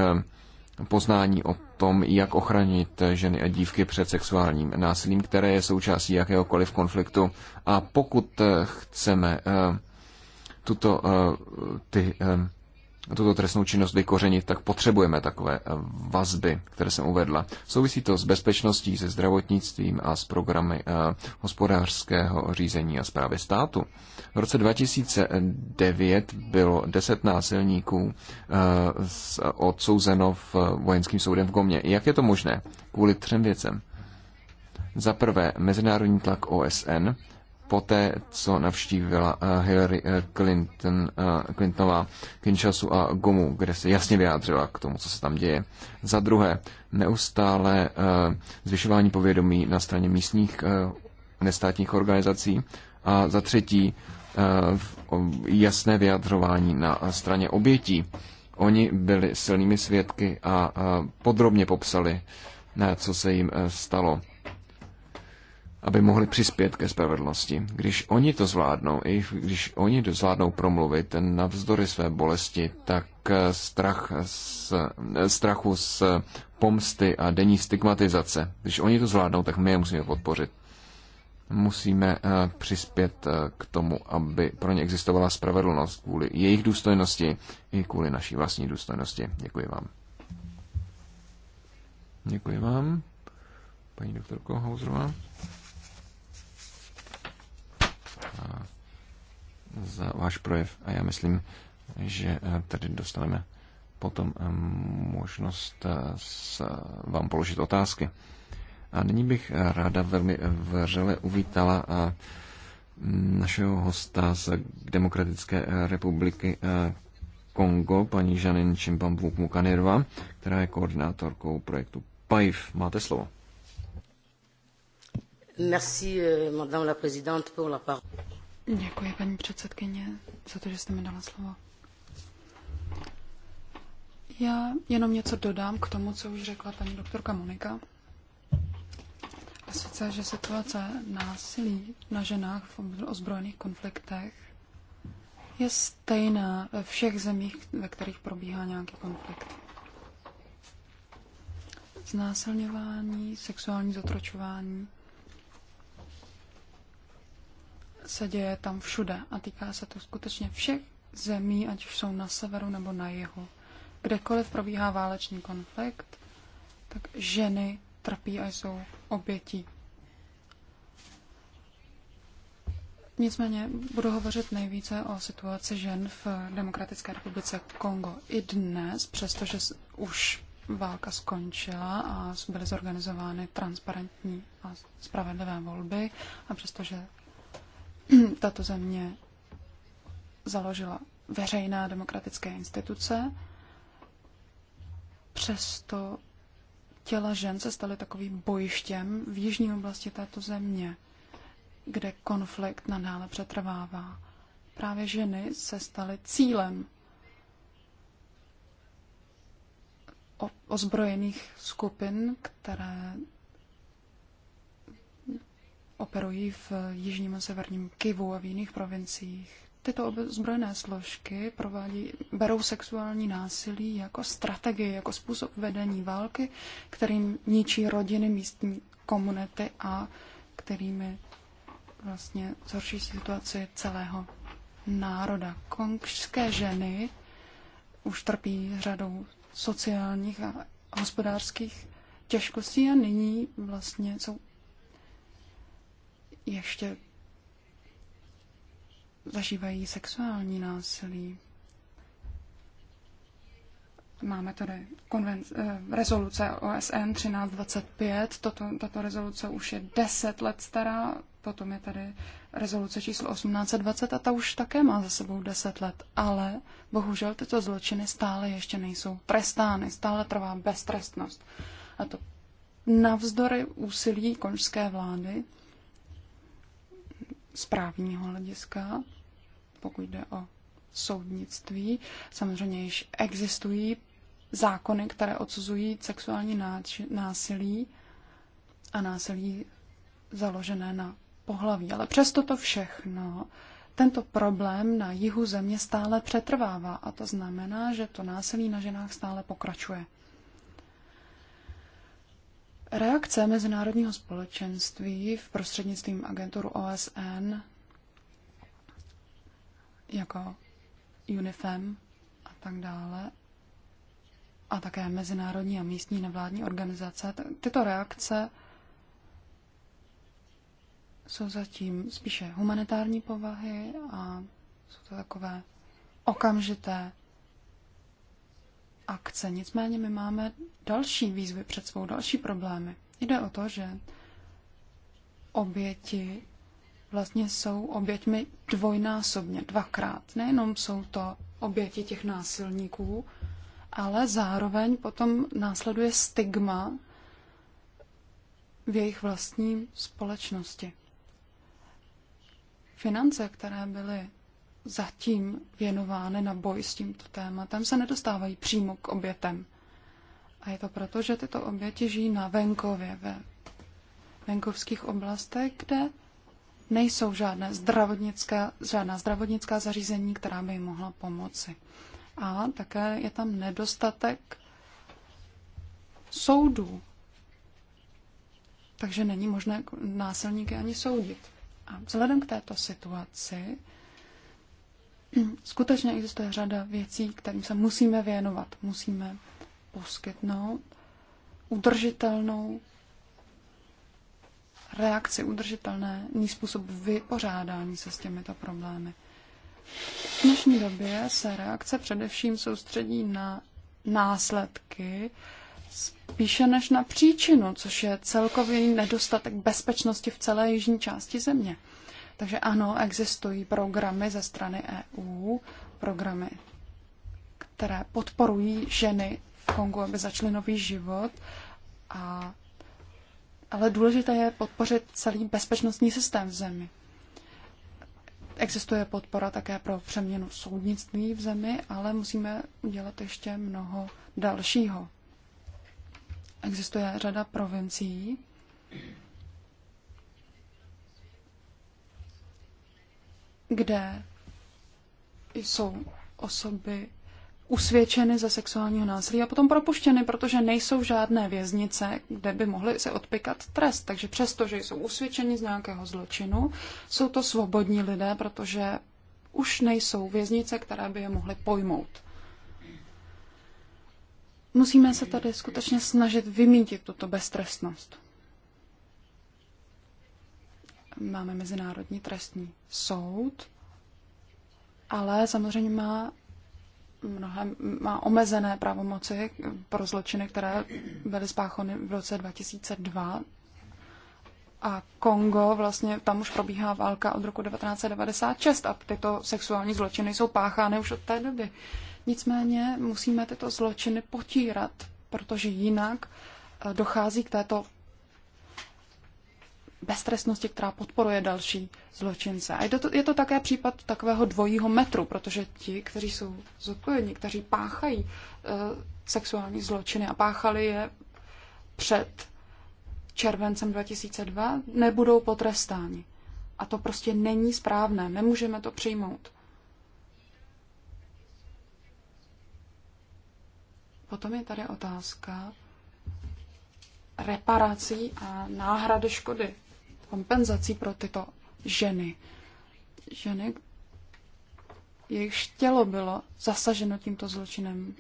[SPEAKER 2] poznání o tom, jak ochránit ženy a dívky před sexuálním násilím, které je součástí jakéhokoliv konfliktu. A pokud chceme tuto, ty tuto trestnou činnost vykořenit, tak potřebujeme takové vazby, které jsem uvedla. Souvisí to s bezpečností, se zdravotnictvím a s programy eh, hospodářského řízení a zprávy státu. V roce 2009 bylo 10 násilníků eh, odsouzeno v vojenským soudem v Gomě. Jak je to možné? Kvůli třem věcem. Za prvé, mezinárodní tlak OSN, poté, co navštívila eh, Hillary eh, Clinton, eh, Clintonová Kinshasu a Gomu, kde se jasně vyjádřila k tomu, co se tam děje. Za druhé, neustále zvyšování povědomí na straně místních nestátních organizací a za třetí jasné vyjadřování na straně obětí. Oni byli silnými svědky a podrobně popsali, co se jim stalo aby mohli přispět ke spravedlnosti. Když oni to zvládnou, i když oni to zvládnou promluvit navzdory své bolesti, tak eh, strach z, eh, strachu z pomsty a denní stigmatizace, když oni to zvládnou, tak my je musíme podpořit. Musíme eh, přispět k tomu, aby pro ně existovala spravedlnost kvůli jejich důstojnosti i kvůli naší vlastní důstojnosti. Děkuji vám. Děkuji vám, paní doktorko Hauserová za váš projev a já myslím, že eh, tady dostaneme potom eh, možnost eh, vám položit otázky. A nyní bych ráda velmi vřele uvítala našeho hosta z Demokratické republiky Kongo, paní Žanin Čimpampu Mukanirva, která je koordinátorkou projektu PAIF. Máte slovo.
[SPEAKER 3] Merci, euh, madame la présidente, pour la parole.
[SPEAKER 1] Děkuji, paní předsedkyně, za to, že jste mi dala slovo. Já jenom něco dodám k tomu, co už řekla paní doktorka Monika. A sice, že situace násilí na ženách v ozbrojených konfliktech je stejná ve všech zemích, ve kterých probíhá nějaký konflikt. Znásilňování, sexuální zotročování se děje tam všude a týká se to skutečně všech zemí, ať už jsou na severu nebo na jihu. Kdekoliv probíhá válečný konflikt, tak ženy trpí a jsou obětí. Nicméně budu hovořit nejvíce o situaci žen v Demokratické republice Kongo. I dnes, přestože už válka skončila a byly zorganizovány transparentní a spravedlivé volby a přestože tato země založila veřejná demokratické instituce, přesto těla žen se staly takovým bojištěm v jižní oblasti této země, kde konflikt nadále přetrvává. Právě ženy se staly cílem ozbrojených skupin, které operují v jižním a severním Kivu a v jiných provinciích. Tyto zbrojné složky provádí, berou sexuální násilí jako strategii, jako způsob vedení války, kterým ničí rodiny, místní komunity a kterými vlastně zhorší situaci celého národa. Kongské ženy už trpí řadou sociálních a hospodářských těžkostí a nyní vlastně jsou ještě zažívají sexuální násilí. Máme tady konvenc- eh, rezoluce OSN 1325, toto, tato rezoluce už je 10 let stará, potom je tady rezoluce číslo 1820 a ta už také má za sebou 10 let, ale bohužel tyto zločiny stále ještě nejsou trestány, stále trvá beztrestnost. A to navzdory úsilí konžské vlády z právního hlediska, pokud jde o soudnictví. Samozřejmě již existují zákony, které odsuzují sexuální násilí a násilí založené na pohlaví. Ale přesto to všechno, tento problém na jihu země stále přetrvává a to znamená, že to násilí na ženách stále pokračuje. Reakce mezinárodního společenství v prostřednictvím agenturu OSN jako UNIFEM a tak dále a také mezinárodní a místní nevládní organizace, tyto reakce jsou zatím spíše humanitární povahy a jsou to takové okamžité akce. Nicméně my máme další výzvy před svou, další problémy. Jde o to, že oběti vlastně jsou oběťmi dvojnásobně, dvakrát. Nejenom jsou to oběti těch násilníků, ale zároveň potom následuje stigma v jejich vlastní společnosti. Finance, které byly zatím věnovány na boj s tímto tématem, se nedostávají přímo k obětem. A je to proto, že tyto oběti žijí na venkově, ve venkovských oblastech, kde nejsou žádné zdravotnická, žádná zdravotnická zařízení, která by jim mohla pomoci. A také je tam nedostatek soudů. Takže není možné násilníky ani soudit. A vzhledem k této situaci skutečně existuje řada věcí, kterým se musíme věnovat. Musíme poskytnout udržitelnou reakci, udržitelné způsob vypořádání se s těmito problémy. V dnešní době se reakce především soustředí na následky spíše než na příčinu, což je celkový nedostatek bezpečnosti v celé jižní části země. Takže ano, existují programy ze strany EU, programy, které podporují ženy v Kongu, aby začaly nový život. A, ale důležité je podpořit celý bezpečnostní systém v zemi. Existuje podpora také pro přeměnu soudnictví v zemi, ale musíme udělat ještě mnoho dalšího. Existuje řada provincií, kde jsou osoby usvědčeny ze sexuálního násilí a potom propuštěny, protože nejsou žádné věznice, kde by mohli se odpikat trest. Takže přesto, že jsou usvědčeni z nějakého zločinu, jsou to svobodní lidé, protože už nejsou věznice, které by je mohly pojmout. Musíme se tady skutečně snažit vymítit tuto beztrestnost máme Mezinárodní trestní soud, ale samozřejmě má mnohem, má omezené pravomoci pro zločiny, které byly spáchony v roce 2002. A Kongo, vlastně tam už probíhá válka od roku 1996 a tyto sexuální zločiny jsou páchány už od té doby. Nicméně musíme tyto zločiny potírat, protože jinak eh, dochází k této beztrestnosti, která podporuje další zločince. A je to, je to také případ takového dvojího metru, protože ti, kteří jsou zodpovědní, kteří páchají uh, sexuální zločiny a páchali je před červencem 2002, nebudou potrestáni. A to prostě není správné, nemůžeme to přijmout. Potom je tady otázka reparací a náhrady škody kompenzací pro tyto ženy. Ženy, jejichž tělo bylo zasaženo tímto zločinem,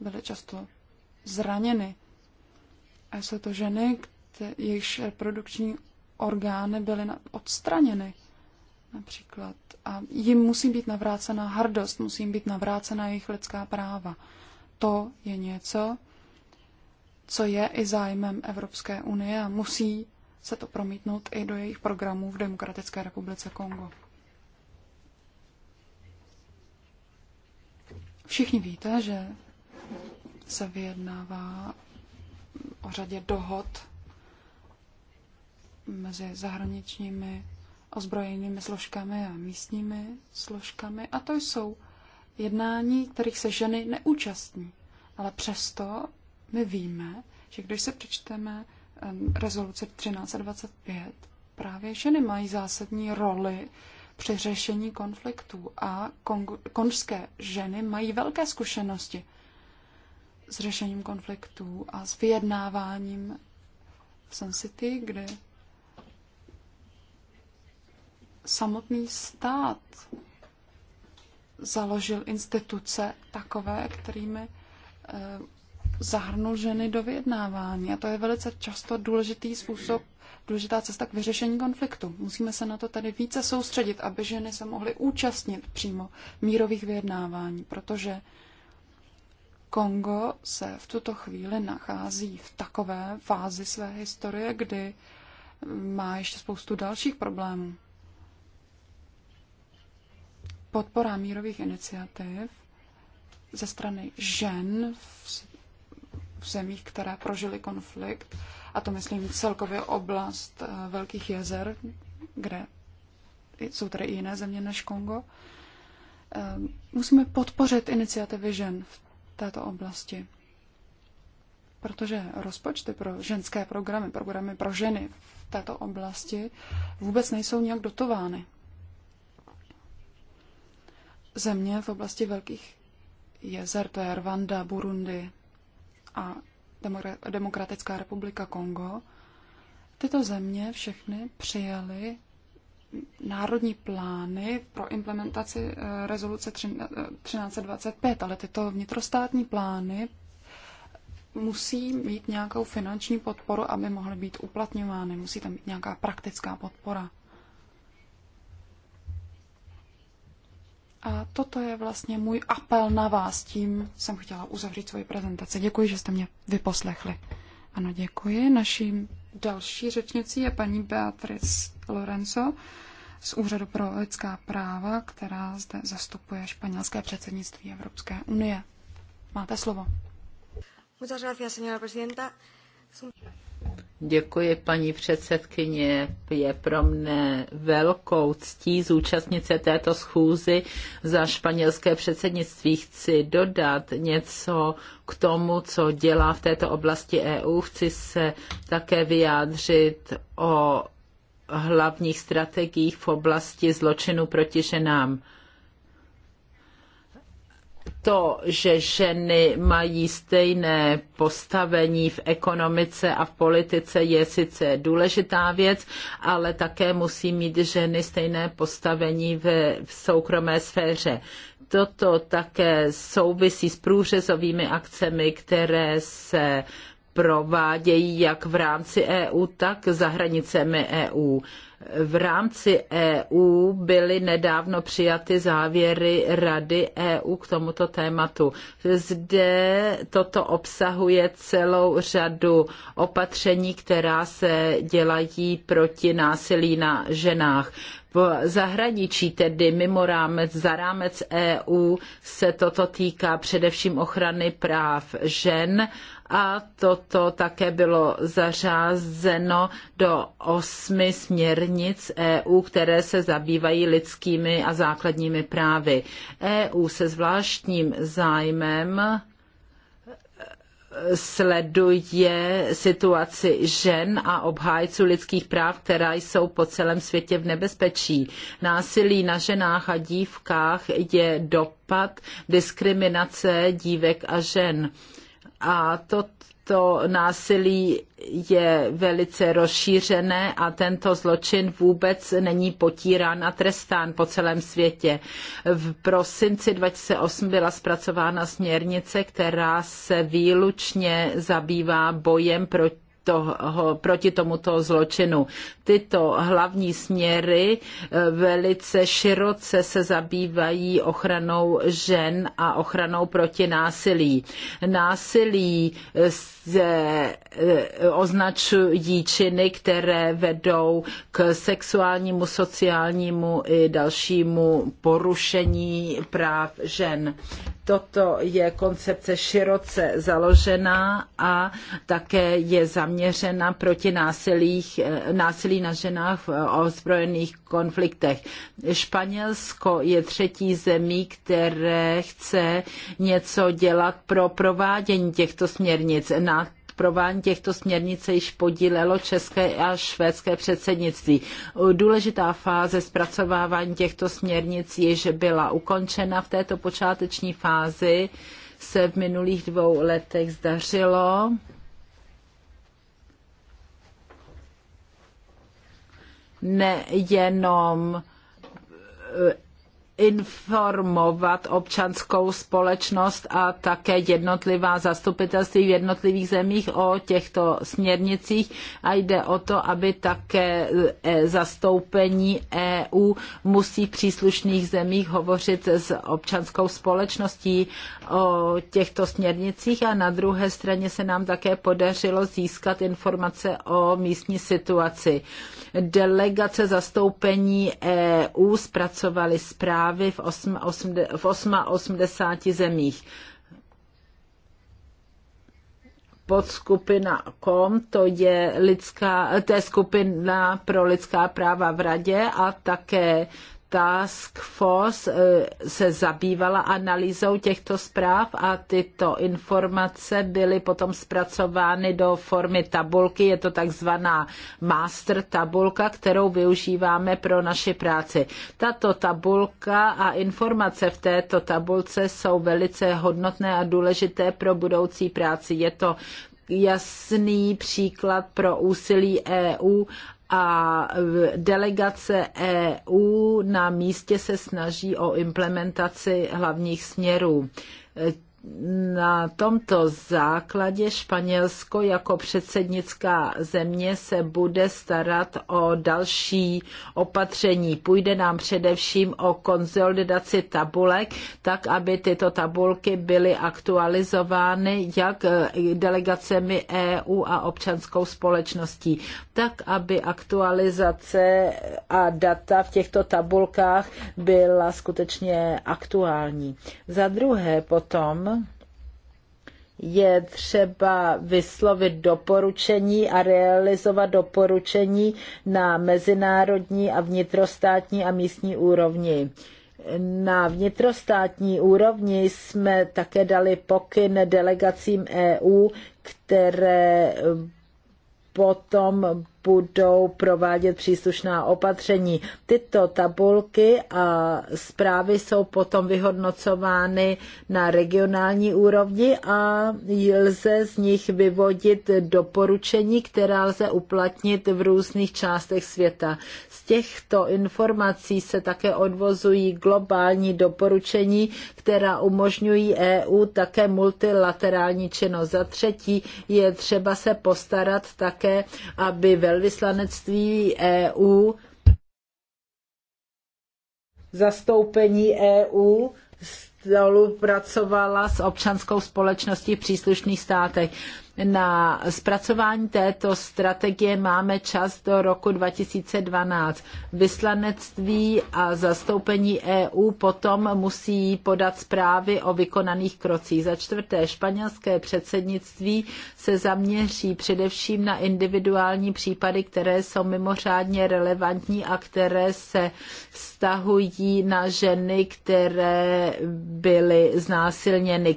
[SPEAKER 1] byly často zraněny. A jsou to ženy, jejichž reprodukční orgány byly odstraněny například. A jim musí být navrácena hrdost, musí být navrácena jejich lidská práva. To je něco, co je i zájmem Evropské unie a musí se to promítnout i do jejich programů v Demokratické republice Kongo. Všichni víte, že se vyjednává o řadě dohod mezi zahraničními ozbrojenými složkami a místními složkami. A to jsou jednání, kterých se ženy neúčastní. Ale přesto my víme, že když se přečteme rezoluce 1325, právě ženy mají zásadní roli při řešení konfliktů a konžské ženy mají velké zkušenosti s řešením konfliktů a s vyjednáváním v Sun City, kde samotný stát založil instituce takové, kterými zahrnul ženy do vyjednávání. A to je velice často důležitý způsob, důležitá cesta k vyřešení konfliktu. Musíme se na to tady více soustředit, aby ženy se mohly účastnit přímo mírových vyjednávání, protože Kongo se v tuto chvíli nachází v takové fázi své historie, kdy má ještě spoustu dalších problémů. Podpora mírových iniciativ ze strany žen v v zemích, které prožily konflikt, a to myslím celkově oblast eh, Velkých jezer, kde jsou tady i jiné země než Kongo. Eh, musíme podpořit iniciativy žen v této oblasti, protože rozpočty pro ženské programy, programy pro ženy v této oblasti vůbec nejsou nějak dotovány. Země v oblasti Velkých jezer, to je Rwanda, Burundi, a Demokratická republika Kongo, tyto země všechny přijaly národní plány pro implementaci eh, rezoluce 1325, eh, ale tyto vnitrostátní plány musí mít nějakou finanční podporu, aby mohly být uplatňovány. Musí tam být nějaká praktická podpora. A toto je vlastně můj apel na vás. Tím jsem chtěla uzavřít svoji prezentaci. Děkuji, že jste mě vyposlechli. Ano, děkuji. Naším další řečnicí je paní Beatrice Lorenzo z Úřadu pro lidská práva, která zde zastupuje španělské předsednictví Evropské unie. Máte slovo.
[SPEAKER 2] Muchas gracias, señora presidenta.
[SPEAKER 3] Děkuji, paní předsedkyně. Je pro mne velkou ctí zúčastnit se této schůzy za španělské předsednictví. Chci dodat něco k tomu, co dělá v této oblasti EU. Chci se také vyjádřit o hlavních strategiích v oblasti zločinu proti ženám to, že ženy mají stejné postavení v ekonomice a v politice, je sice důležitá věc, ale také musí mít ženy stejné postavení v, v soukromé sféře. Toto také souvisí s průřezovými akcemi, které se provádějí jak v rámci EU, tak za hranicemi EU v rámci EU byly nedávno přijaty závěry Rady EU k tomuto tématu. Zde toto obsahuje celou řadu opatření, která se dělají proti násilí na ženách. V zahraničí, tedy mimo rámec, za rámec EU, se toto týká především ochrany práv žen a toto také bylo zařázeno do osmi směrnic EU, které se zabývají lidskými a základními právy. EU se zvláštním zájmem eh, sleduje situaci žen a obhájců lidských práv, která jsou po celém světě v nebezpečí. Násilí na ženách a dívkách je dopad diskriminace dívek a žen a toto násilí je velice rozšířené a tento zločin vůbec není potírán a trestán po celém světě. V prosinci 2008 byla zpracována směrnice, která se výlučně zabývá bojem proti toho, proti tomuto zločinu. Tyto hlavní směry eh, velice široce se zabývají ochranou žen a ochranou proti násilí. Násilí eh, se eh, označují činy, které vedou k sexuálnímu, sociálnímu i dalšímu porušení práv žen. Toto je koncepce široce založená a také je zaměřena proti násilích, eh, násilí na ženách v ozbrojených konfliktech. Španělsko je třetí zemí, které chce něco dělat pro provádění těchto směrnic. Na provádění těchto směrnic se již podílelo české a švédské předsednictví. Důležitá fáze zpracovávání těchto směrnic již byla ukončena. V této počáteční fázi se v minulých dvou letech zdařilo nejenom informovat občanskou společnost a také jednotlivá zastupitelství v jednotlivých zemích o těchto směrnicích a jde o to, aby také e, zastoupení EU musí v příslušných zemích hovořit s občanskou společností o těchto směrnicích a na druhé straně se nám také podařilo získat informace o místní situaci delegace zastoupení EU zpracovaly zprávy v, 88 zemích. Podskupina KOM, to je, lidská, to je skupina pro lidská práva v radě a také Task Force eh, se zabývala analýzou těchto zpráv a tyto informace byly potom zpracovány do formy tabulky. Je to takzvaná master tabulka, kterou využíváme pro naši práci. Tato tabulka a informace v této tabulce jsou velice hodnotné a důležité pro budoucí práci. Je to jasný příklad pro úsilí EU a delegace EU na místě se snaží o implementaci hlavních směrů na tomto základě Španělsko jako předsednická země se bude starat o další opatření. Půjde nám především o konzolidaci tabulek, tak aby tyto tabulky byly aktualizovány jak eh, delegacemi EU a občanskou společností, tak aby aktualizace a data v těchto tabulkách byla skutečně aktuální. Za druhé potom, je třeba vyslovit doporučení a realizovat doporučení na mezinárodní a vnitrostátní a místní úrovni. Na vnitrostátní úrovni jsme také dali pokyn delegacím EU, které potom budou provádět příslušná opatření. Tyto tabulky a zprávy jsou potom vyhodnocovány na regionální úrovni a lze z nich vyvodit doporučení, která lze uplatnit v různých částech světa těchto informací se také odvozují globální doporučení, která umožňují EU také multilaterální činnost. Za třetí je třeba se postarat také, aby velvyslanectví EU zastoupení EU spolupracovala s občanskou společností v příslušných státech na zpracování této strategie máme čas do roku 2012. Vyslanectví a zastoupení EU potom musí podat zprávy o vykonaných krocích. Za čtvrté, španělské předsednictví se zaměří především na individuální případy, které jsou mimořádně relevantní a které se vztahují na ženy, které byly znásilněny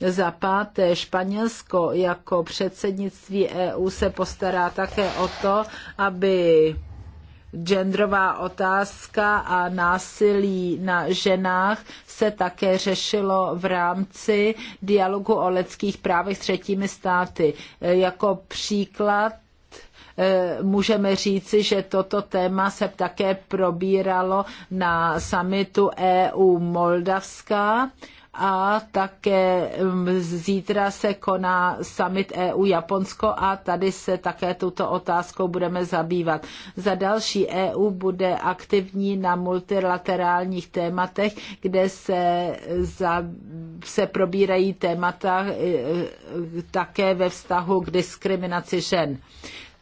[SPEAKER 3] za páté, Španělsko jako předsednictví EU se postará také o to, aby genderová otázka a násilí na ženách se také řešilo v rámci dialogu o lidských právech s třetími státy. Jako příklad eh, můžeme říci, že toto téma se také probíralo na summitu EU Moldavska a také mm, zítra se koná summit EU Japonsko a tady se také tuto otázkou budeme zabývat. Za další EU bude aktivní na multilaterálních tématech, kde se, za, se probírají témata e, e, také ve vztahu k diskriminaci žen.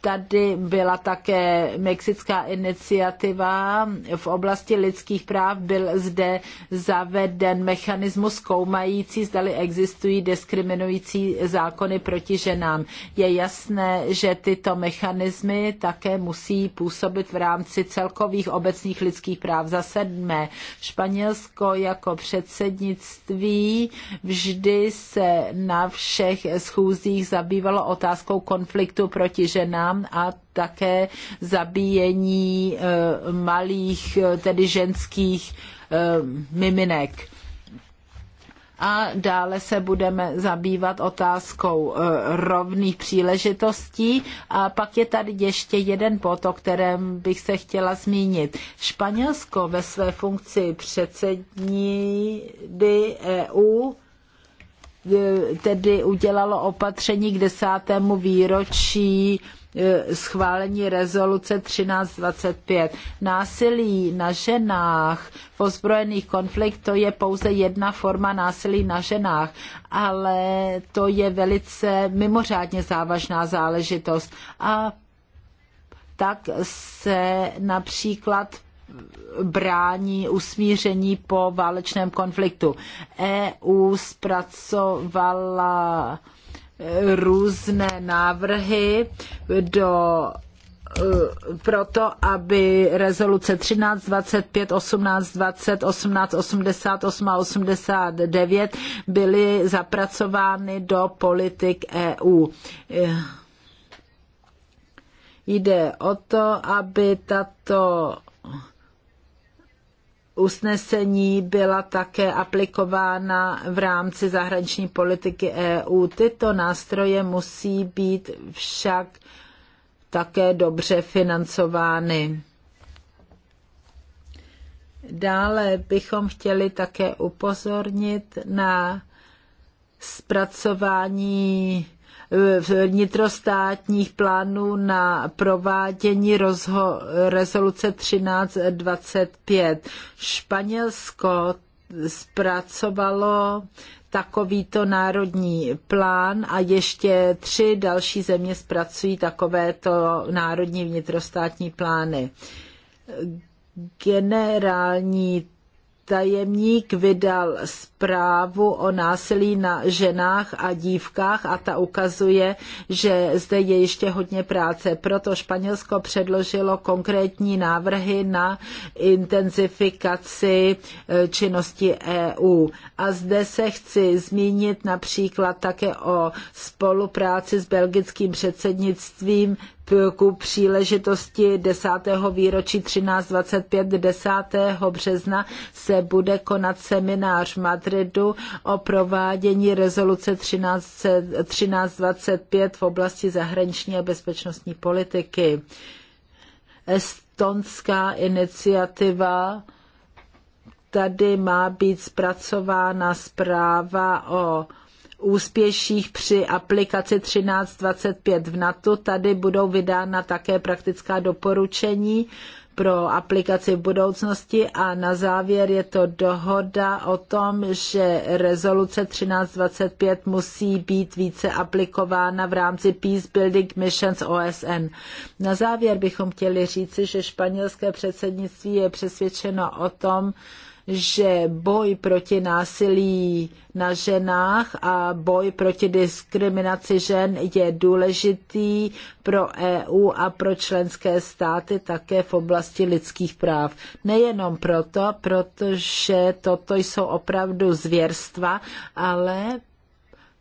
[SPEAKER 3] Tady byla také mexická iniciativa v oblasti lidských práv. Byl zde zaveden mechanismus zkoumající, zdali existují diskriminující zákony proti ženám. Je jasné, že tyto mechanismy také musí působit v rámci celkových obecných lidských práv. Za sedmé, Španělsko jako předsednictví vždy se na všech schůzích zabývalo otázkou konfliktu proti ženám a také zabíjení eh, malých, eh, tedy ženských eh, miminek. A dále se budeme zabývat otázkou rovných příležitostí. A pak je tady ještě jeden bod, o kterém bych se chtěla zmínit. Španělsko ve své funkci předsední EU tedy udělalo opatření k desátému výročí E, schválení rezoluce 1325. Násilí na ženách v ozbrojených konfliktech to je pouze jedna forma násilí na ženách, ale to je velice mimořádně závažná záležitost. A tak se například brání usmíření po válečném konfliktu. EU zpracovala různé návrhy do eh, proto, aby rezoluce 13, 25, 18, 20, 18, 88 a 89 byly zapracovány do politik EU. Eh, jde o to, aby tato usnesení byla také aplikována v rámci zahraniční politiky EU. Tyto nástroje musí být však také dobře financovány. Dále bychom chtěli také upozornit na zpracování vnitrostátních plánů na provádění rozho- rezoluce 1325. Španělsko zpracovalo takovýto národní plán a ještě tři další země zpracují takovéto národní vnitrostátní plány. Generální tajemník vydal zprávu o násilí na ženách a dívkách a ta ukazuje, že zde je ještě hodně práce. Proto Španělsko předložilo konkrétní návrhy na intenzifikaci eh, činnosti EU. A zde se chci zmínit například také o spolupráci s belgickým předsednictvím ku příležitosti 10. výročí 1325 10. března se bude konat seminář v Madridu o provádění rezoluce 13, 1325 v oblasti zahraniční a bezpečnostní politiky. Estonská iniciativa tady má být zpracována zpráva o úspěších při aplikaci 1325 v NATO. Tady budou vydána také praktická doporučení pro aplikaci v budoucnosti a na závěr je to dohoda o tom, že rezoluce 1325 musí být více aplikována v rámci Peace Building Missions OSN. Na závěr bychom chtěli říci, že španělské předsednictví je přesvědčeno o tom, že boj proti násilí na ženách a boj proti diskriminaci žen je důležitý pro EU a pro členské státy také v oblasti lidských práv. Nejenom proto, protože toto jsou opravdu zvěrstva, ale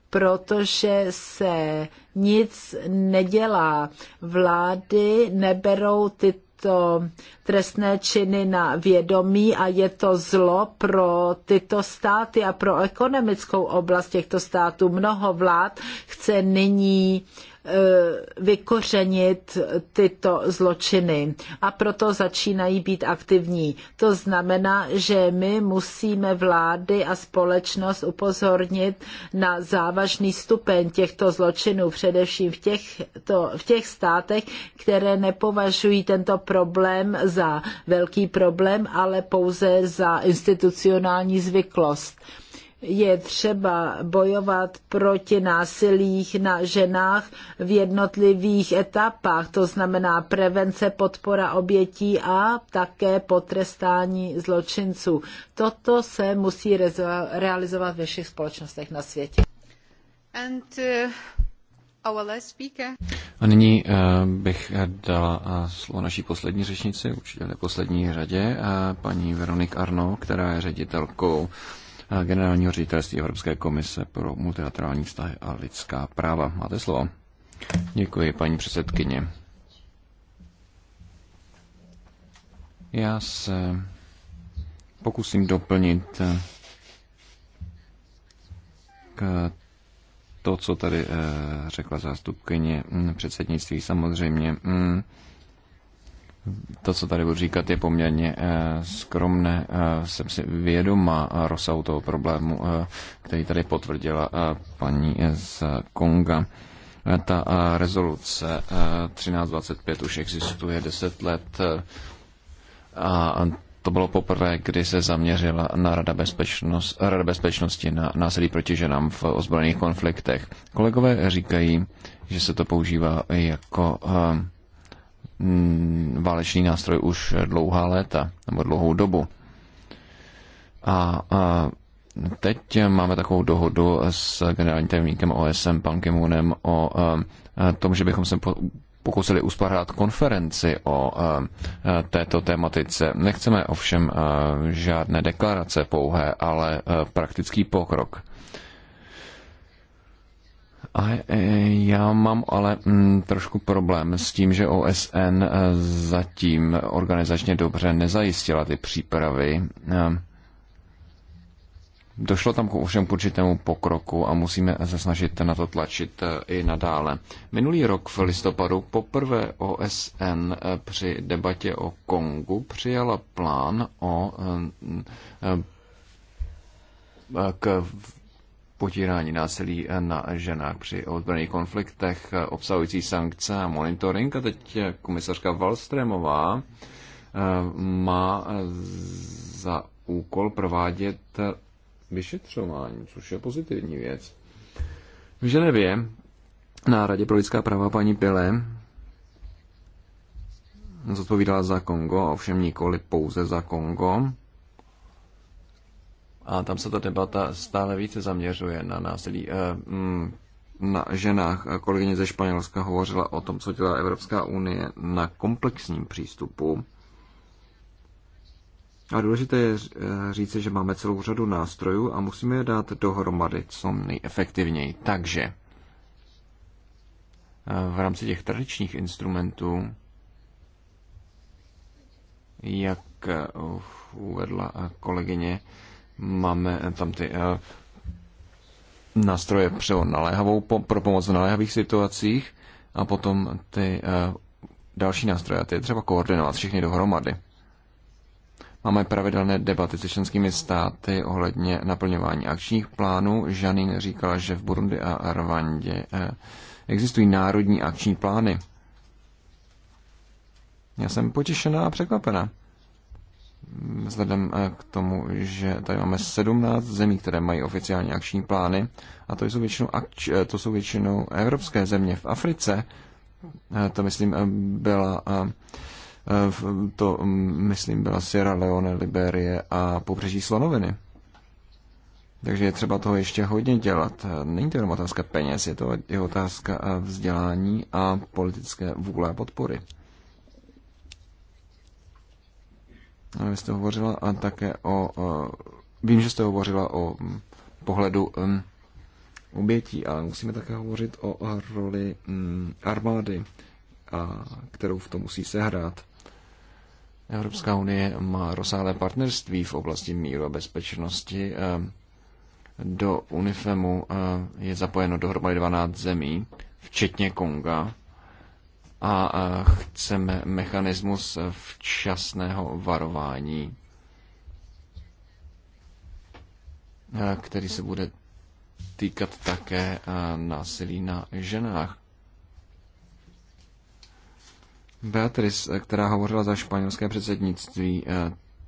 [SPEAKER 3] protože se nic nedělá. Vlády neberou tyto to trestné činy na vědomí a je to zlo pro tyto státy a pro ekonomickou oblast těchto států. Mnoho vlád chce nyní uh, Eh, vykořenit tyto zločiny a proto začínají být aktivní. To znamená, že my musíme vlády a společnost upozornit na závažný stupeň těchto zločinů, především v, těchto, v těch státech, které nepovažují tento problém za velký problém, ale pouze za institucionální zvyklost je třeba bojovat proti násilích na ženách v jednotlivých etapách, to znamená prevence, podpora obětí a také potrestání zločinců. Toto se musí realizovat ve všech společnostech na světě.
[SPEAKER 1] And, uh...
[SPEAKER 2] A nyní uh, bych uh, dala uh, slovo naší poslední řečnici, určitě v poslední řadě, paní Veronik Arno, která je ředitelkou generálního ředitelství Evropské komise pro multilaterální vztahy a lidská práva. Máte slovo. Děkuji, paní předsedkyně. Já se pokusím doplnit eh, k to, co tady eh, řekla zástupkyně mm, předsednictví. Samozřejmě mm, to, co tady budu říkat, je poměrně eh, skromné. Eh, jsem si vědoma rozsahu toho problému, eh, který tady potvrdila paní z Konga. Ta rezoluce 1325 už existuje 10 let a to bylo poprvé, kdy se zaměřila na Rada, bezpečnost, Rada bezpečnosti na násilí proti ženám v ozbrojených konfliktech. Kolegové říkají, že se to používá jako Mm, válečný nástroj už dlouhá léta, nebo dlouhou dobu. A, a teď máme takovou dohodu s generálním tajemníkem OSM, pan Kimunem, o tom, že bychom se pokusili uspořádat konferenci o této tematice. Nechceme ovšem žádné deklarace pouhé, ale praktický pokrok. A e, já mám ale mm, trošku problém s tím, že OSN e, zatím organizačně dobře nezajistila ty přípravy. E, došlo tam k ovšem k určitému pokroku a musíme se snažit na to tlačit i nadále. Minulý rok v listopadu poprvé OSN při debatě o Kongu přijala plán o k potírání násilí na ženách při odbraných konfliktech, obsahující sankce a monitoring. A teď eh, komisařka Wallströmová eh, má za úkol provádět eh, vyšetřování, což je pozitivní věc. V Ženevě na Radě pro lidská práva paní Pile zodpovídala za Kongo, ovšem nikoli pouze za Kongo a tam se ta debata stále více zaměřuje na násilí eh, mm, na ženách. Kolegyně ze Španělska hovořila o tom, co dělá Evropská unie na komplexním přístupu. A důležité je eh, říci, že máme celou řadu nástrojů a musíme je dát dohromady co nejefektivněji. Takže eh, v rámci těch tradičních instrumentů, jak uvedla kolegyně, Máme tam ty eh, nástroje pro, naléhavou, pro pomoc v naléhavých situacích a potom ty eh, další nástroje. Ty je třeba koordinovat všechny dohromady. Máme pravidelné debaty se členskými státy ohledně naplňování akčních plánů. Žanin říkala, že v Burundi a Rwandě eh, existují národní akční plány. Já jsem potěšená a překvapená vzhledem eh, k tomu, že tady máme 17 zemí, které mají oficiální akční plány, a to jsou většinou, akč- eh, to jsou většinou evropské země v Africe, eh, to myslím byla to mm, myslím byla Sierra Leone, Liberie a pobřeží Slonoviny. Takže je třeba toho ještě hodně dělat. Není to jenom otázka peněz, je to je otázka vzdělání a politické vůle a podpory. Eh, vy jste hovořila a eh, také o, eh, vím, že jste hovořila o mm, pohledu mm, obětí, ale musíme také hovořit o roli mm, armády, kterou v tom musí sehrát. Evropská unie má rozsáhlé partnerství v oblasti míru a bezpečnosti. Do UNIFEMu je zapojeno dohromady 12 zemí, včetně Konga a chceme mechanismus včasného varování, který se bude týkat také násilí na ženách. Beatriz, která hovořila za španělské předsednictví,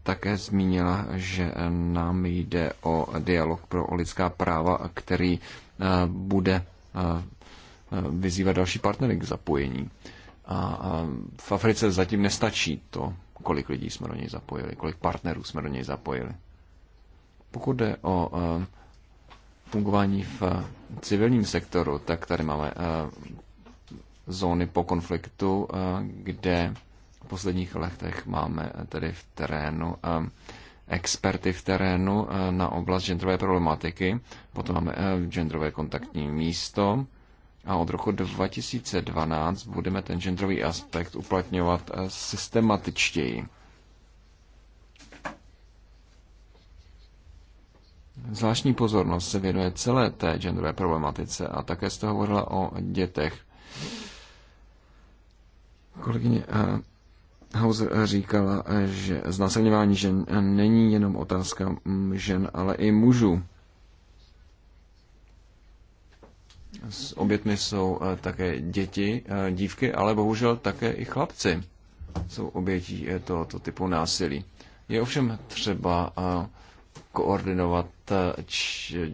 [SPEAKER 2] také zmínila, že nám jde o dialog pro lidská práva, který bude vyzývat další partnery k zapojení. A v Africe zatím nestačí to, kolik lidí jsme do něj zapojili, kolik partnerů jsme do něj zapojili. Pokud jde o e, fungování v e, civilním sektoru, tak tady máme e, zóny po konfliktu, kde v posledních letech máme tedy v terénu experty v terénu na oblast genderové problematiky. Potom máme genderové kontaktní místo, a od roku 2012 budeme ten genderový aspekt uplatňovat eh, systematičtěji. Zvláštní pozornost se věnuje celé té genderové problematice a také jste hovořila o dětech. Kolegyně eh, Hauser říkala, eh, že znásilňování žen není jenom otázka mm, žen, ale i mužů. S obětmi jsou eh, také děti, eh, dívky, ale bohužel také i chlapci jsou obětí eh, tohoto typu násilí. Je ovšem třeba koordinovat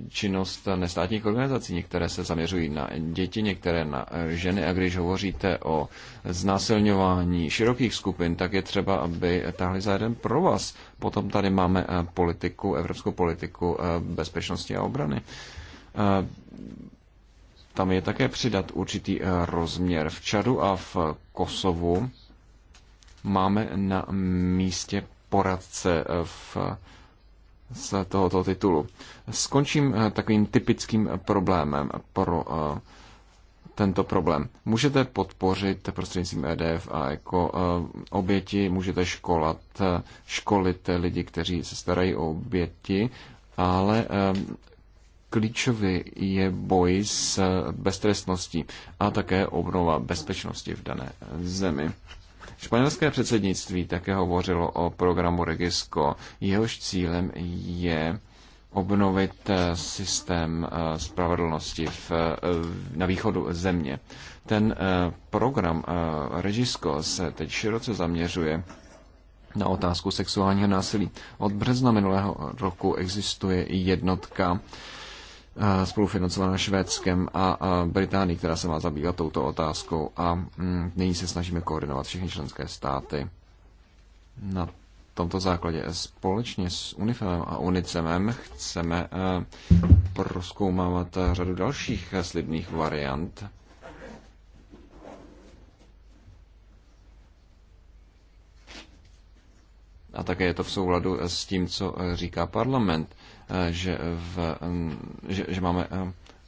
[SPEAKER 2] činnost nestátních organizací. Některé se zaměřují na děti, některé na ženy. A když hovoříte o znásilňování širokých skupin, tak je třeba, aby tahli za jeden pro vás. Potom tady máme politiku, evropskou politiku bezpečnosti a obrany tam je také přidat určitý eh, rozměr. V Čadu a v Kosovu máme na místě poradce eh, v, z tohoto titulu. Skončím eh, takovým typickým problémem pro tento problém. Můžete podpořit prostřednictvím EDF a jako oběti, můžete školat, školit lidi, kteří se starají o oběti, ale klíčový je boj s beztrestností a také obnova bezpečnosti v dané zemi. Španělské předsednictví také hovořilo o programu Regisco. Jehož cílem je obnovit eh, systém eh, spravedlnosti v, eh, na východu země. Ten program Regisco se teď široce zaměřuje na otázku sexuálního násilí. Od března minulého roku existuje jednotka spolufinancovaná Švédskem a Británií, která se má zabývat touto otázkou a mm, nyní se snažíme koordinovat všechny členské státy. Na tomto základě společně s UNIFEMem a UNICEMem chceme eh, proskoumávat eh, řadu dalších eh, slibných variant a také je to v souladu s tím, co říká parlament. Eh, že, v, že, že máme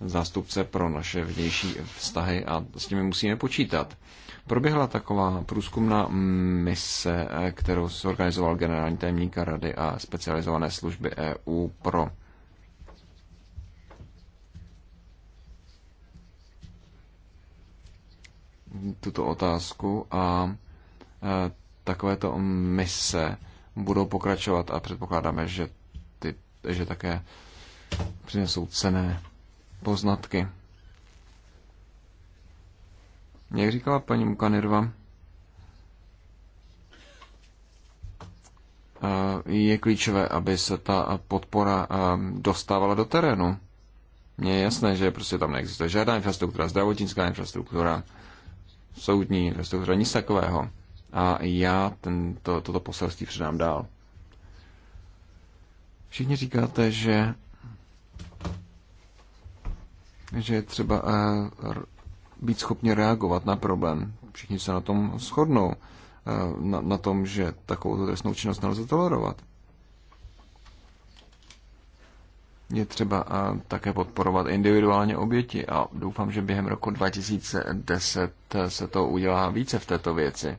[SPEAKER 2] zástupce pro naše vnější vztahy a s nimi musíme počítat. Proběhla taková průzkumná mise, eh, kterou zorganizoval generální tajemník Rady a specializované služby EU pro tuto otázku a eh, takovéto mise budou pokračovat a předpokládáme, že že také přinesou cené poznatky. Jak říkala paní Mukanirva, eh, je klíčové, aby se ta podpora eh, dostávala do terénu. Mně je jasné, že prostě tam neexistuje žádná infrastruktura, zdravotnická infrastruktura, soudní infrastruktura, nic takového. A já tento, toto poselství předám dál. Všichni říkáte, že že je třeba eh, být schopni reagovat na problém. Všichni se na tom shodnou, eh, na, na tom, že takovou trestnou činnost nelze tolerovat. Je třeba eh, také podporovat individuálně oběti a doufám, že během roku 2010 se to udělá více v této věci.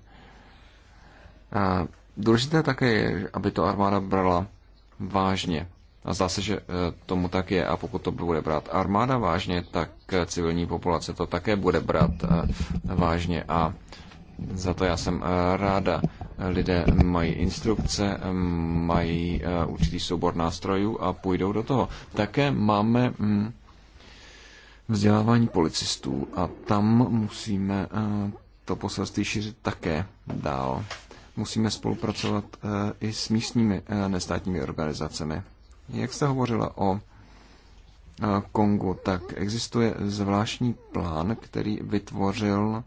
[SPEAKER 2] Důležité také je, aby to armáda brala vážně. A zdá se, že eh, tomu tak je. A pokud to bude brát armáda vážně, tak eh, civilní populace to také bude brát eh, vážně. A za to já jsem ráda. Lidé mají instrukce, mají určitý soubor nástrojů a půjdou do toho. Také máme mm, vzdělávání policistů a tam musíme to poselství šířit také dál musíme spolupracovat eh, i s místními eh, nestátními organizacemi. Jak jste hovořila o eh, Kongu, tak existuje zvláštní plán, který vytvořil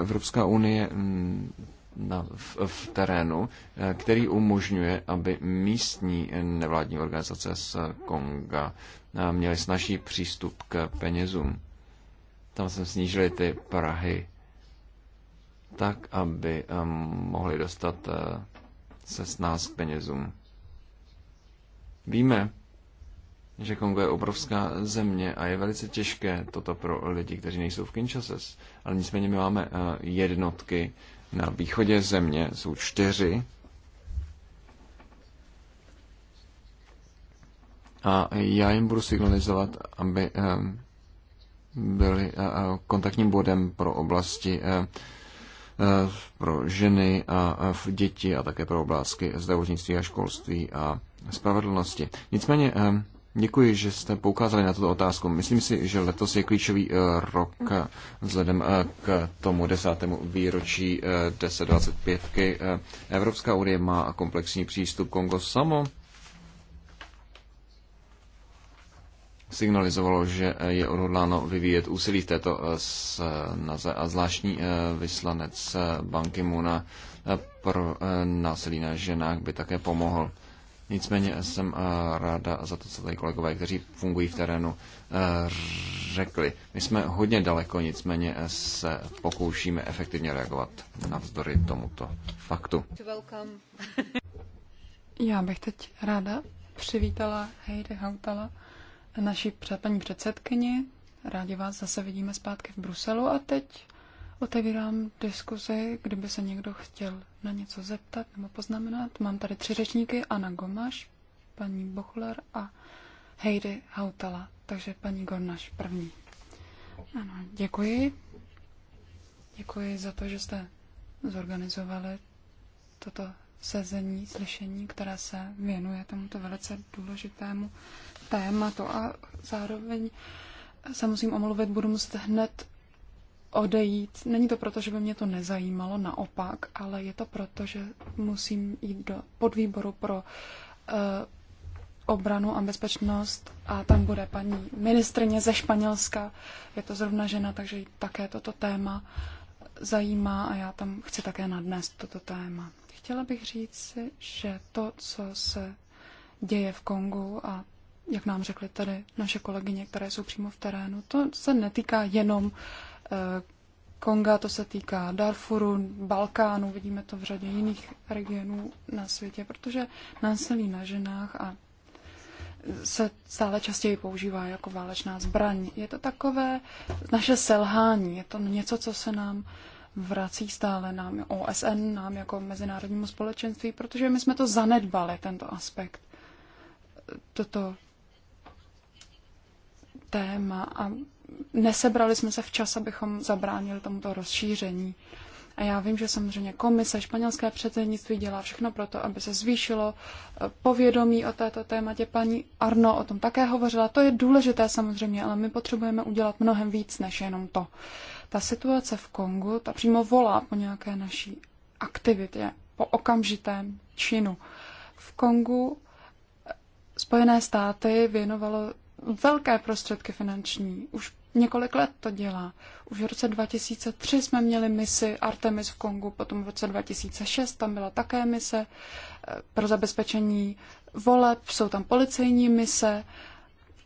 [SPEAKER 2] Evropská unie mm, na, v, v terénu, který umožňuje, aby místní nevládní organizace z Konga měly snažší přístup k penězům. Tam jsme snížili ty Prahy tak aby eh, mohli dostat eh, se s nás k penězům. Víme, že Kongo je obrovská země a je velice těžké toto pro lidi, kteří nejsou v Kinshase. Ale nicméně my máme eh, jednotky na východě země, jsou čtyři. A já jim budu signalizovat, aby byli kontaktním bodem pro oblasti Eh, pro ženy a eh, děti a také pro oblásky zdravotnictví a školství a spravedlnosti. Nicméně eh, Děkuji, že jste poukázali na tuto otázku. Myslím si, že letos je klíčový rok vzhledem k tomu desátému výročí 1025. Evropská unie má komplexní přístup. Kongo samo signalizovalo, že eh, je odhodláno vyvíjet úsilí v této eh, snaze a zvláštní eh, vyslanec banky Muna pro násilí na ženách by také pomohl. Nicméně jsem ráda za to, co tady kolegové, kteří fungují v terénu, řekli. My jsme hodně daleko, nicméně se pokoušíme efektivně reagovat navzdory tomuto faktu.
[SPEAKER 1] Já bych teď ráda přivítala Heide Hautala naší paní předsedkyni. Rádi vás zase vidíme zpátky v Bruselu a teď otevírám diskuzi, kdyby se někdo chtěl na něco zeptat nebo poznamenat. Mám tady tři řečníky, Anna Gomaš, paní Bochler a Heidi Hautala. Takže paní Gornaš první. Ano, děkuji. Děkuji za to, že jste zorganizovali toto sezení, slyšení, které se věnuje tomuto velice důležitému Téma to a zároveň se musím omluvit, budu muset hned odejít. Není to proto, že by mě to nezajímalo, naopak, ale je to proto, že musím jít do podvýboru pro uh, obranu a bezpečnost a tam bude paní ministrině ze Španělska. Je to zrovna žena, takže také toto téma zajímá a já tam chci také nadnést toto téma. Chtěla bych říct, že to, co se děje v Kongu a jak nám řekly tady naše kolegyně, které jsou přímo v terénu, to se netýká jenom eh, Konga, to se týká Darfuru, Balkánu, vidíme to v řadě jiných regionů na světě, protože násilí na ženách a se stále častěji používá jako válečná zbraň. Je to takové naše selhání, je to něco, co se nám vrací stále nám OSN, nám jako mezinárodnímu společenství, protože my jsme to zanedbali, tento aspekt. Toto téma a nesebrali jsme se včas, abychom zabránili tomuto rozšíření. A já vím, že samozřejmě komise, španělské předsednictví dělá všechno pro to, aby se zvýšilo eh, povědomí o této tématě. Paní Arno o tom také hovořila. To je důležité samozřejmě, ale my potřebujeme udělat mnohem víc než jenom to. Ta situace v Kongu, ta přímo volá po nějaké naší aktivitě, po okamžitém činu. V Kongu eh, Spojené státy věnovalo velké prostředky finanční. Už několik let to dělá. Už v roce 2003 jsme měli misi Artemis v Kongu, potom v roce 2006 tam byla také mise eh, pro zabezpečení voleb, jsou tam policejní mise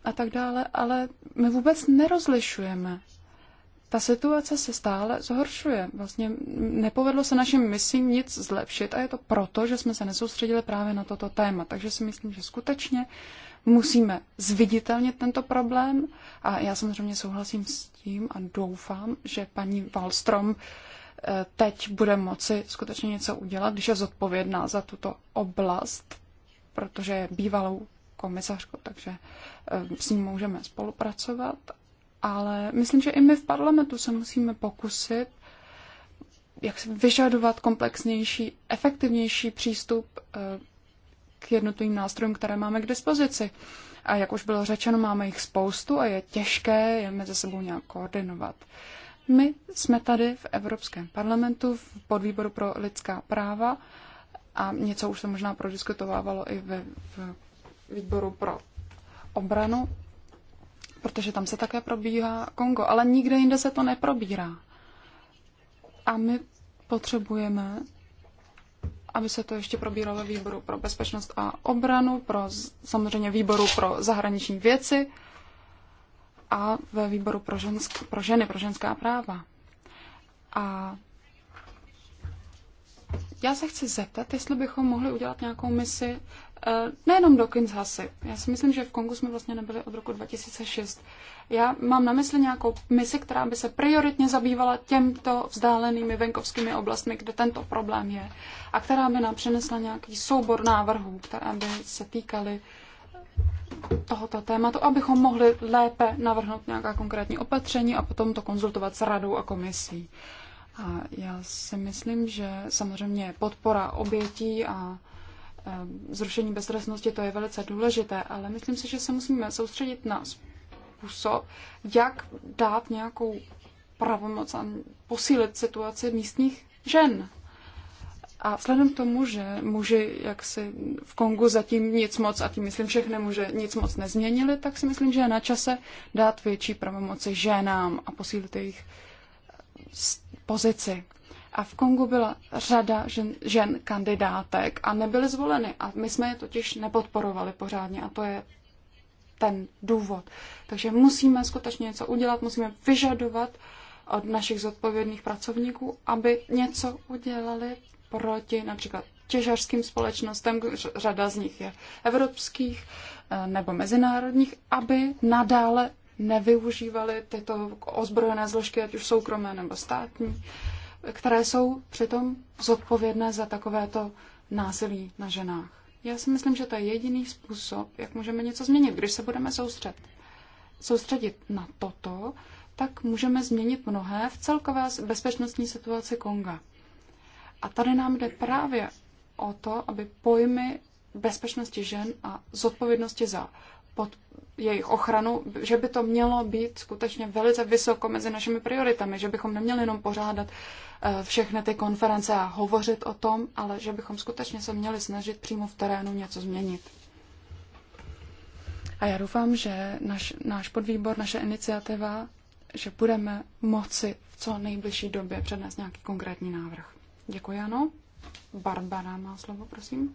[SPEAKER 1] a tak dále, ale my vůbec nerozlišujeme. Ta situace se stále zhoršuje. Vlastně nepovedlo se našim misím nic zlepšit a je to proto, že jsme se nesoustředili právě na toto téma. Takže si myslím, že skutečně uh, Musíme zviditelnit tento problém a já samozřejmě souhlasím s tím a doufám, že paní Wallström eh, teď bude moci skutečně něco udělat, když je zodpovědná za tuto oblast, protože je bývalou komisařkou, takže eh, s ním můžeme spolupracovat. Ale myslím, že i my v parlamentu se musíme pokusit jak vyžadovat komplexnější, efektivnější přístup eh, k jednotlivým nástrojům, které máme k dispozici. A jak už bylo řečeno, máme jich spoustu a je těžké je mezi sebou nějak koordinovat. My jsme tady v Evropském parlamentu, v podvýboru pro lidská práva a něco už se možná prodiskutovávalo i ve v výboru pro obranu, protože tam se také probíhá Kongo, ale nikde jinde se to neprobírá. A my potřebujeme aby se to ještě probíralo výboru pro bezpečnost a obranu, pro samozřejmě výboru pro zahraniční věci a ve výboru pro, žensk, pro ženy, pro ženská práva. A já se chci zeptat, jestli bychom mohli udělat nějakou misi Eh, nejenom do Kinshasy. Já si myslím, že v Kongu jsme vlastně nebyli od roku 2006. Já mám na mysli nějakou misi, která by se prioritně zabývala těmto vzdálenými venkovskými oblastmi, kde tento problém je, a která by nám přinesla nějaký soubor návrhů, které by se týkaly tohoto tématu, abychom mohli lépe navrhnout nějaká konkrétní opatření a potom to konzultovat s radou a komisí. A já si myslím, že samozřejmě podpora obětí a Eh, zrušení beztrestnosti, to je velice důležité, ale myslím si, že se musíme soustředit na způsob, jak dát nějakou pravomoc a posílit situaci místních žen. A vzhledem k tomu, že muži jaksi v Kongu zatím nic moc, a tím myslím všechny muže, nic moc nezměnili, tak si myslím, že je na čase dát větší pravomoci ženám a posílit jejich pozici. A v Kongu byla řada žen, žen kandidátek a nebyly zvoleny. A my jsme je totiž nepodporovali pořádně a to je ten důvod. Takže musíme skutečně něco udělat, musíme vyžadovat od našich zodpovědných pracovníků, aby něco udělali proti například těžařským společnostem, řada z nich je evropských eh, nebo mezinárodních, aby nadále nevyužívali tyto ozbrojené zložky, ať už soukromé nebo státní, které jsou přitom zodpovědné za takovéto násilí na ženách. Já si myslím, že to je jediný způsob, jak můžeme něco změnit. Když se budeme soustředit, soustředit na toto, tak můžeme změnit mnohé v celkové bezpečnostní situaci Konga. A tady nám jde právě o to, aby pojmy bezpečnosti žen a zodpovědnosti za pod jejich ochranu, že by to mělo být skutečně velice vysoko mezi našimi prioritami, že bychom neměli jenom pořádat eh, všechny ty konference a hovořit o tom, ale že bychom skutečně se měli snažit přímo v terénu něco změnit. A já doufám, že naš, náš podvýbor, naše iniciativa, že budeme moci v co nejbližší době přednést nějaký konkrétní návrh. Děkuji, ano. Barbara má slovo, prosím.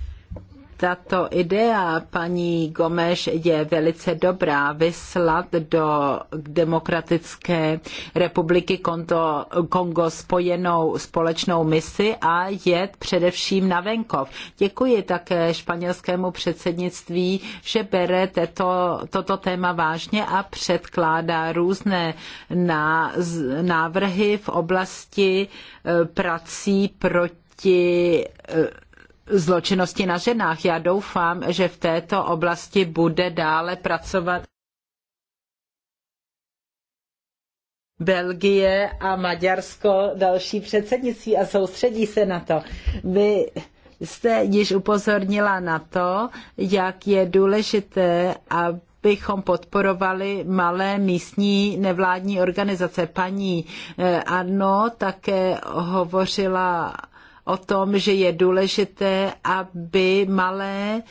[SPEAKER 3] tato idea paní Gomeš je velice dobrá vyslat do Demokratické republiky Konto, Kongo spojenou společnou misi a jet především na venkov. Děkuji také španělskému předsednictví, že bere tato, toto téma vážně a předkládá různé návrhy v oblasti eh, prací proti proti eh, zločinnosti na ženách. Já doufám, že v této oblasti bude dále pracovat Belgie a Maďarsko další předsednictví a soustředí se na to. Vy jste již upozornila na to, jak je důležité, abychom podporovali malé místní nevládní organizace. Paní eh, Ano také hovořila o tom, že je důležité, aby malé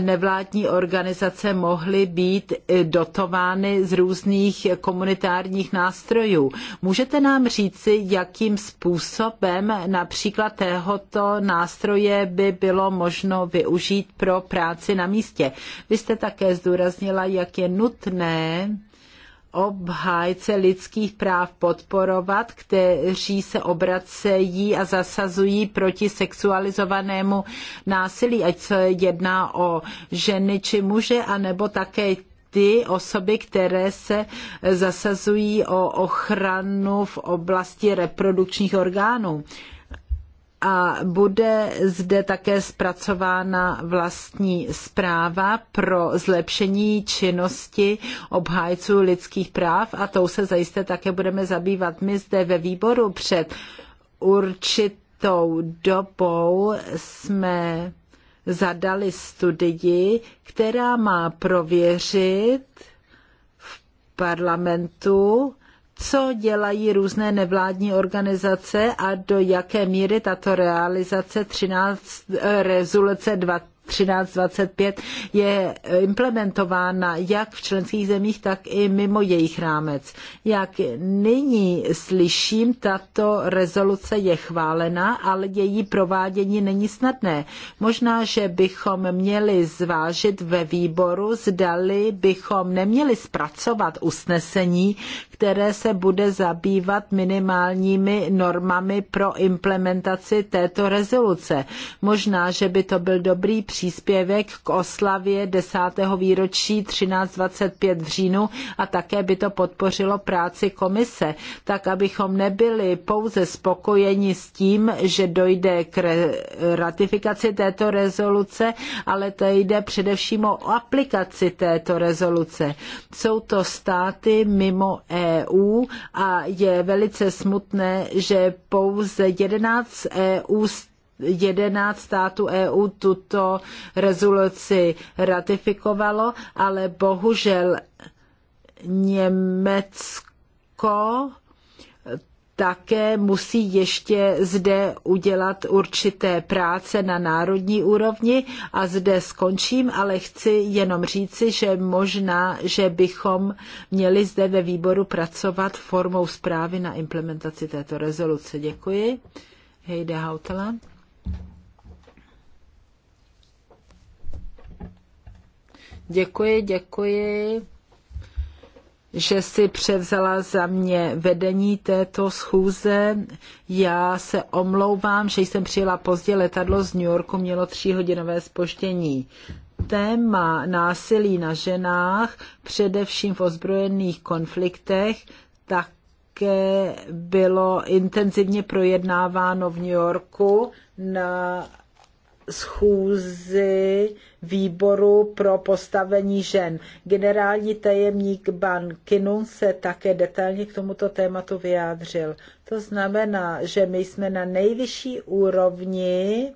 [SPEAKER 3] nevládní organizace mohly být dotovány z různých komunitárních nástrojů. Můžete nám říci, jakým způsobem například tohoto nástroje by bylo možno využít pro práci na místě? Vy jste také zdůraznila, jak je nutné obhájce lidských práv podporovat, kteří se obracejí a zasazují proti sexualizovanému násilí, ať se jedná o ženy či muže, anebo také ty osoby, které se zasazují o ochranu v oblasti reprodukčních orgánů a bude zde také zpracována vlastní zpráva pro zlepšení činnosti obhájců lidských práv a tou se zajisté také budeme zabývat my zde ve výboru před určitou dobou jsme zadali studii, která má prověřit v parlamentu, co dělají různé nevládní organizace a do jaké míry tato realizace 13 eh, rezoluce 20 1325 je implementována jak v členských zemích, tak i mimo jejich rámec. Jak nyní slyším, tato rezoluce je chválena, ale její provádění není snadné. Možná, že bychom měli zvážit ve výboru, zdali bychom neměli zpracovat usnesení, které se bude zabývat minimálními normami pro implementaci této rezoluce. Možná, že by to byl dobrý příklad příspěvek k oslavě desátého výročí 1325 v říjnu a také by to podpořilo práci komise, tak abychom nebyli pouze spokojeni s tím, že dojde k ratifikaci této rezoluce, ale to jde především o aplikaci této rezoluce. Jsou to státy mimo EU a je velice smutné, že pouze 11 EU států 11 států EU tuto rezoluci ratifikovalo, ale bohužel Německo také musí ještě zde udělat určité práce na národní úrovni a zde skončím, ale chci jenom říci, že možná, že bychom měli zde ve výboru pracovat formou zprávy na implementaci této rezoluce. Děkuji. Hejde Hautala. Děkuji, děkuji, že si převzala za mě vedení této schůze. Já se omlouvám, že jsem přijela pozdě. Letadlo z New Yorku mělo tříhodinové spoždění téma násilí na ženách, především v ozbrojených konfliktech, také bylo intenzivně projednáváno v New Yorku na schůzi výboru pro postavení žen. Generální tajemník Ban Kinun se také detailně k tomuto tématu vyjádřil. To znamená, že my jsme na nejvyšší úrovni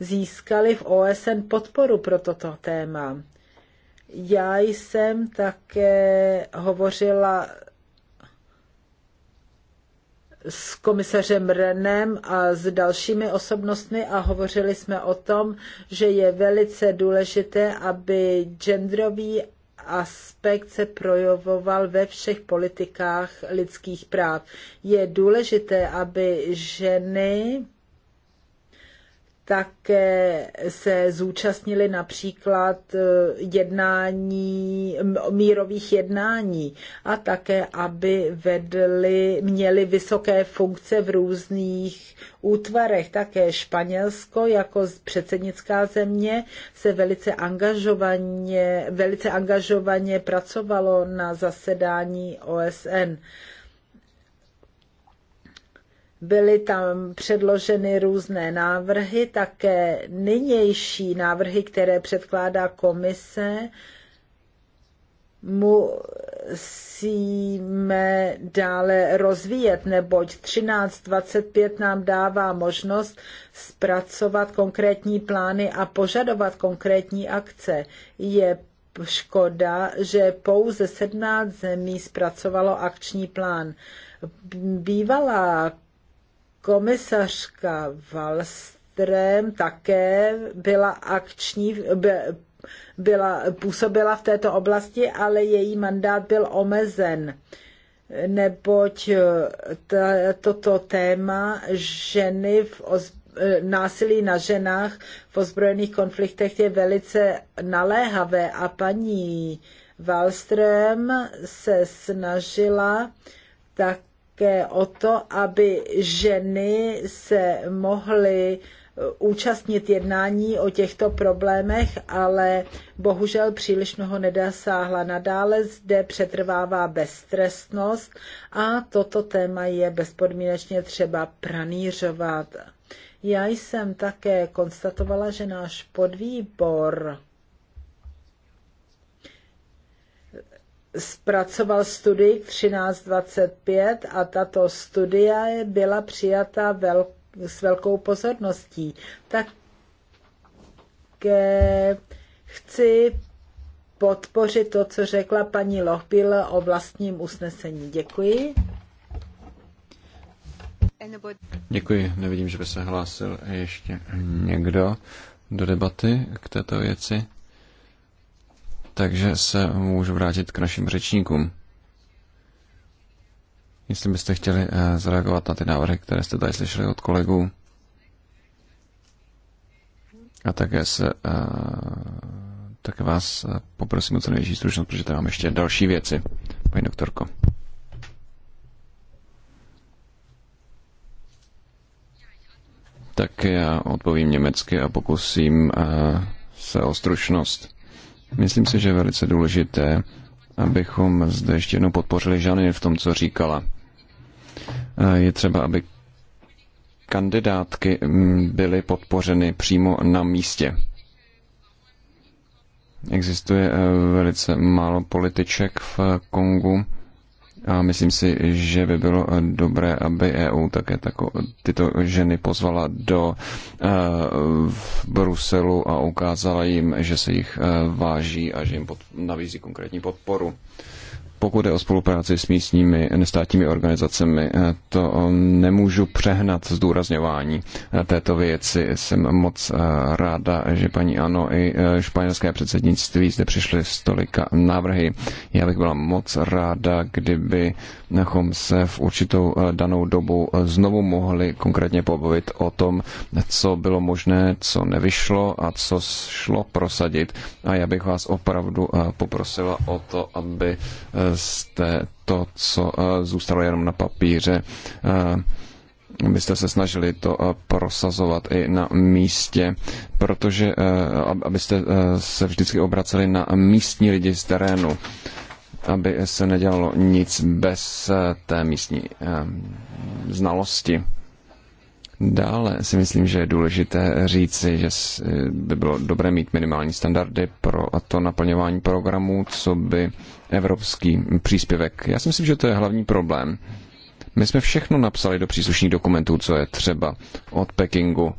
[SPEAKER 3] získali v OSN podporu pro toto téma. Já jsem také hovořila s komisařem Renem a s dalšími osobnostmi a hovořili jsme o tom, že je velice důležité, aby genderový aspekt se projevoval ve všech politikách lidských práv. Je důležité, aby ženy také se zúčastnili například eh, jednání, mírových jednání a také, aby vedli, měli vysoké funkce v různých útvarech. Také Španělsko jako předsednická země se velice angažovaně, velice angažovaně pracovalo na zasedání OSN. Byly tam předloženy různé návrhy, také nynější návrhy, které předkládá komise, musíme dále rozvíjet, neboť 1325 nám dává možnost zpracovat konkrétní plány a požadovat konkrétní akce. Je škoda, že pouze 17 zemí zpracovalo akční plán. Bývalá komisařka Wallström také byla akční, byla, působila v této oblasti, ale její mandát byl omezen neboť eh, toto téma ženy v ozb- eh, násilí na ženách v ozbrojených konfliktech je velice naléhavé a paní Wallström se snažila tak také o to, aby ženy se mohly eh, účastnit jednání o těchto problémech, ale bohužel příliš mnoho nedosáhla. Nadále zde přetrvává beztrestnost a toto téma je bezpodmínečně třeba pranířovat. Já jsem také konstatovala, že náš podvýbor zpracoval studii 1325 a tato studie byla přijata vel, s velkou pozorností. Tak chci podpořit to, co řekla paní Lohbil o vlastním usnesení. Děkuji.
[SPEAKER 2] Děkuji. Nevidím, že by se hlásil ještě někdo do debaty k této věci takže se můžu vrátit k našim řečníkům. Jestli byste chtěli eh, zareagovat na ty návrhy, které jste tady slyšeli od kolegů, a také se eh, tak vás eh, poprosím o co největší stručnost, protože tam mám ještě další věci, paní doktorko. Tak já odpovím německy a pokusím se o stručnost. Myslím si, že je velice důležité, abychom zde ještě jednou podpořili Žany v tom, co říkala. Je třeba, aby kandidátky byly podpořeny přímo na místě. Existuje eh, velice málo političek v eh, Kongu a myslím si, že by bylo eh, dobré, aby EU také tako, tyto ženy pozvala do uh, Bruselu a ukázala jim, že se jich uh, váží a že jim pod, navízí konkrétní podporu pokud je o spolupráci s místními nestátními organizacemi, eh, to eh, nemůžu přehnat zdůrazňování eh, této věci. Jsem moc ráda, že paní Ano i španělské předsednictví zde přišly s tolika návrhy. Já bych byla moc ráda, kdyby kdybychom se v určitou danou dobu znovu mohli konkrétně pobavit o tom, co bylo možné, co nevyšlo a co šlo prosadit. A já bych vás opravdu poprosila o to, aby jste to, co eh, zůstalo jenom na papíře, abyste eh, se snažili to eh, prosazovat i na místě, protože abyste se vždycky obraceli na místní lidi z terénu, aby se nedělalo nic bez té místní znalosti. Dále si myslím, že je důležité říci, že eh, by bylo dobré mít minimální standardy pro to naplňování programů, co by evropský příspěvek. Já si myslím, že to je hlavní problém. My jsme všechno napsali do příslušných dokumentů, co je třeba od Pekingu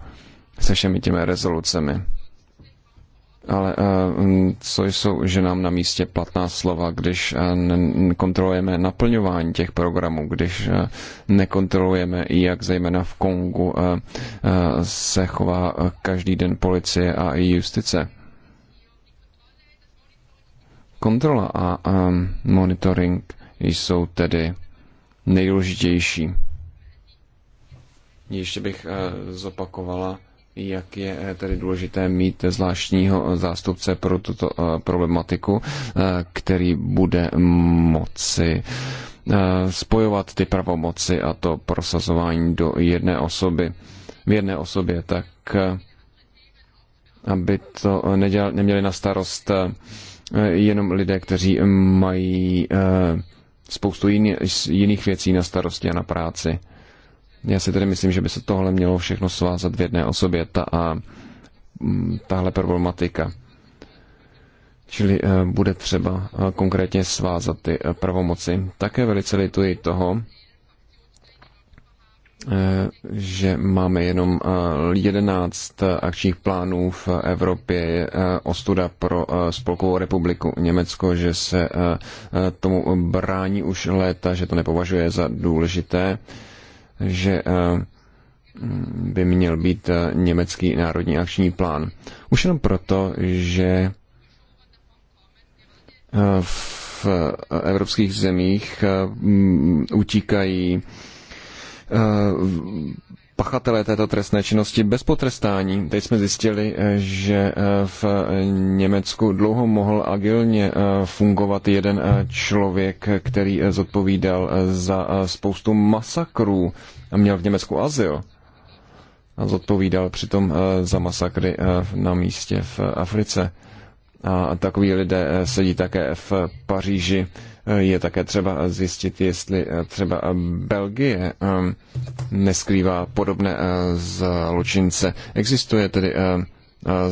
[SPEAKER 2] se všemi těmi rezolucemi ale eh, mm, co jsou nám na místě platná slova, když eh, kontrolujeme naplňování těch programů, když eh, nekontrolujeme, jak zejména v Kongu se chová každý den policie a i justice. Kontrola a ehm, monitoring jsou tedy nejdůležitější. Ještě bych zopakovala jak je eh, tedy důležité mít zvláštního eh, zástupce pro tuto eh, problematiku, který bude moci spojovat ty pravomoci a to prosazování do jedné osoby, v jedné osobě, tak aby to neděl neměli na starost jenom lidé, kteří mají spoustu jiný, jiných věcí na starosti a na práci. Já si tedy myslím, že by se tohle mělo všechno svázat v jedné osobě, ta a mm, tahle problematika. Čili e, bude třeba e, konkrétně svázat ty e, pravomoci. Také velice lituji toho, že máme jenom 11 akčních plánů v Evropě. Ostuda pro Spolkovou republiku Německo, že se tomu brání už léta, že to nepovažuje za důležité že eh, by měl být eh, německý národní akční plán. Už jenom proto, že eh, v evropských zemích utíkají pachatelé této trestné činnosti bez potrestání. Teď jsme zjistili, eh, že eh, v Německu dlouho mohl agilně eh, fungovat jeden člověk, který zodpovídal za spoustu masakrů a měl v Německu azyl. A zodpovídal přitom za masakry na místě v Africe. A takoví lidé sedí také v Paříži je také třeba zjistit, jestli eh, třeba eh, Belgie eh, neskrývá podobné zločince. Existuje tedy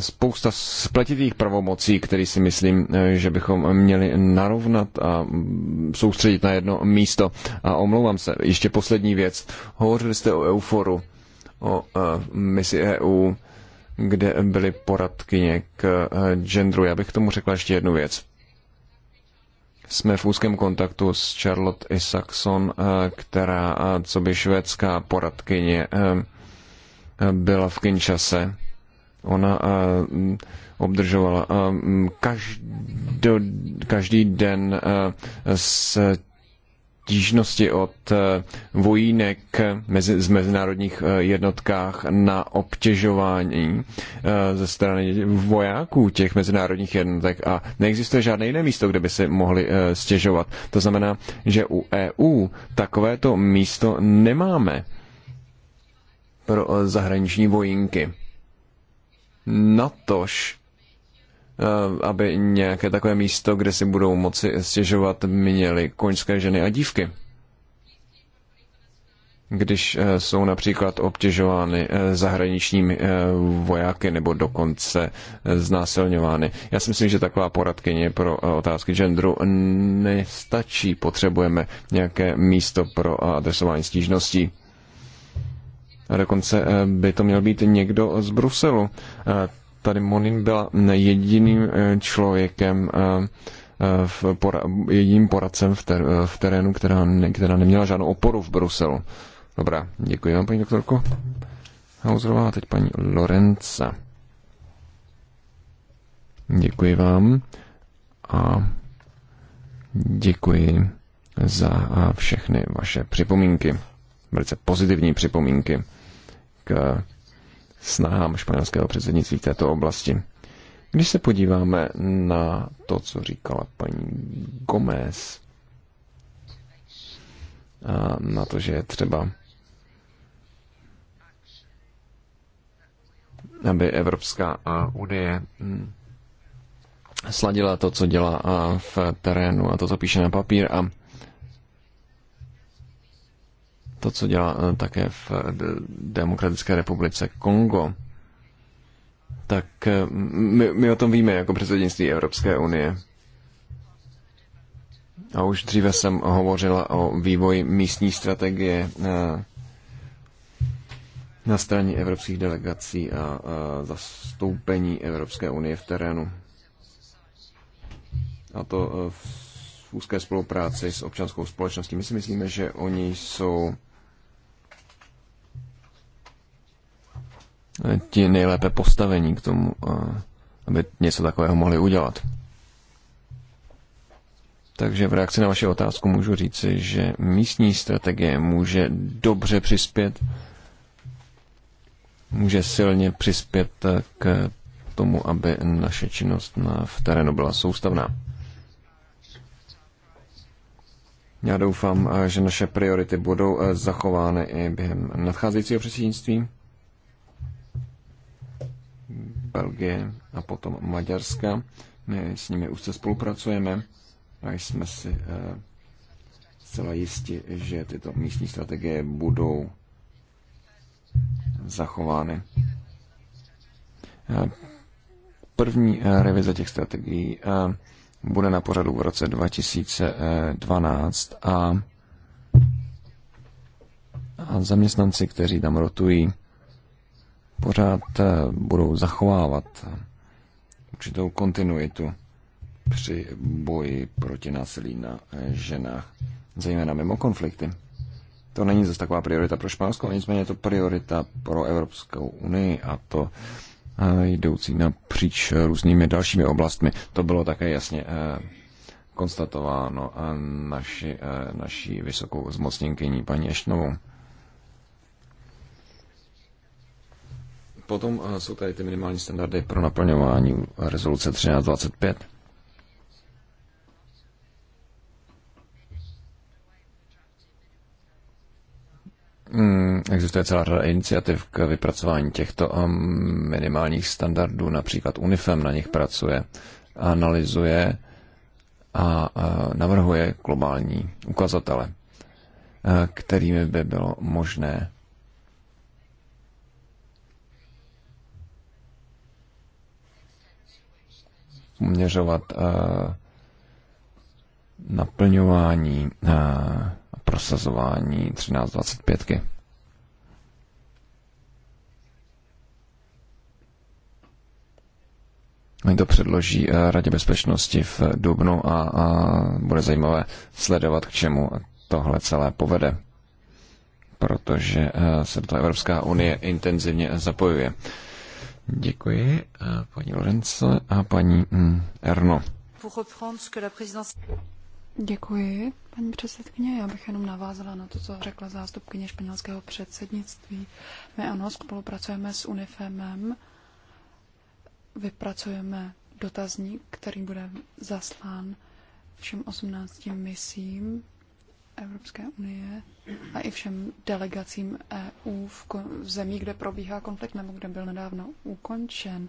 [SPEAKER 2] spousta spletitých pravomocí, které si myslím, že bychom měli narovnat a mm, soustředit na jedno místo. A omlouvám se, ještě poslední věc. Hovořili jste o Euforu, o misi EU, kde byly poradkyně k genderu. Já bych k tomu řekla ještě jednu věc jsme v úzkém kontaktu s Charlotte Isaacson, eh, která, eh, co by švédská poradkyně, eh, byla v Kinčase. Ona obdržovala každý den z stížnosti od eh, vojínek mezi, z mezinárodních eh, jednotkách na obtěžování eh, ze strany vojáků těch mezinárodních jednotek a neexistuje žádné jiné místo, kde by si mohli stěžovat. To znamená, že u EU takovéto místo nemáme pro zahraniční vojínky. Natož Eh, aby nějaké takové místo, kde si budou moci stěžovat, měly koňské ženy a dívky. Když eh, jsou například obtěžovány eh, zahraničními vojáky nebo dokonce znásilňovány. Já si myslím, že taková poradkyně pro otázky genderu nestačí. Potřebujeme nějaké místo pro adresování stížností. A dokonce by to měl být někdo z Bruselu tady Monin byla jediným eh, člověkem, eh, eh, v pora, jediným poradcem v, ter, v terénu, která, ne, která neměla žádnou oporu v Bruselu. Dobrá, děkuji vám, paní doktorko. Hauserová, a teď paní Lorenza. Děkuji vám a děkuji za všechny vaše připomínky, velice pozitivní připomínky k snahám španělského předsednictví v této oblasti. Když se podíváme na to, co říkala paní Gomez, a na to, že je třeba, aby Evropská unie hm, sladila to, co dělá v terénu a to, co píše na papír a to, co dělá eh, také v eh, Demokratické republice Kongo, tak eh, my, my o tom víme jako předsednictví Evropské unie. A už dříve jsem hovořila o vývoji místní strategie na, na straně evropských delegací a, a zastoupení Evropské unie v terénu. A to v úzké spolupráci s občanskou společností. My si myslíme, že oni jsou ti nejlépe postavení k tomu, eh, aby něco takového mohli udělat. Takže v reakci na vaši otázku můžu říci, že místní strategie může dobře přispět, může silně přispět eh, k tomu, aby naše činnost na, v terénu byla soustavná. Já doufám, eh, že naše priority budou zachovány i během nadcházejícího předsednictví. Belgie a potom Maďarska. My s nimi už se spolupracujeme a jsme si eh, zcela jisti, že tyto místní strategie budou zachovány. Eh, první eh, revize těch strategií bude na pořadu v roce 2012 a zaměstnanci, kteří tam rotují, pořád eh, budou zachovávat určitou kontinuitu při boji proti násilí na eh, ženách, zejména mimo konflikty. To není zase taková priorita pro Španělsko, nicméně je to priorita pro Evropskou unii a to eh, jdoucí napříč různými dalšími oblastmi. To bylo také jasně konstatováno naši, naší vysokou zmocněnkyní paní Ešnovou. Potom eh, jsou tady ty minimální standardy pro naplňování rezoluce 1325. Hmm, existuje celá řada iniciativ k vypracování těchto eh, minimálních standardů, například UNIFEM na nich pracuje, analyzuje a eh, navrhuje globální ukazatele, kterými by bylo možné uh, naplňování eh, a prosazování 1325. -ky. Oni to předloží eh, Radě bezpečnosti v Dubnu a, a bude zajímavé sledovat, k čemu tohle celé povede, protože se do toho Evropská unie intenzivně zapojuje. Děkuji eh, paní Lorence a paní mm, Erno.
[SPEAKER 1] Děkuji, paní předsedkyně. Já bych jenom navázala na to, co řekla zástupkyně španělského předsednictví. My ano, spolupracujeme s UNIFEMem, vypracujeme dotazník, který bude zaslán všem 18 misím Evropské unie a i všem delegacím EU v, v zemích, kde probíhá konflikt nebo kde byl nedávno ukončen.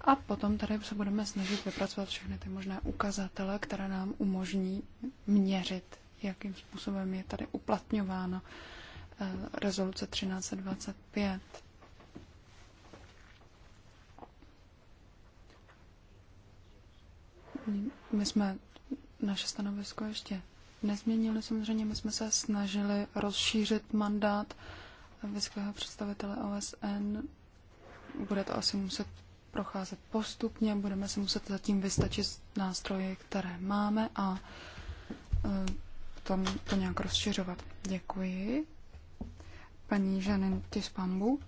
[SPEAKER 1] A potom tady se budeme snažit vypracovat všechny ty možné ukazatele, které nám umožní měřit, jakým způsobem je tady uplatňována eh, rezoluce 1325. My jsme naše stanovisko ještě nezměnili. Samozřejmě my jsme se snažili rozšířit mandát vyského představitele OSN. Bude to asi muset procházet postupně, budeme se muset zatím vystačit nástroje, které máme a e, tam to nějak rozšiřovat. Děkuji. Paní Žanin Tispambu.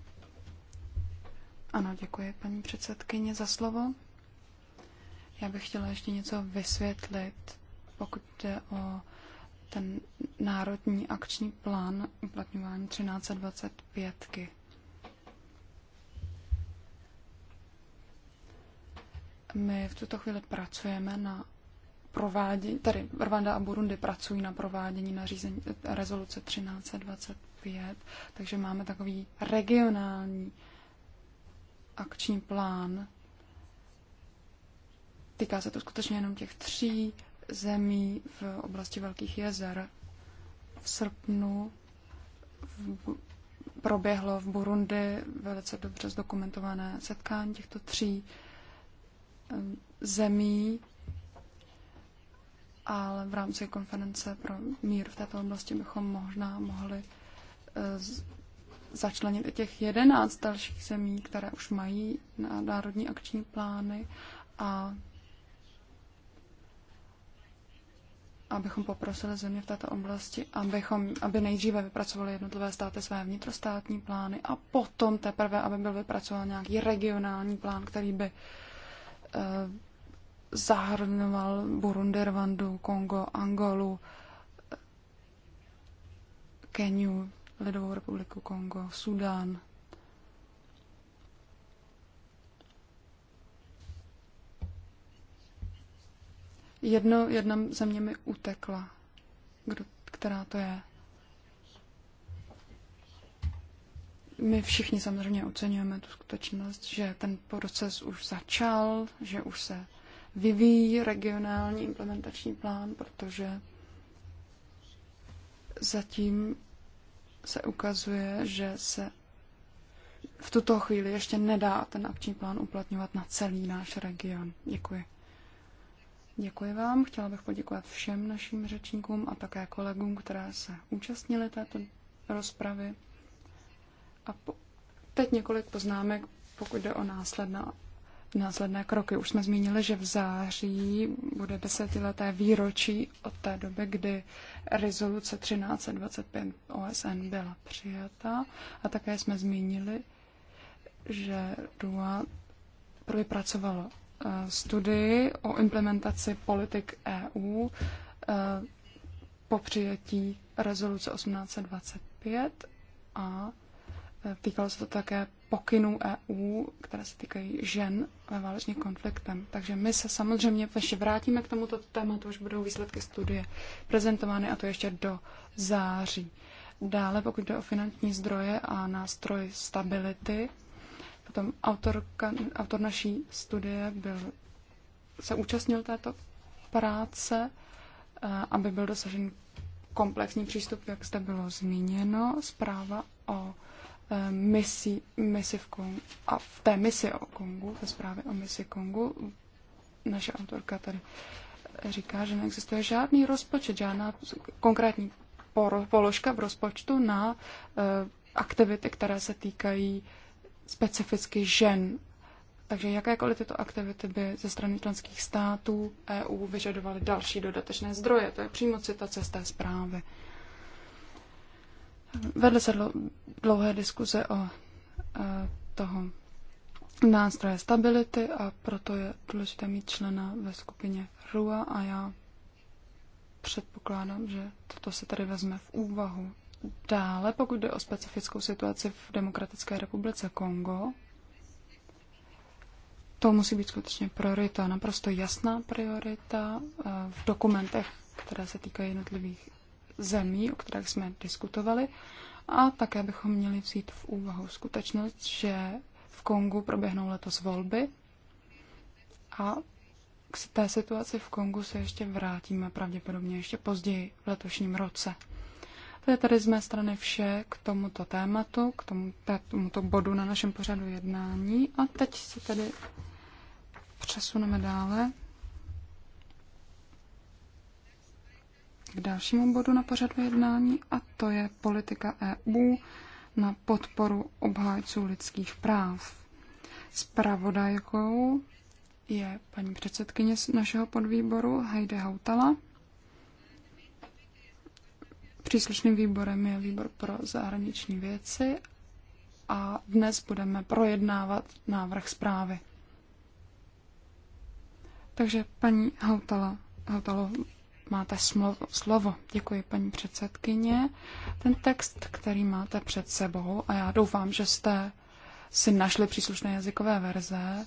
[SPEAKER 1] Ano, děkuji paní předsedkyně za slovo. Já bych chtěla ještě něco vysvětlit, pokud jde o ten národní akční plán uplatňování 1325. -ky. My v tuto chvíli pracujeme na provádění, tady Rwanda a Burundi pracují na provádění nařízení rezoluce 1325, takže máme takový regionální akční plán. Týká se to skutečně jenom těch tří zemí v oblasti Velkých jezer. V srpnu v, proběhlo v Burundi velice dobře zdokumentované setkání těchto tří zemí, ale v rámci konference pro mír v této oblasti bychom možná mohli e, začlenit i těch jedenáct dalších zemí, které už mají národní akční plány a abychom poprosili země v této oblasti, abychom, aby nejdříve vypracovali jednotlivé státy své vnitrostátní plány a potom teprve, aby byl vypracován nějaký regionální plán, který by eh, zahrnoval Burundi, Rwandu, Kongo, Angolu, Keniu, Lidovou republiku Kongo, Sudán, jedno, jedna země mi utekla. Kdo, která to je? My všichni samozřejmě oceňujeme tu skutečnost, že ten proces už začal, že už se vyvíjí regionální implementační plán, protože zatím se ukazuje, že se v tuto chvíli ještě nedá ten akční plán uplatňovat na celý náš region. Děkuji. Děkuji vám. Chtěla bych poděkovat všem našim řečníkům a také kolegům, které se účastnili této rozpravy. A po... teď několik poznámek, pokud jde o následná, následné kroky. Už jsme zmínili, že v září bude desetileté výročí od té doby, kdy rezoluce 1325 OSN byla přijata. A také jsme zmínili, že Dua vypracovalo studii o implementaci politik EU eh, po přijetí rezoluce 1825 a eh, týkalo se to také pokynů EU, které se týkají žen ve válečných konfliktem. Takže my se samozřejmě ještě vrátíme k tomuto tématu, už budou výsledky studie prezentovány a to ještě do září. Dále, pokud jde o finanční zdroje a nástroj stability, Potom autorka, autor naší studie byl, se účastnil této práce, eh, aby byl dosažen komplexní přístup, jak zde bylo zmíněno, zpráva o eh, misi, misi v Kongu, a v té misi o Kongu, ve zprávě o misi Kongu, naše autorka tady eh, říká, že neexistuje žádný rozpočet, žádná konkrétní položka v rozpočtu na aktivity, které se týkají specificky žen. Takže jakékoliv tyto aktivity by ze strany členských států EU vyžadovaly další dodatečné zdroje. To je přímo citace z té zprávy. Vedly se dlouhé diskuze o e, toho nástroje stability a proto je důležité mít člena ve skupině RUA a já předpokládám, že toto se tady vezme v úvahu Dále, pokud jde o specifickou situaci v Demokratické republice Kongo, to musí být skutečně priorita, naprosto jasná priorita eh, v dokumentech, které se týkají jednotlivých zemí, o kterých jsme diskutovali. A také bychom měli vzít v úvahu skutečnost, že v Kongu proběhnou letos volby a k té situaci v Kongu se ještě vrátíme pravděpodobně ještě později v letošním roce. To je tady z mé strany vše k tomuto tématu, k tomu, tomuto bodu na našem pořadu jednání. A teď se tedy přesuneme dále k dalšímu bodu na pořadu jednání a to je politika EU na podporu obhájců lidských práv. Spravodajkou je paní předsedkyně našeho podvýboru Heide Hautala. Příslušným výborem je výbor pro zahraniční věci a dnes budeme projednávat návrh zprávy. Takže paní Hautala, Hautalo, máte smlovo, slovo. Děkuji, paní předsedkyně. Ten text, který máte před sebou, a já doufám, že jste si našli příslušné jazykové verze,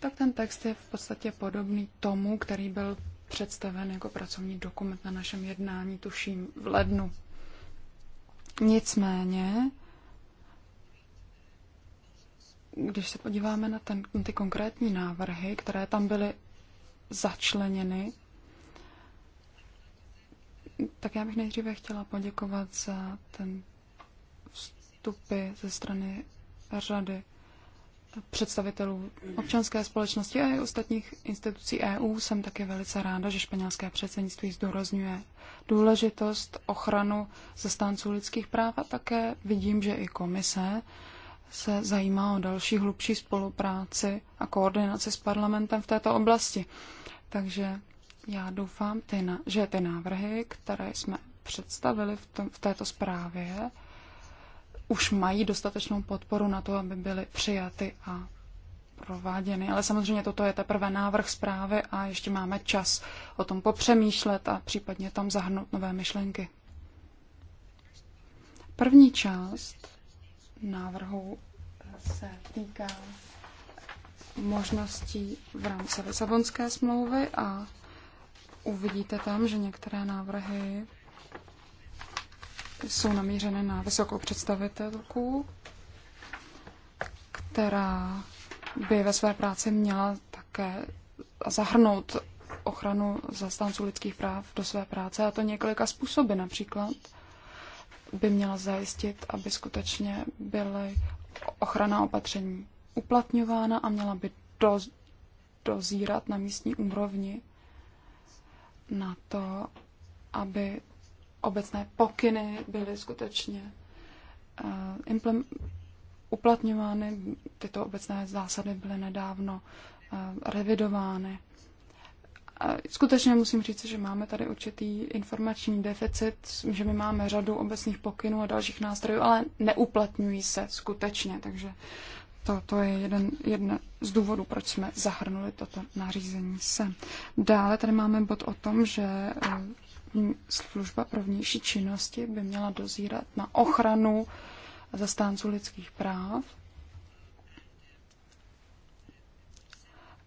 [SPEAKER 1] tak ten text je v podstatě podobný tomu, který byl představen jako pracovní dokument na našem jednání, tuším, v lednu. Nicméně, když se podíváme na, ten, na ty konkrétní návrhy, které tam byly začleněny, tak já bych nejdříve chtěla poděkovat za ten vstupy ze strany řady představitelů občanské společnosti a i ostatních institucí EU jsem také velice ráda, že španělské předsednictví zdůrazňuje důležitost ochranu zastánců lidských práv a také vidím, že i komise se zajímá o další hlubší spolupráci a koordinaci s parlamentem v této oblasti. Takže já doufám, že ty návrhy, které jsme představili v, tom, v této zprávě, už mají dostatečnou podporu na to, aby byly přijaty a prováděny. Ale samozřejmě toto je teprve návrh zprávy a ještě máme čas o tom popřemýšlet a případně tam zahrnout nové myšlenky. První část návrhu se týká možností v rámci Lisabonské smlouvy a uvidíte tam, že některé návrhy jsou namířené na vysokou představitelku, která by ve své práci měla také zahrnout ochranu zastánců lidských práv do své práce a to několika způsoby. Například by měla zajistit, aby skutečně byly ochrana opatření uplatňována a měla by do, dozírat na místní úrovni na to, aby obecné pokyny byly skutečně eh, uplatňovány, tyto obecné zásady byly nedávno eh, revidovány. Skutečně musím říct, že máme tady určitý informační deficit, že my máme řadu obecných pokynů a dalších nástrojů, ale neuplatňují se skutečně, takže to, to je jeden, jeden z důvodů, proč jsme zahrnuli toto nařízení sem. Dále tady máme bod o tom, že eh, služba pro vnější činnosti by měla dozírat na ochranu zastánců lidských práv.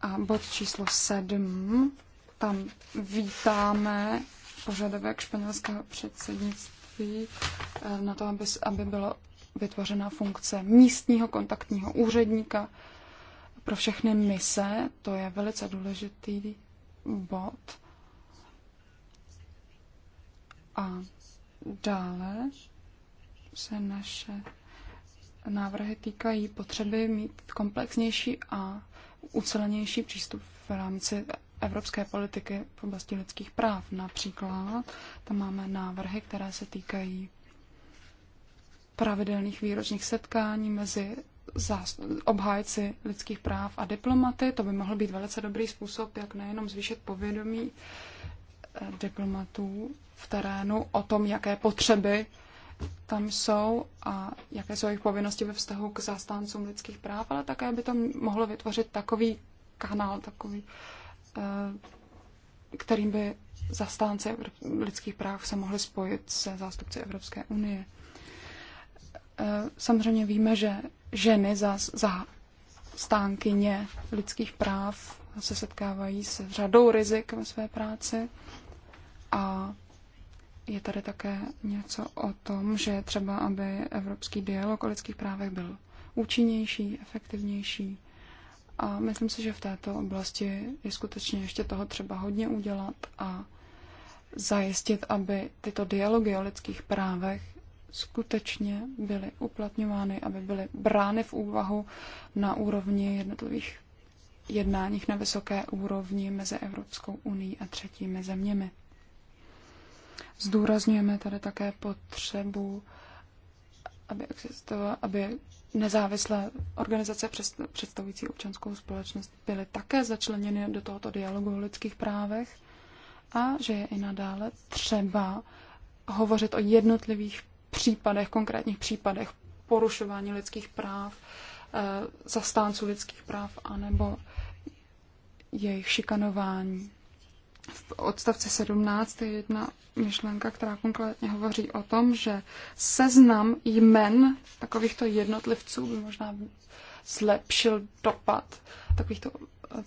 [SPEAKER 1] A bod číslo sedm tam vítáme požadavek španělského předsednictví eh, na to, aby, aby byla vytvořena funkce místního kontaktního úředníka pro všechny mise. To je velice důležitý bod a dále se naše návrhy týkají potřeby mít komplexnější a ucelenější přístup v rámci evropské politiky v oblasti lidských práv. Například tam máme návrhy, které se týkají pravidelných výročních setkání mezi obhájci lidských práv a diplomaty. To by mohl být velice dobrý způsob, jak nejenom zvýšit povědomí diplomatů v terénu o tom, jaké potřeby tam jsou a jaké jsou jejich povinnosti ve vztahu k zastáncům lidských práv, ale také by to mohlo vytvořit takový kanál, takový, eh, kterým by zastánci lidských práv se mohli spojit se zástupci Evropské unie. Eh, samozřejmě víme, že ženy za, za stánkyně lidských práv se setkávají s řadou rizik ve své práci a je tady také něco o tom, že třeba, aby evropský dialog o lidských právech byl účinnější, efektivnější. A myslím si, že v této oblasti je skutečně ještě toho třeba hodně udělat a zajistit, aby tyto dialogy o lidských právech skutečně byly uplatňovány, aby byly brány v úvahu na úrovni jednotlivých jednáních na vysoké úrovni mezi Evropskou unii a třetími zeměmi. Zdůrazňujeme tady také potřebu, aby existovala, aby nezávislé organizace představující občanskou společnost byly také začleněny do tohoto dialogu o lidských právech a že je i nadále třeba hovořit o jednotlivých případech, konkrétních případech porušování lidských práv, eh, zastánců lidských práv anebo jejich šikanování v odstavci 17 je jedna myšlenka, která konkrétně hovoří o tom, že seznam jmen takovýchto jednotlivců by možná zlepšil dopad takovýchto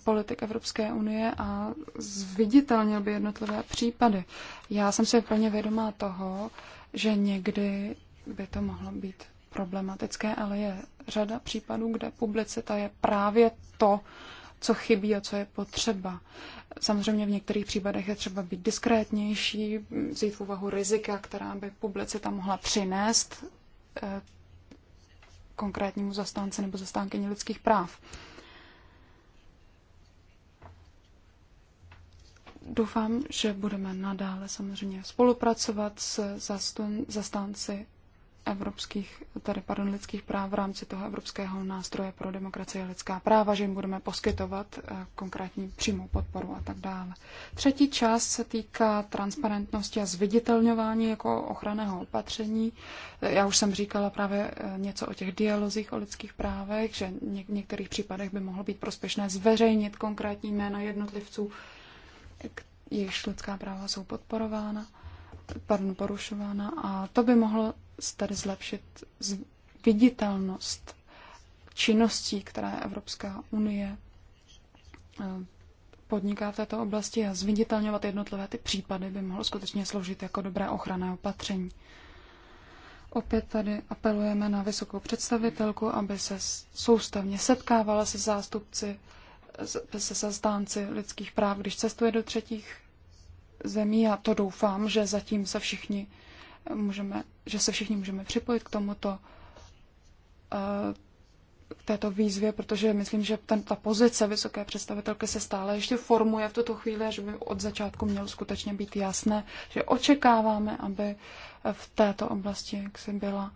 [SPEAKER 1] politik Evropské unie a zviditelnil by jednotlivé případy. Já jsem si plně vědomá toho, že někdy by to mohlo být problematické, ale je řada případů, kde publicita je právě to, co chybí a co je potřeba. Samozřejmě v některých případech je třeba být diskrétnější, vzít v úvahu rizika, která by publicita mohla přinést eh, konkrétnímu zastánci nebo zastánkyni lidských práv. Doufám, že budeme nadále samozřejmě spolupracovat s zastánci evropských, tady, pardon, lidských práv v rámci toho evropského nástroje pro demokracii a lidská práva, že jim budeme poskytovat eh, konkrétní přímou podporu a tak dále. Třetí část se týká transparentnosti a zviditelňování jako ochranného opatření. Eh, já už jsem říkala právě eh, něco o těch dialozích o lidských právech, že v některých případech by mohlo být prospěšné zveřejnit konkrétní jména jednotlivců, jejichž lidská práva jsou podporována pardon, porušována a to by mohlo tady zlepšit viditelnost činností, které Evropská unie eh, podniká v této oblasti a zviditelňovat jednotlivé ty případy by mohlo skutečně sloužit jako dobré ochranné opatření. Opět tady apelujeme na vysokou představitelku, aby se soustavně setkávala se zástupci, se zastánci lidských práv, když cestuje do třetích zemí a to doufám, že zatím se všichni můžeme, že se všichni můžeme připojit k tomuto eh, k této výzvě, protože myslím, že ten, ta pozice vysoké představitelky se stále ještě formuje v tuto chvíli, že by od začátku mělo skutečně být jasné, že očekáváme, aby v této oblasti jak si byla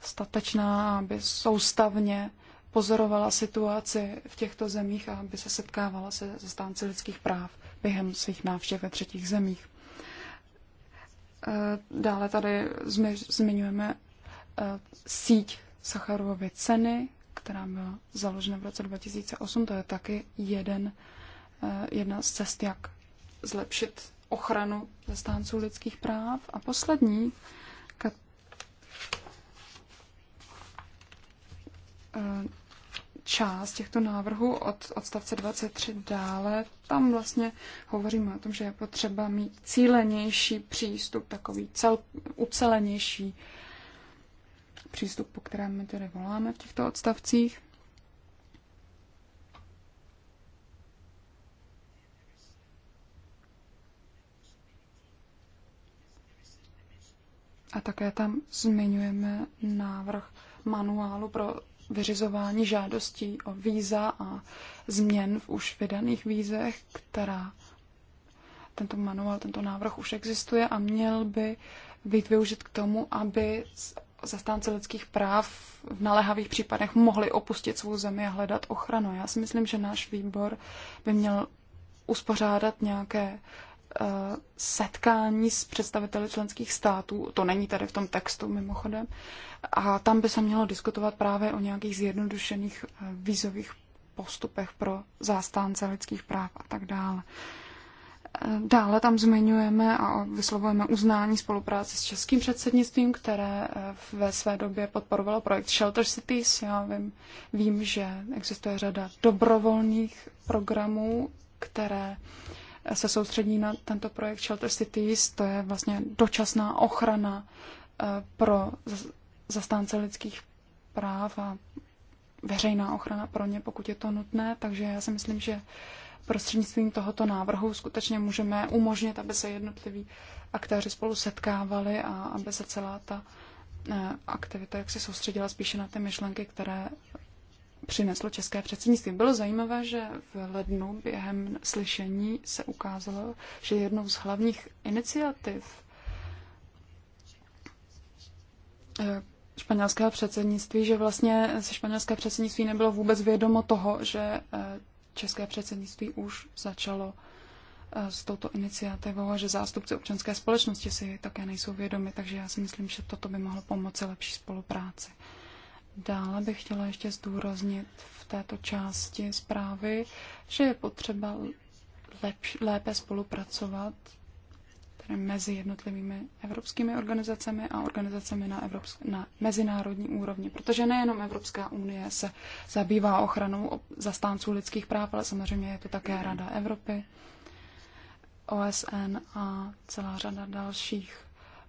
[SPEAKER 1] statečná, aby soustavně pozorovala situaci v těchto zemích a aby se setkávala se zastánci lidských práv během svých návštěv ve třetích zemích. Eh, dále tady zmiňujeme eh, síť Sacharovovy ceny, která byla založena v roce 2008. To je taky jeden, eh, jedna z cest, jak zlepšit ochranu zastánců lidských práv. A poslední část těchto návrhů od odstavce 23 dále. Tam vlastně hovoříme o tom, že je potřeba mít cílenější přístup, takový cel, ucelenější přístup, po kterém my tedy voláme v těchto odstavcích. A také tam zmiňujeme návrh manuálu pro vyřizování žádostí o víza a změn v už vydaných vízech, která tento manuál, tento návrh už existuje a měl by být využit k tomu, aby zastánci lidských práv v naléhavých případech mohli opustit svou zemi a hledat ochranu. Já si myslím, že náš výbor by měl uspořádat nějaké Eh, setkání s představiteli členských států, to není tady v tom textu mimochodem, a tam by se mělo diskutovat právě o nějakých zjednodušených eh, vízových postupech pro zástánce lidských práv a tak dále. Eh, dále tam zmiňujeme a vyslovujeme uznání spolupráce s českým předsednictvím, které ve své době podporovalo projekt Shelter Cities. Já vím, vím že existuje řada dobrovolných programů, které uh, se soustředí na tento projekt Shelter Cities, to je vlastně dočasná ochrana eh, pro zastánce lidských práv a veřejná ochrana pro ně, pokud je to nutné. Takže já si myslím, že prostřednictvím tohoto návrhu skutečně můžeme umožnit, aby se jednotliví aktéři spolu setkávali a aby se celá ta eh, aktivita jak se soustředila spíše na ty myšlenky, které přineslo české předsednictví. Bylo zajímavé, že v lednu během slyšení se ukázalo, že jednou z hlavních iniciativ eh, španělského předsednictví, že vlastně se španělské předsednictví nebylo vůbec vědomo toho, že eh, české předsednictví už začalo eh, s touto iniciativou a že zástupci občanské společnosti si také nejsou vědomi, takže já si myslím, že toto by mohlo pomoci lepší spolupráci. Dále bych chtěla ještě zdůraznit v této části zprávy, že je potřeba lepš, lépe spolupracovat tedy mezi jednotlivými evropskými organizacemi a organizacemi na, evropsk- na mezinárodní úrovni. Protože nejenom Evropská unie se zabývá ochranou zastánců lidských práv, ale samozřejmě je to také Rada Evropy, OSN a celá řada dalších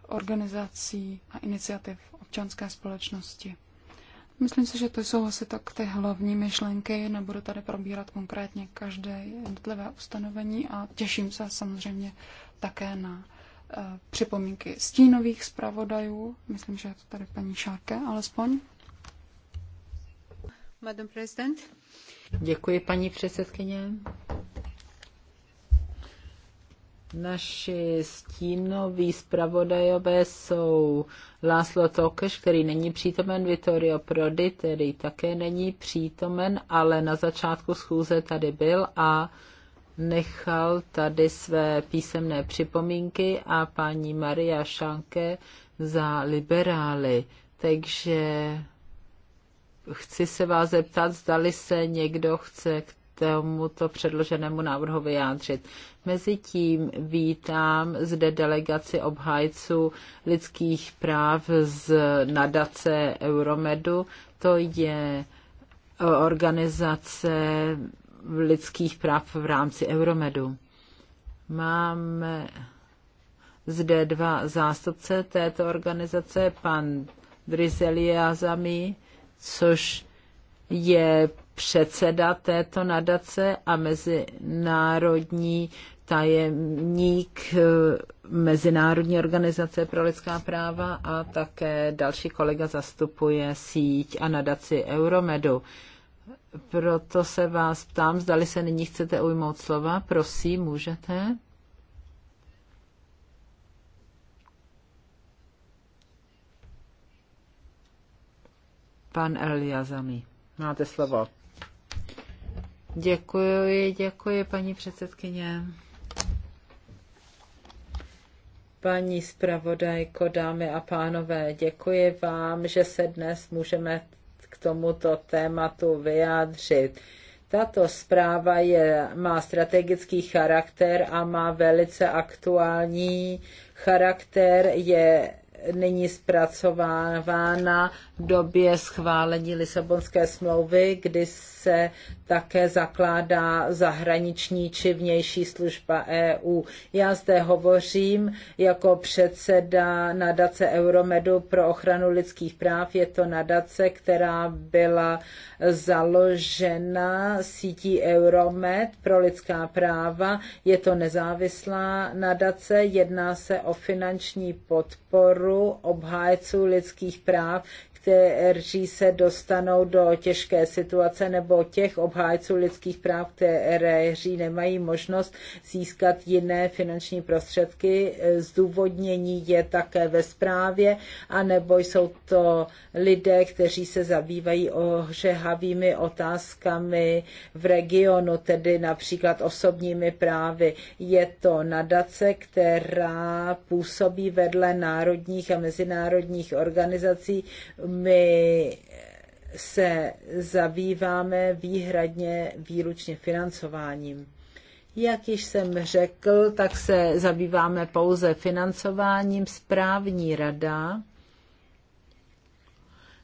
[SPEAKER 1] organizací a iniciativ občanské společnosti. Myslím si, že to jsou asi tak ty hlavní myšlenky. Nebudu tady probírat konkrétně každé jednotlivé ustanovení a těším se samozřejmě také na eh, připomínky stínových zpravodajů. Myslím, že je to tady paní Šárke alespoň.
[SPEAKER 3] Madam President. Děkuji, paní předsedkyně. Naši stínoví zpravodajové jsou Láslo Tokeš, který není přítomen, Vittorio Prodi, který také není přítomen, ale na začátku schůze tady byl a nechal tady své písemné připomínky a paní Maria Šanke za liberály. Takže chci se vás zeptat, zdali se někdo chce k tomuto předloženému návrhu vyjádřit. Mezitím vítám zde delegaci obhájců lidských práv z nadace Euromedu. To je eh, organizace lidských práv v rámci Euromedu. Máme zde dva zástupce této organizace, pan Azami, což je předseda této nadace a mezinárodní tajemník eh, Mezinárodní organizace pro lidská práva a také další kolega zastupuje síť a nadaci Euromedu. Proto se vás ptám, zdali se nyní chcete ujmout slova. Prosím, můžete. Pan Eliazami, máte slovo. Děkuji, děkuji, paní předsedkyně. Paní zpravodajko, dámy a pánové, děkuji vám, že se dnes můžeme k tomuto tématu vyjádřit. Tato zpráva je, má strategický charakter a má velice aktuální charakter, je nyní zpracovávána v době schválení Lisabonské smlouvy, kdy se také zakládá zahraniční či vnější služba EU. Já zde hovořím jako předseda nadace Euromedu pro ochranu lidských práv. Je to nadace, která byla založena sítí Euromed pro lidská práva. Je to nezávislá nadace, jedná se o finanční podporu obhájců lidských práv kteří se dostanou do těžké situace, nebo těch obhájců lidských práv, kteří nemají možnost získat jiné finanční prostředky. Zdůvodnění je také ve zprávě, anebo jsou to lidé, kteří se zabývají ožehavými otázkami v regionu, tedy například osobními právy. Je to nadace, která působí vedle národních a mezinárodních organizací, my se zabýváme výhradně výlučně financováním. Jak již jsem řekl, tak se zabýváme pouze financováním. Správní rada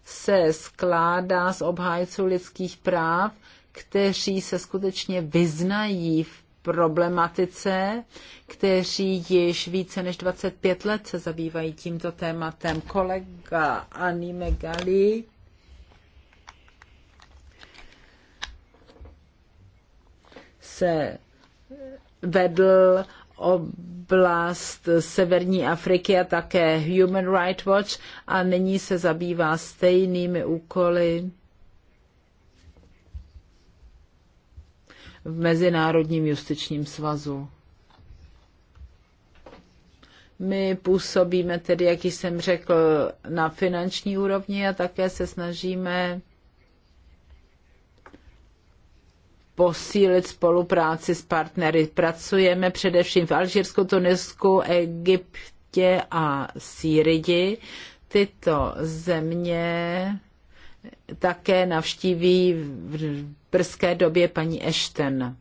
[SPEAKER 3] se skládá z obhájců lidských práv, kteří se skutečně vyznají v problematice, kteří již více než 25 let se zabývají tímto tématem. Kolega Anime Gali se vedl oblast Severní Afriky a také Human Rights Watch a nyní se zabývá stejnými úkoly v Mezinárodním justičním svazu. My působíme tedy, jak jsem řekl, na finanční úrovni a také se snažíme posílit spolupráci s partnery. Pracujeme především v Alžírsku, Tunisku, Egyptě a Sýrii. Tyto země také navštíví v brzké době paní Ešten.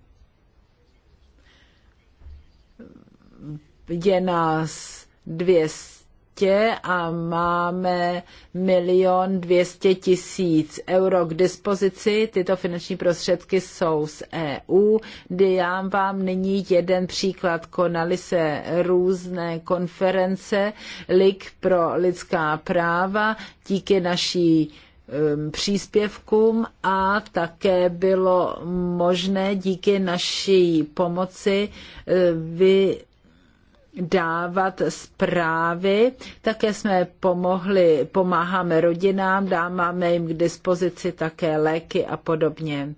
[SPEAKER 3] Je nás 200 a máme milion 200 tisíc euro k dispozici. Tyto finanční prostředky jsou z EU. Dám vám nyní jeden příklad. Konaly se různé konference Lig pro lidská práva díky naší Um, příspěvkům a také bylo možné díky naší pomoci uh, vy dávat zprávy. Také jsme pomohli, pomáháme rodinám, dáváme jim k dispozici také léky a podobně.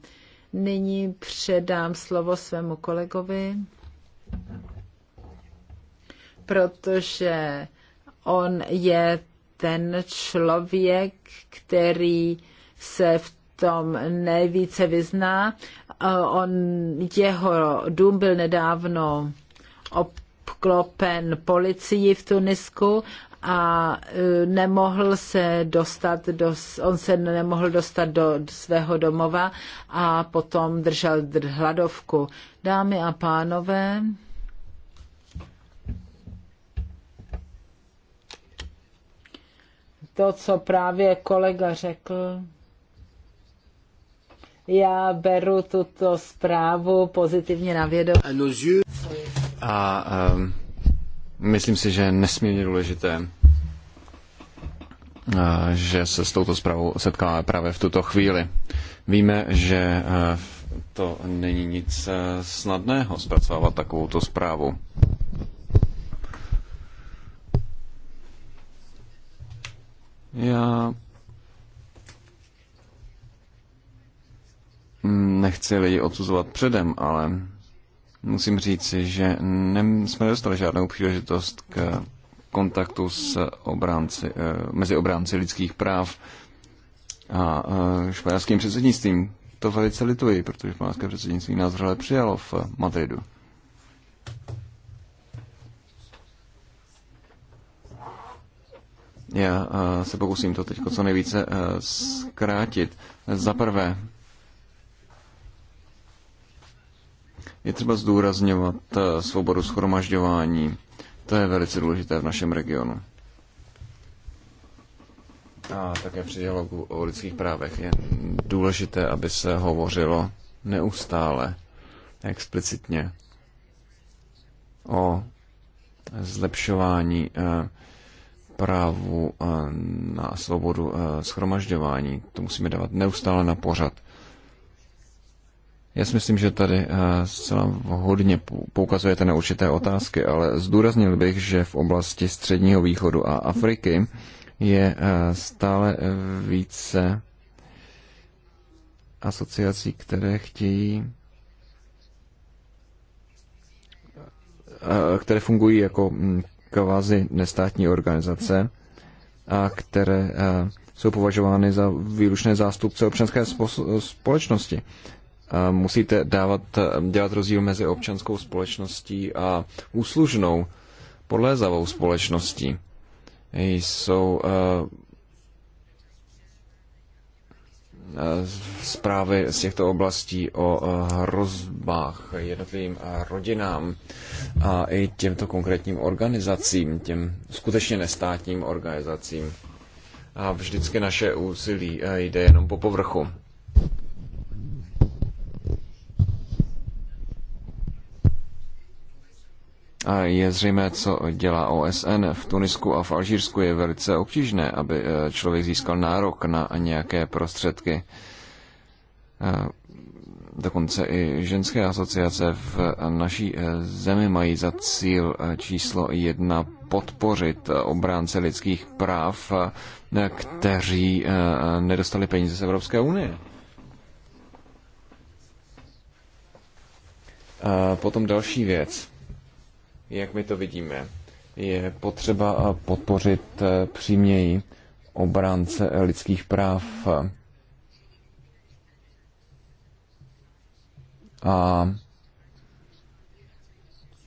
[SPEAKER 3] Nyní předám slovo svému kolegovi, protože on je ten člověk, který se v tom nejvíce vyzná, on, jeho dům byl nedávno obklopen policií v Tunisku a e, nemohl se dostat do, on se nemohl dostat do svého domova a potom držel hladovku. Dámy a pánové, to, co právě kolega řekl. Já beru tuto zprávu pozitivně na vědomí.
[SPEAKER 2] A um, myslím si, že je nesmírně důležité, eh, že se s touto zprávou setkáme právě v tuto chvíli. Víme, že eh, to není nic eh, snadného zpracovávat takovouto zprávu. Já nechci lidi odsuzovat předem, ale musím říci, že nem, jsme dostali žádnou příležitost k kontaktu s obránci, eh, mezi obránci lidských práv a eh, španělským předsednictvím. To velice lituji, protože španělské předsednictví nás přijalo v Madridu. Já eh, se pokusím to teď co nejvíce eh, zkrátit. Za prvé, je třeba zdůrazňovat eh, svobodu schromažďování. To je velice důležité v našem regionu. A také při dialogu o lidských právech je důležité, aby se hovořilo neustále, explicitně o zlepšování právu eh, na svobodu eh, schromažďování. To musíme dávat neustále na pořad. Já si myslím, že tady se nám hodně poukazujete na určité otázky, ale zdůraznil bych, že v oblasti Středního východu a Afriky je eh, stále více asociací, které chtějí které fungují jako hm, kvazi nestátní organizace, a které eh, jsou považovány za výlučné zástupce občanské společnosti. Musíte dávat, eh, dělat rozdíl mezi občanskou společností a úslužnou, podlézavou společností. Jsou eh, Eh, zprávy z těchto oblastí o eh, hrozbách jednotlivým eh, rodinám a i těmto konkrétním organizacím, těm skutečně nestátním organizacím. A vždycky naše úsilí jde jenom po povrchu. A je zřejmé, co dělá OSN v Tunisku a v Alžírsku. Je velice obtížné, aby eh, člověk získal nárok na nějaké prostředky. Eh, dokonce i ženské asociace v naší eh, zemi mají za cíl číslo jedna podpořit obránce lidských práv, kteří nedostali peníze z Evropské unie. Potom další věc jak my to vidíme, je potřeba eh, podpořit eh, příměji obránce eh, lidských práv a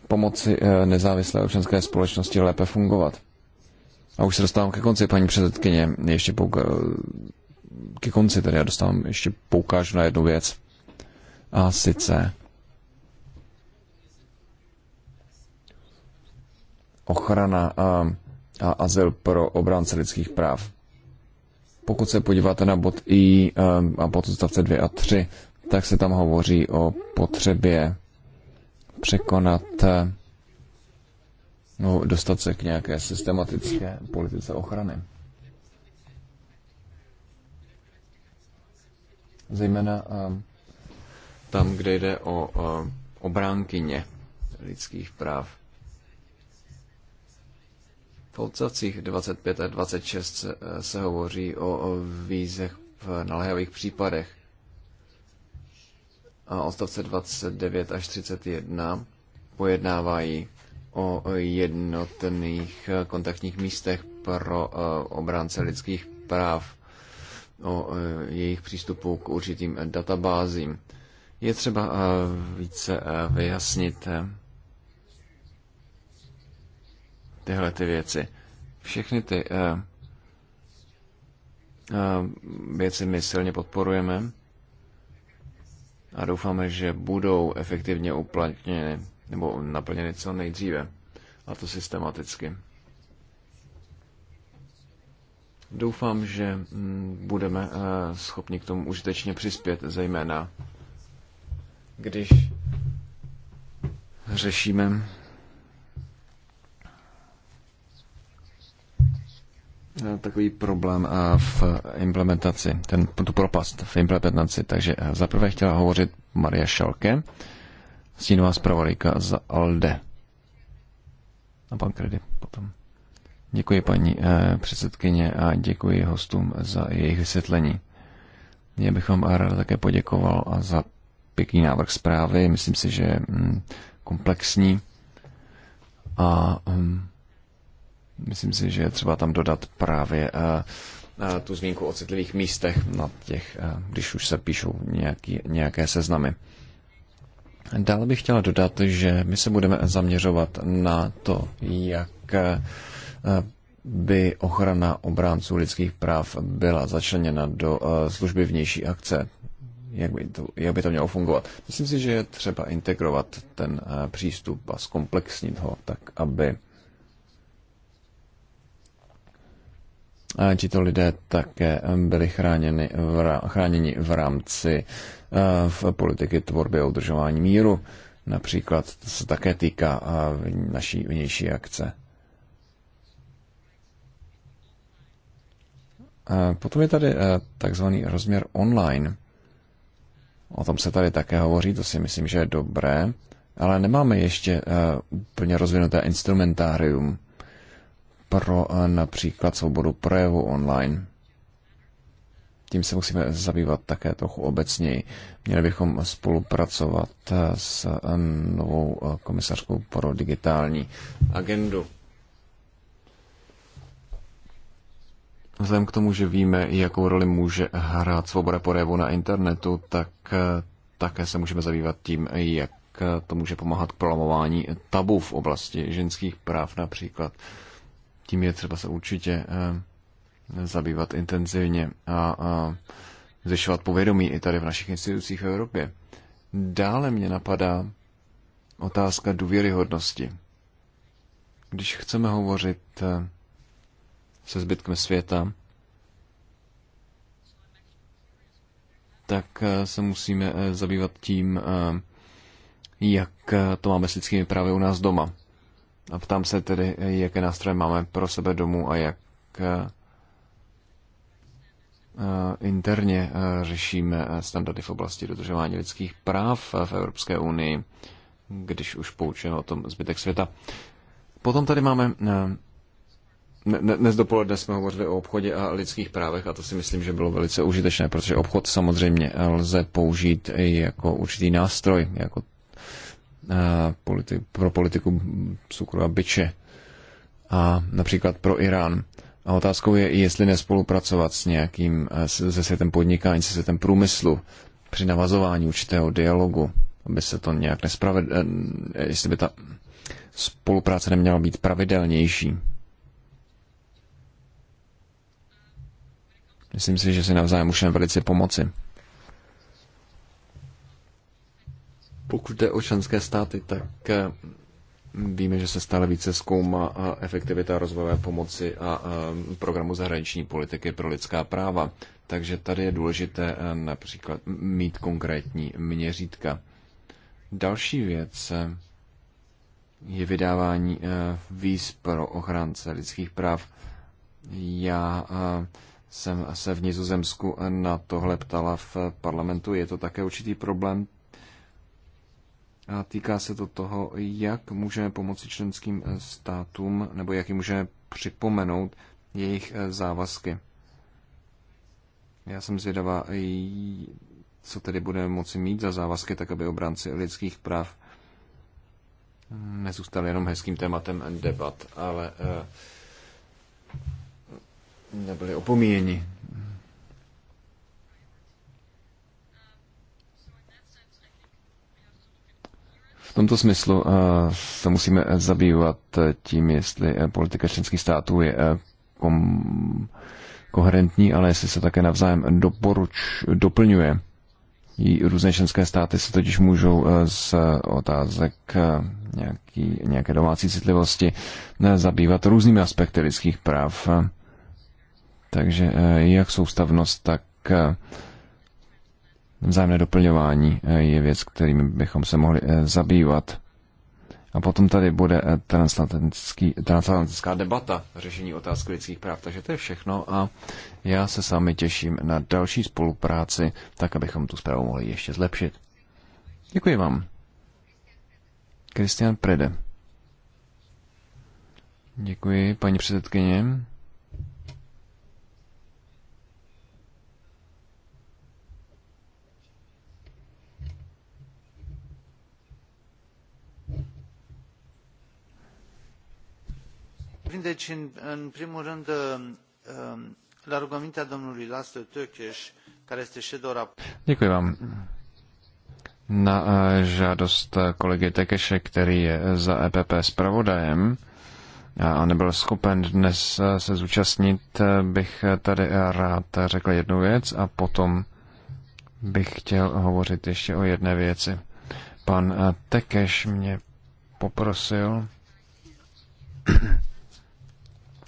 [SPEAKER 2] pomoci nezávislé občanské společnosti lépe fungovat. A už se dostávám ke konci, paní předsedkyně, ještě pouka- ke konci tedy, já dostávám, ještě poukážu na jednu věc. A sice ochrana a, a azyl pro obránce lidských práv. Pokud se podíváte na bod I a bod odstavce 2 a 3, tak se tam hovoří o potřebě překonat no, dostat se k nějaké systematické politice ochrany. Zejména tam, kde jde o obránkyně lidských práv. V odstavcích 25 a 26 se, hovoří o, o vízech v naléhavých případech. A odstavce 29 až 31 pojednávají o jednotných kontaktních místech pro eh, obránce lidských práv, o eh, jejich přístupu k určitým databázím. Je třeba eh, více vyjasnit tyhle ty věci. Všechny ty uh, uh, věci my silně podporujeme a doufáme, že budou efektivně uplatněny nebo naplněny co nejdříve. A to systematicky. Doufám, že mm, budeme eh, schopni k tomu užitečně přispět, zejména když řešíme Eh, takový problém eh, v implementaci, ten, tu propast v implementaci. Takže eh, zaprvé chtěla hovořit Maria Šalke, stínová zpravodajka z ALDE. A pan Kredy potom. Děkuji paní předsedkyně a děkuji hostům za jejich vysvětlení. Já bych vám ráda také poděkoval a za pěkný návrh zprávy. Myslím si, že mm, komplexní a mm, Myslím si, že je třeba tam dodat právě eh, eh, tu zmínku o citlivých místech, na těch, eh, když už se píšou nějaký, nějaké seznamy. Dále bych chtěla dodat, že my se budeme zaměřovat na to, jak by ochrana obránců lidských práv byla začleněna do služby vnější akce. Jak by, to, jak by to mělo fungovat? Myslím si, že je třeba integrovat ten přístup a zkomplexnit ho tak, aby tito lidé také byli chráněni v, chráněni v rámci e, v politiky tvorby a udržování míru. Například to se také týká e, naší vnější akce. Potom je tady e, takzvaný rozměr online. O tom se tady také hovoří, to si myslím, že je dobré, ale nemáme ještě úplně rozvinuté instrumentárium pro eh, například svobodu projevu online. Tím se musíme zabývat také trochu obecněji. Měli bychom spolupracovat eh, s eh, novou komisařkou pro digitální agendu. Vzhledem k tomu, že víme, jakou roli může hrát svoboda projevu na internetu, tak také se můžeme zabývat tím, jak to může pomáhat k prolamování tabu v oblasti ženských práv například tím je třeba se určitě eh, zabývat intenzivně a, a zvyšovat povědomí i tady v našich institucích v Evropě. Dále mě napadá otázka důvěryhodnosti. Když chceme hovořit eh, se zbytkem světa, tak eh, se musíme zabývat tím, jak to máme s lidskými právy u nás doma. A ptám se tedy, jaké nástroje máme pro sebe domů a jak eh, eh, interně eh, řešíme standardy v oblasti dodržování lidských práv v Evropské unii, když už poučujeme o tom zbytek světa. Potom tady máme dnes dopoledne jsme hovořili o obchodě a lidských právech a to si myslím, že bylo velice užitečné, protože obchod samozřejmě lze použít i jako určitý nástroj, jako Eh, politi- pro politiku Sukrova Biče a například pro Irán. A otázkou je, jestli nespolupracovat s nějakým, eh, se světem podnikání, se světem průmyslu, při navazování určitého dialogu, aby se to nějak nespraved... Eh, jestli by ta spolupráce neměla být pravidelnější. Myslím si, že si navzájem můžeme velice pomoci. Pokud jde o členské státy, tak eh, víme, že se stále více zkoumá eh, efektivita rozvojové pomoci a eh, programu zahraniční politiky pro lidská práva. Takže tady je důležité například mít konkrétní měřítka. Další věc je vydávání víz pro ochránce lidských práv. Já jsem se v Nizozemsku na tohle ptala v parlamentu. Je to také určitý problém a týká se to toho, jak můžeme pomoci členským eh, státům, nebo jak jim můžeme připomenout jejich eh, závazky. Já jsem zvědavá, eh, co tedy budeme moci mít za závazky, tak aby obránci lidských práv hm, nezůstali jenom hezkým tématem debat, ale nebyli opomíjeni. V tomto smyslu eh, se musíme zabývat tím, jestli eh, politika členských států je eh, kom- koherentní, ale jestli se také navzájem doporuč, doplňuje. I různé členské státy se totiž můžou z otázek nějaký, nějaké domácí citlivosti zabývat různými aspekty lidských práv. Takže jak soustavnost, tak vzájemné doplňování eh, je věc, kterým bychom se mohli eh, zabývat. A potom tady bude eh, transatlantická debata řešení otázky lidských práv. Takže to je všechno a já se sami těším na další spolupráci, tak abychom tu zprávu mohli ještě zlepšit. Děkuji vám. Kristian Prede. Děkuji, paní předsedkyně.
[SPEAKER 3] surprinde deci în, primul rând um, um, la rugămintea domnului Laszlo Tökes, care este shadow raportor.
[SPEAKER 2] Děkuji vám. Na uh, žádost uh, kolegy Tekeše, který je uh, za EPP zpravodajem a nebyl schopen dnes se zúčastnit, bych tady rád řekl jednu věc a potom bych chtěl hovořit ještě o jedné věci. Pan Tekeš mě poprosil,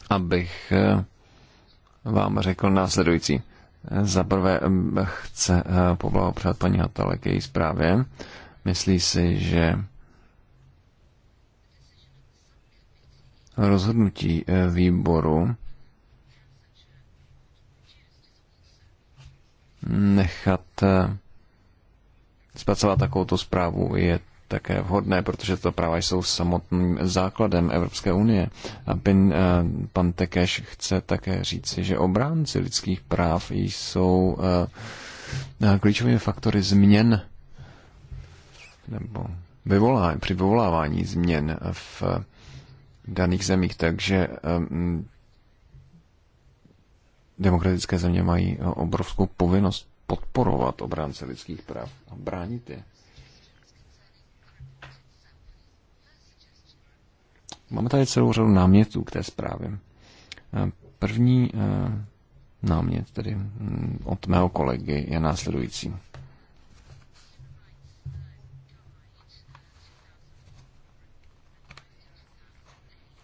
[SPEAKER 2] abych eh, vám řekl následující. Za prvé eh, chce eh, poblahopřát paní Hatale k její zprávě. Myslí si, že rozhodnutí výboru nechat zpracovat takovouto zprávu je také vhodné, protože to práva jsou samotným základem Evropské unie. A pin, eh, pan Tekeš chce také říci, že obránci lidských práv jsou eh, klíčovými faktory změn nebo vyvolá, při vyvolávání změn v daných zemích, takže eh, demokratické země mají obrovskou povinnost podporovat obránce lidských práv a bránit je. Máme tady celou řadu námětů k té zprávě. Eh, první eh, námět tedy mm, od mého kolegy je následující.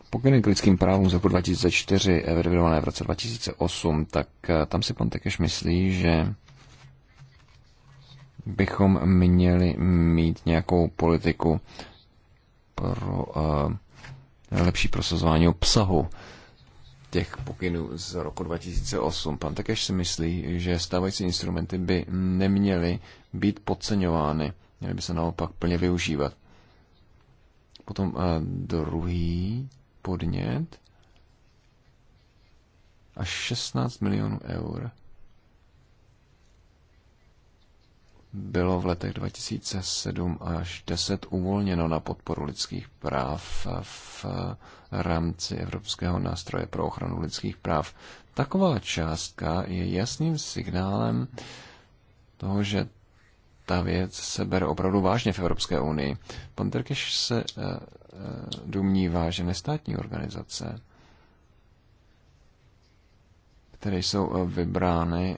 [SPEAKER 2] Pokyny k lidským právům z roku 2004, eh, revidované v roce 2008, tak tam si pan Tekeš myslí, že bychom měli mít nějakou politiku pro uh, lepší prosazování obsahu těch pokynů z roku 2008. Pan Takeš si myslí, že stávající instrumenty by neměly být podceňovány, měly by se naopak plně využívat. Potom eh, druhý podnět až 16 milionů eur bylo v letech 2007 až 10 uvolněno na podporu lidských práv v rámci Evropského nástroje pro ochranu lidských práv. Taková částka je jasným signálem toho, že ta věc se bere opravdu vážně v Evropské unii. Pan Terkeš se eh, eh, domnívá, že nestátní organizace, které jsou eh, vybrány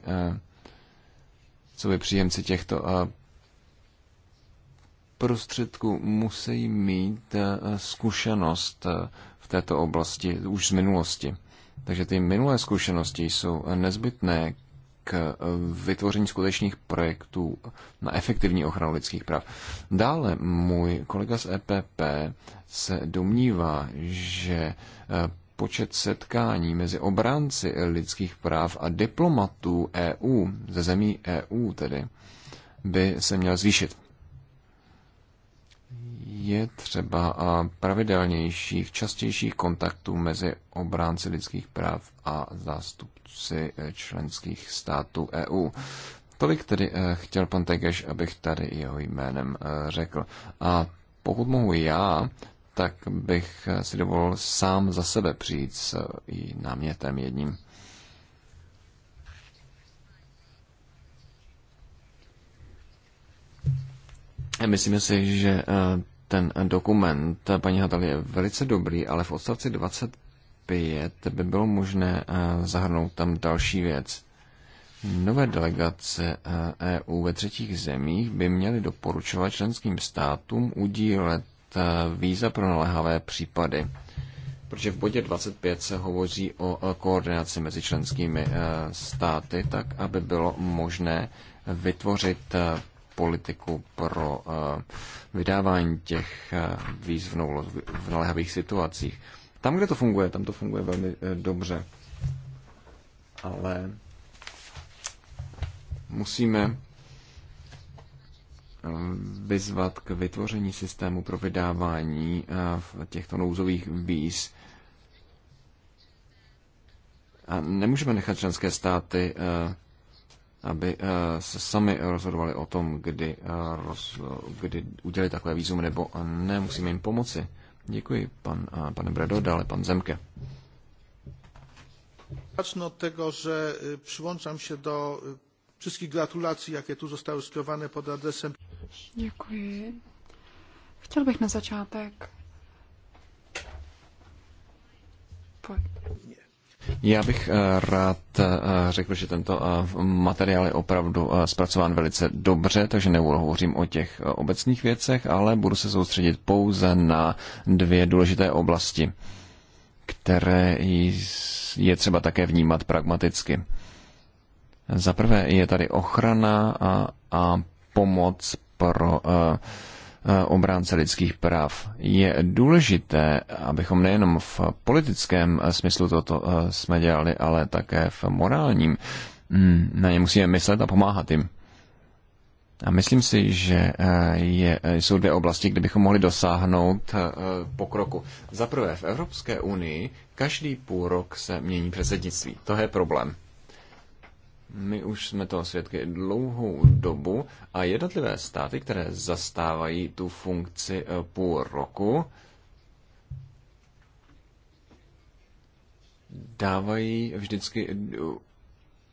[SPEAKER 2] co by příjemci těchto eh, prostředků musí mít eh, zkušenost eh, v této oblasti už z minulosti. Takže ty minulé zkušenosti jsou nezbytné k vytvoření skutečných projektů na efektivní ochranu lidských práv. Dále můj kolega z EPP se domnívá, že počet setkání mezi obránci lidských práv a diplomatů EU, ze zemí EU tedy, by se měl zvýšit. Je třeba pravidelnějších, častějších kontaktů mezi obránci lidských práv a zástupci e, členských států EU. Tolik tedy e, chtěl pan Tegeš, abych tady jeho jménem e, řekl. A pokud mohu já, tak bych si dovolil sám za sebe přijít s i námětem jedním. Myslím si, že eh, ten dokument eh, paní Hadali je velice dobrý, ale v odstavci 25 by bylo možné eh, zahrnout tam další věc. Nové delegace EU e ve třetích zemích by měly doporučovat členským státům udílet Eh, víza pro naléhavé případy. Protože v bodě 25 se hovoří o eh, koordinaci mezi členskými eh, státy, tak aby bylo možné vytvořit politiku pro vydávání těch víz v naléhavých situacích. Tam, kde to funguje, tam to funguje velmi dobře. Ale musíme vyzvat k vytvoření systému pro vydávání eh, těchto nouzových víz. A nemůžeme nechat členské státy, eh, aby eh, se sami rozhodovali o tom, kdy, roz, kdy udělit takové výzum, nebo ne, musíme jim pomoci. Děkuji, pan, pane Bredo, dále pan Zemke.
[SPEAKER 3] Zacznę od tego, że przyłączam się do wszystkich gratulacji, jakie tu zostały skierowane pod adresem.
[SPEAKER 1] Děkuji. Chtěl bych na začátek
[SPEAKER 2] já bych eh, rád eh, řekl, že tento eh, materiál je opravdu zpracován velice dobře, takže nehovořím o těch obecných věcech, ale budu se soustředit pouze na dvě důležité oblasti, které je třeba také vnímat pragmaticky. Za prvé je tady ochrana a, a pomoc pro eh, eh, obránce lidských práv. Je důležité, abychom nejenom v politickém eh, smyslu toto jsme dělali, ale také v morálním. Hmm, na ně musíme myslet a pomáhat jim. A myslím si, že je, jsou dvě oblasti, kde bychom mohli dosáhnout pokroku. Za prvé, v Evropské unii každý půl rok se mění předsednictví. To je problém. My už jsme toho svědky dlouhou dobu a jednotlivé státy, které zastávají tu funkci eh, půl roku, dávají vždycky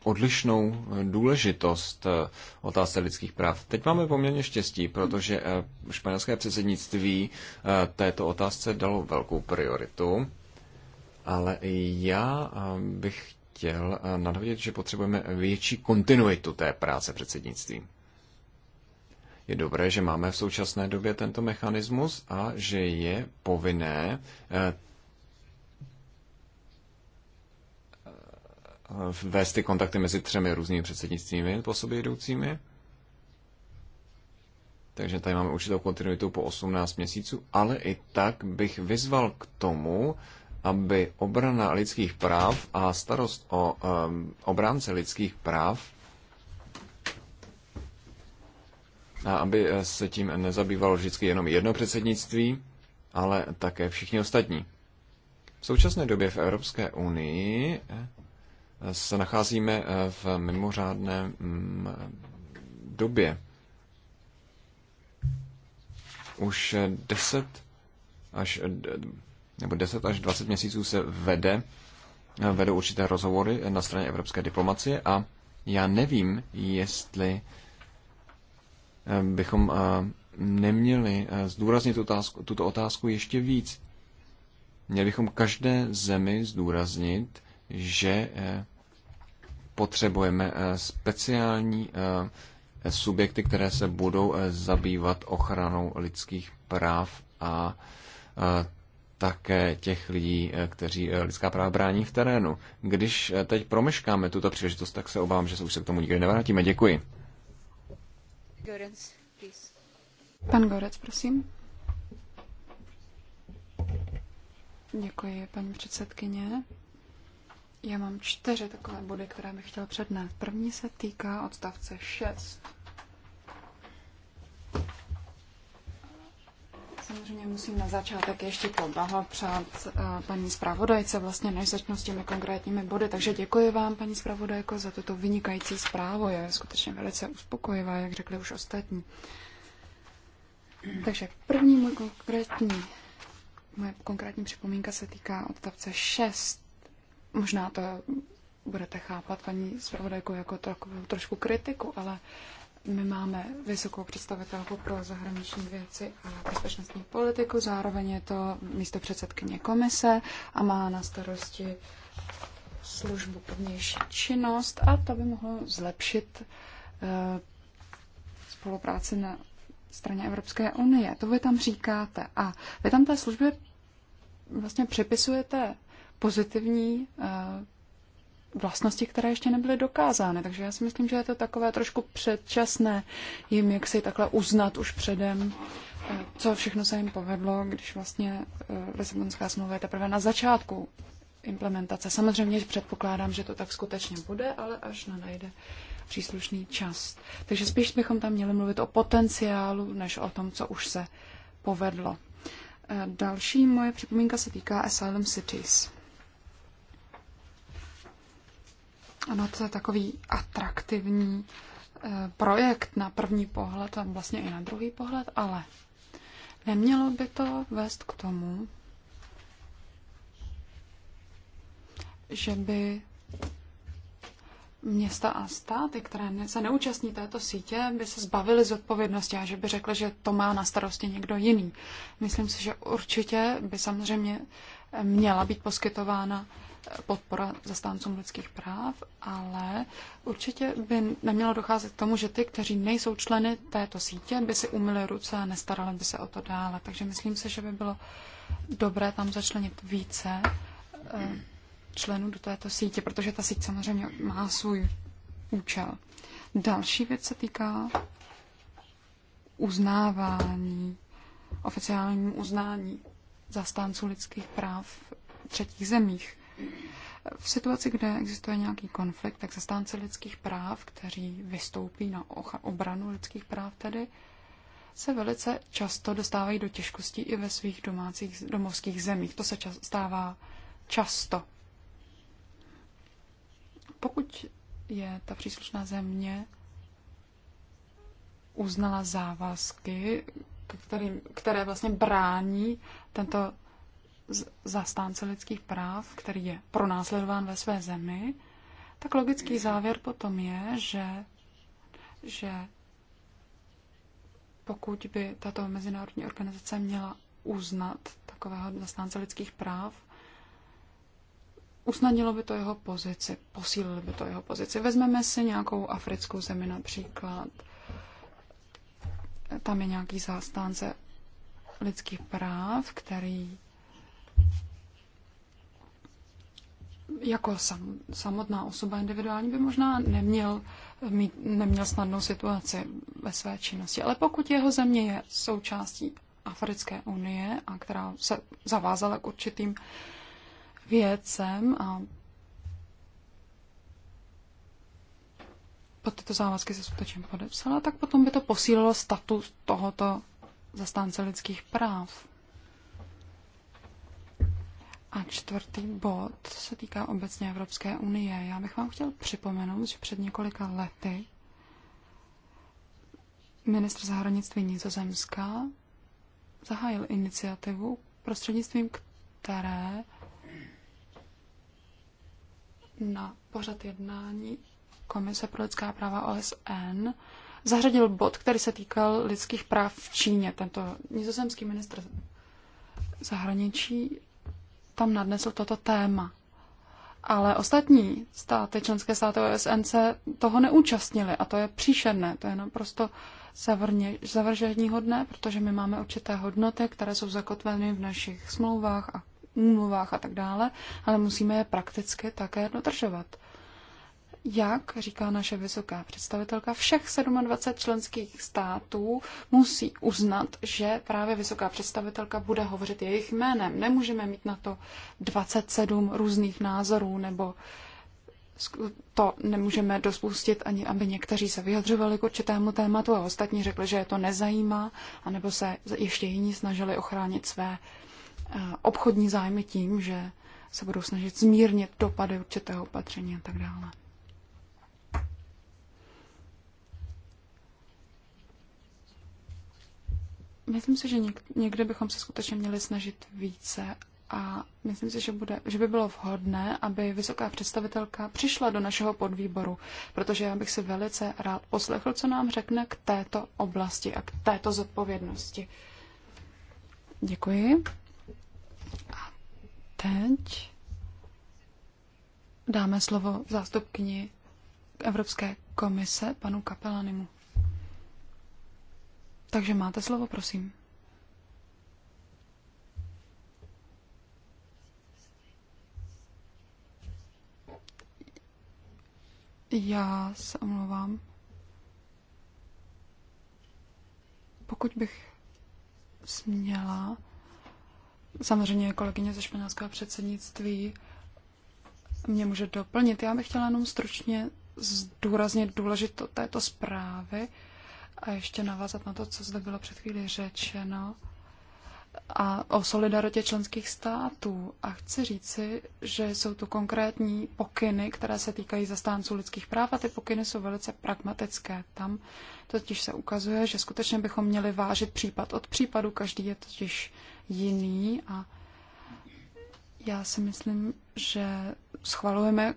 [SPEAKER 2] odlišnou důležitost eh, otázce lidských práv. Teď máme poměrně štěstí, protože eh, španělské předsednictví této otázce dalo velkou prioritu, ale já bych chtěl eh, nadhodit, že potřebujeme větší kontinuitu té práce předsednictví. Je dobré, že máme v současné době tento mechanismus a že je povinné eh, vést ty kontakty mezi třemi různými předsednictvími po sobě jdoucími. Takže tady máme určitou kontinuitu po 18 měsíců, ale i tak bych vyzval k tomu, aby obrana lidských práv a starost o um, obránce lidských práv a aby eh, se tím nezabývalo vždycky jenom jedno předsednictví, ale také všichni ostatní. V současné době v Evropské unii eh, se nacházíme eh, v mimořádné mm, době. Už 10 až nebo 10 až 20 měsíců se vede, vedou určité rozhovory na straně evropské diplomacie a já nevím, jestli eh, bychom eh, neměli eh, zdůraznit otázku, tuto otázku ještě víc. Měli bychom každé zemi zdůraznit, že potřebujeme speciální subjekty, které se budou zabývat ochranou lidských práv a také těch lidí, eh, kteří eh, lidská práva brání v terénu. Když eh, teď promeškáme tuto příležitost, tak se obávám, že se už se k tomu nikdy nevrátíme. Děkuji.
[SPEAKER 1] Pan Gorec, prosím. Děkuji, paní předsedkyně. Já mám čtyři takové body, které bych chtěl přednést. První se týká odstavce 6 Samozřejmě musím na začátek ještě poblahopřát eh, paní zpravodajce, vlastně než začnu s těmi konkrétními body. Takže děkuji vám, paní zpravodajko, za tuto vynikající zprávu. Je skutečně velice uspokojivá, jak řekli už ostatní. Takže první můj konkrétní, moje konkrétní připomínka se týká odstavce 6. Možná to budete chápat, paní zpravodajko, jako takovou trošku kritiku, ale my máme vysokou představitelku pro zahraniční věci a bezpečnostní politiku, zároveň je to místo předsedkyně komise a má na starosti službu vnější činnost a to by mohlo zlepšit eh, spolupráci na straně Evropské unie. To vy tam říkáte. A vy tam té službě vlastně přepisujete pozitivní eh, vlastnosti, které ještě nebyly dokázány. Takže já si myslím, že je to takové trošku předčasné jim jak si takhle uznat už předem, eh, co všechno se jim povedlo, když vlastně eh, Lisabonská smlouva je teprve na začátku implementace. Samozřejmě předpokládám, že to tak skutečně bude, ale až na najde příslušný čas. Takže spíš bychom tam měli mluvit o potenciálu, než o tom, co už se povedlo. Eh, další moje připomínka se týká Asylum Cities. Ano, to je takový atraktivní eh, projekt na první pohled a vlastně i na druhý pohled, ale nemělo by to vést k tomu, že by města a státy, které se neúčastní této sítě, by se zbavily z odpovědnosti a že by řekly, že to má na starosti někdo jiný. Myslím si, že určitě by samozřejmě měla být poskytována podpora zastáncům lidských práv, ale určitě by nemělo docházet k tomu, že ty, kteří nejsou členy této sítě, by si umyli ruce a nestarali by se o to dále. Takže myslím si, že by bylo dobré tam začlenit více eh, členů do této sítě, protože ta síť samozřejmě má svůj účel. Další věc se týká uznávání, oficiálnímu uznání zastánců lidských práv v třetích zemích. V situaci, kde existuje nějaký konflikt, tak zastánci lidských práv, kteří vystoupí na obranu lidských práv tedy, se velice často dostávají do těžkostí i ve svých domácích, domovských zemích. To se čas, stává často. Pokud je ta příslušná země uznala závazky, které vlastně brání tento zastánce lidských práv, který je pronásledován ve své zemi, tak logický závěr potom je, že, že pokud by tato mezinárodní organizace měla uznat takového zastánce lidských práv, usnadnilo by to jeho pozici, posílilo by to jeho pozici. Vezmeme si nějakou africkou zemi například, tam je nějaký zástánce lidských práv, který jako sam, samotná osoba individuální by možná neměl, mít, neměl snadnou situaci ve své činnosti. Ale pokud jeho země je součástí Africké unie a která se zavázala k určitým věcem a pod tyto závazky se skutečně podepsala, tak potom by to posílilo status tohoto zastánce lidských práv. A čtvrtý bod se týká obecně Evropské unie. Já bych vám chtěl připomenout, že před několika lety ministr zahraničí Nizozemska zahájil iniciativu, prostřednictvím které na pořad jednání Komise pro lidská práva OSN zařadil bod, který se týkal lidských práv v Číně. Tento nizozemský ministr zahraničí tam nadnesl toto téma. Ale ostatní státy, členské státy OSN se toho neúčastnili a to je příšerné, to je naprosto hodné, protože my máme určité hodnoty, které jsou zakotveny v našich smlouvách a úmluvách a tak dále, ale musíme je prakticky také dodržovat jak říká naše vysoká představitelka, všech 27 členských států musí uznat, že právě vysoká představitelka bude hovořit jejich jménem. Nemůžeme mít na to 27 různých názorů nebo to nemůžeme dospustit ani, aby někteří se vyjadřovali k určitému tématu a ostatní řekli, že je to nezajímá, anebo se ještě jiní snažili ochránit své eh, obchodní zájmy tím, že se budou snažit zmírnit dopady určitého opatření a tak dále. Myslím si, že někde bychom se skutečně měli snažit více a myslím si, že, bude, že by bylo vhodné, aby vysoká představitelka přišla do našeho podvýboru, protože já bych si velice rád poslechl, co nám řekne k této oblasti a k této zodpovědnosti. Děkuji. A teď dáme slovo zástupkyni Evropské komise panu Kapelanimu. Takže máte slovo, prosím. Já se omlouvám. Pokud bych směla, samozřejmě kolegyně ze španělského předsednictví mě může doplnit. Já bych chtěla jenom stručně zdůraznit důležitost této zprávy, a ještě navázat na to, co zde bylo před chvíli řečeno a o solidaritě členských států. A chci říci, že jsou tu konkrétní pokyny, které se týkají zastánců lidských práv a ty pokyny jsou velice pragmatické. Tam totiž se ukazuje, že skutečně bychom měli vážit případ od případu, každý je totiž jiný a já si myslím, že schvalujeme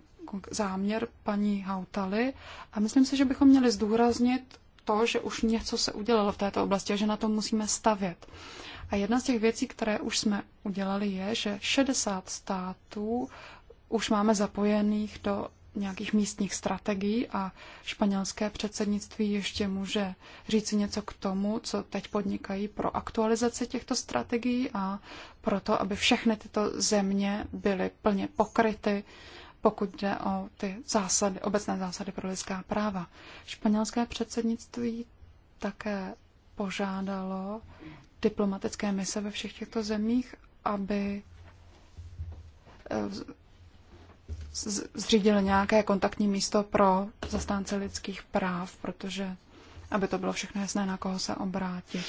[SPEAKER 1] záměr paní Hautaly a myslím si, že bychom měli zdůraznit to, že už něco se udělalo v této oblasti a že na to musíme stavět. A jedna z těch věcí, které už jsme udělali, je, že 60 států už máme zapojených do nějakých místních strategií a španělské předsednictví ještě může říct něco k tomu, co teď podnikají pro aktualizaci těchto strategií a pro to, aby všechny tyto země byly plně pokryty uh, pokud jde o ty zásady, obecné zásady pro lidská práva. Španělské předsednictví také požádalo diplomatické mise ve všech těchto zemích, aby eh, zřídili nějaké kontaktní místo pro zastánce lidských práv, protože aby to bylo všechno jasné, na koho se obrátit.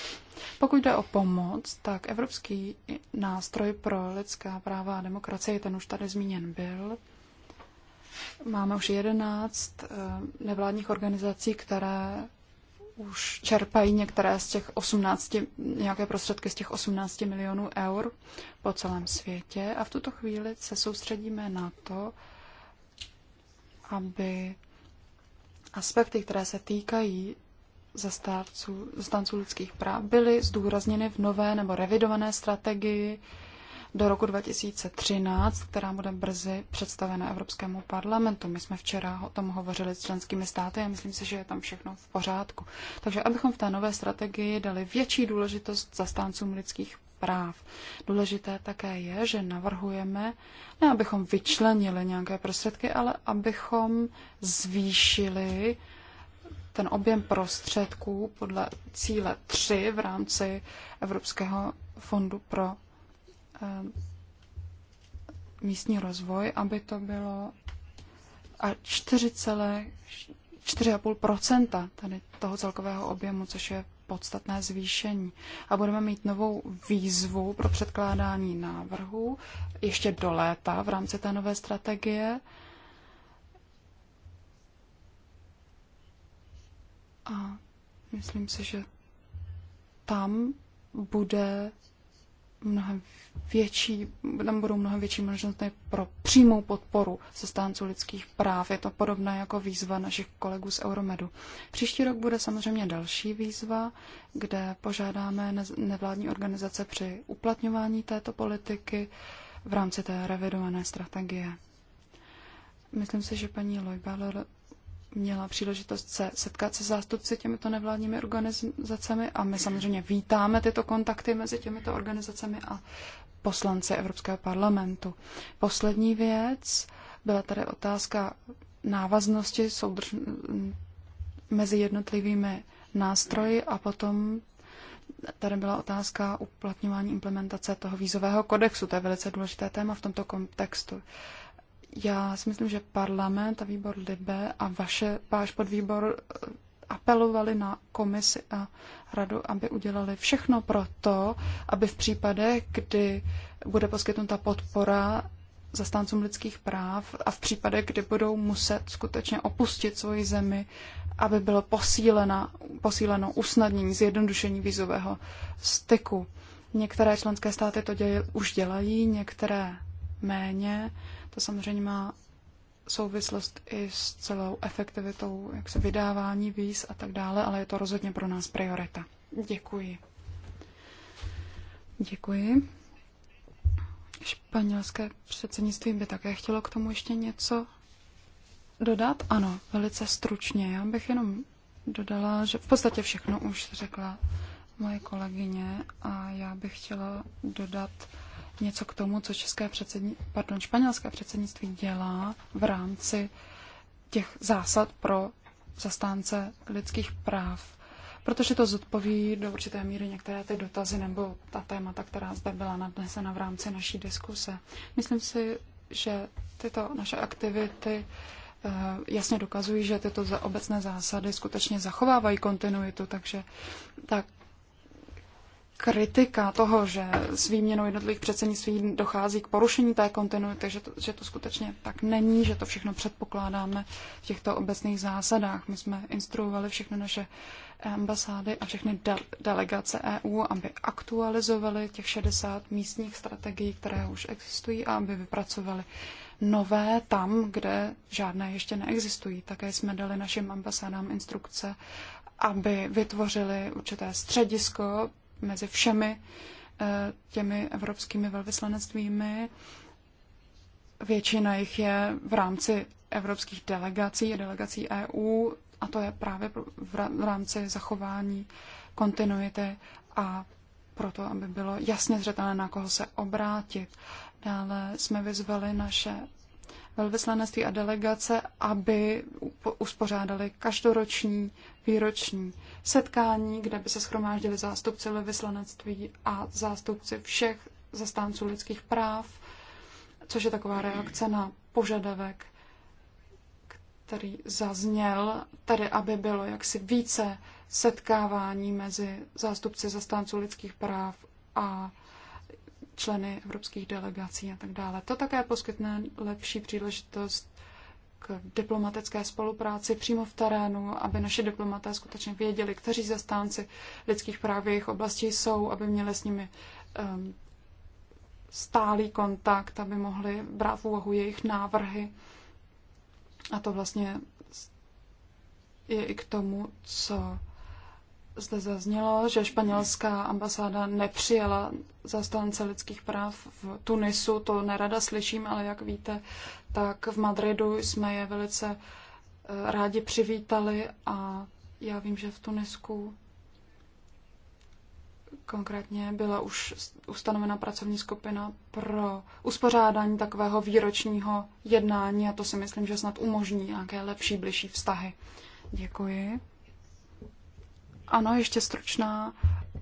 [SPEAKER 1] Pokud jde o pomoc, tak Evropský nástroj pro lidská práva a demokracii, ten už tady zmíněn byl. Máme už 11 eh, nevládních organizací, které už čerpají některé z těch 18, nějaké prostředky z těch 18 milionů eur po celém světě a v tuto chvíli se soustředíme na to, aby aspekty, které se týkají zastánců lidských práv, byly zdůrazněny v nové nebo revidované strategii do roku 2013, která bude brzy představena Evropskému parlamentu. My jsme včera o tom hovořili s členskými státy a myslím si, že je tam všechno v pořádku. Takže abychom v té nové strategii dali větší důležitost zastáncům lidských práv. Důležité také je, že navrhujeme, ne abychom vyčlenili nějaké prostředky, ale abychom zvýšili ten objem prostředků podle cíle 3 v rámci Evropského fondu pro Eh, místní rozvoj, aby to bylo a 4,5 tady toho celkového objemu, což je podstatné zvýšení. A budeme mít novou výzvu pro předkládání návrhu ještě do léta v rámci té nové strategie. A myslím si, že tam bude mnohem větší, tam budou mnohem větší možnosti pro přímou podporu zastánců lidských práv. Je to podobné jako výzva našich kolegů z Euromedu. Příští rok bude samozřejmě další výzva, kde požádáme nevládní organizace při uplatňování této politiky v rámci té revidované strategie. Myslím si, že paní Lojbal měla příležitost se setkat se zástupci těmito nevládními organizacemi a my samozřejmě vítáme tyto kontakty mezi těmito organizacemi a poslanci Evropského parlamentu. Poslední věc byla tady otázka návaznosti soudrž... mezi jednotlivými nástroji a potom tady byla otázka uplatňování implementace toho vízového kodexu. To je velice důležité téma v tomto kontextu. Já si myslím, že parlament a výbor Libe a vaše, váš podvýbor eh, apelovali na komisi a radu, aby udělali všechno pro to, aby v případě, kdy bude poskytnuta podpora zastáncům lidských práv a v případě, kdy budou muset skutečně opustit svoji zemi, aby bylo posílena, posíleno usnadnění, zjednodušení vízového styku. Některé členské státy to děl, už dělají, některé méně. To samozřejmě má souvislost i s celou efektivitou jak se vydávání víz a tak dále, ale je to rozhodně pro nás priorita. Děkuji. Děkuji. Španělské předsednictví by také chtělo k tomu ještě něco dodat? Ano, velice stručně. Já bych jenom dodala, že v podstatě všechno už řekla moje kolegyně a já bych chtěla dodat něco k tomu, co české předsední, pardon, španělské předsednictví dělá v rámci těch zásad pro zastánce lidských práv, protože to zodpoví do určité míry některé ty dotazy nebo ta témata, která zde byla nadnesena v rámci naší diskuse. Myslím si, že tyto naše aktivity eh, jasně dokazují, že tyto obecné zásady skutečně zachovávají kontinuitu, takže tak kritika toho, že s výměnou jednotlivých předsednictví dochází k porušení té kontinuity, že to, že to skutečně tak není, že to všechno předpokládáme v těchto obecných zásadách. My jsme instruovali všechny naše ambasády a všechny de- delegace EU, aby aktualizovali těch 60 místních strategií, které už existují a aby vypracovali nové tam, kde žádné ještě neexistují. Také jsme dali našim ambasádám instrukce, aby vytvořili určité středisko mezi všemi eh, těmi evropskými velvyslanectvími. Většina jich je v rámci evropských delegací a delegací EU a to je právě v rámci zachování kontinuity a proto, aby bylo jasně zřetelné, na koho se obrátit. Dále jsme vyzvali naše velvyslanectví a delegace, aby uspořádali každoroční výroční setkání, kde by se schromáždili zástupci velvyslanectví a zástupci všech zastánců lidských práv, což je taková reakce na požadavek, který zazněl, tedy aby bylo jaksi více setkávání mezi zástupci zastánců lidských práv a členy evropských delegací a tak dále. To také poskytne lepší příležitost k diplomatické spolupráci přímo v terénu, aby naše diplomaté skutečně věděli, kteří zastánci lidských práv v jejich oblasti jsou, aby měli s nimi um, stálý kontakt, aby mohli brát v úvahu jejich návrhy. A to vlastně je i k tomu, co zde zaznělo, že španělská ambasáda nepřijala zastánce lidských práv v Tunisu. To nerada slyším, ale jak víte, tak v Madridu jsme je velice eh, rádi přivítali a já vím, že v Tunisku konkrétně byla už ustanovena pracovní skupina pro uspořádání takového výročního jednání a to si myslím, že snad umožní nějaké lepší, bližší vztahy. Děkuji. Ano, ještě stručná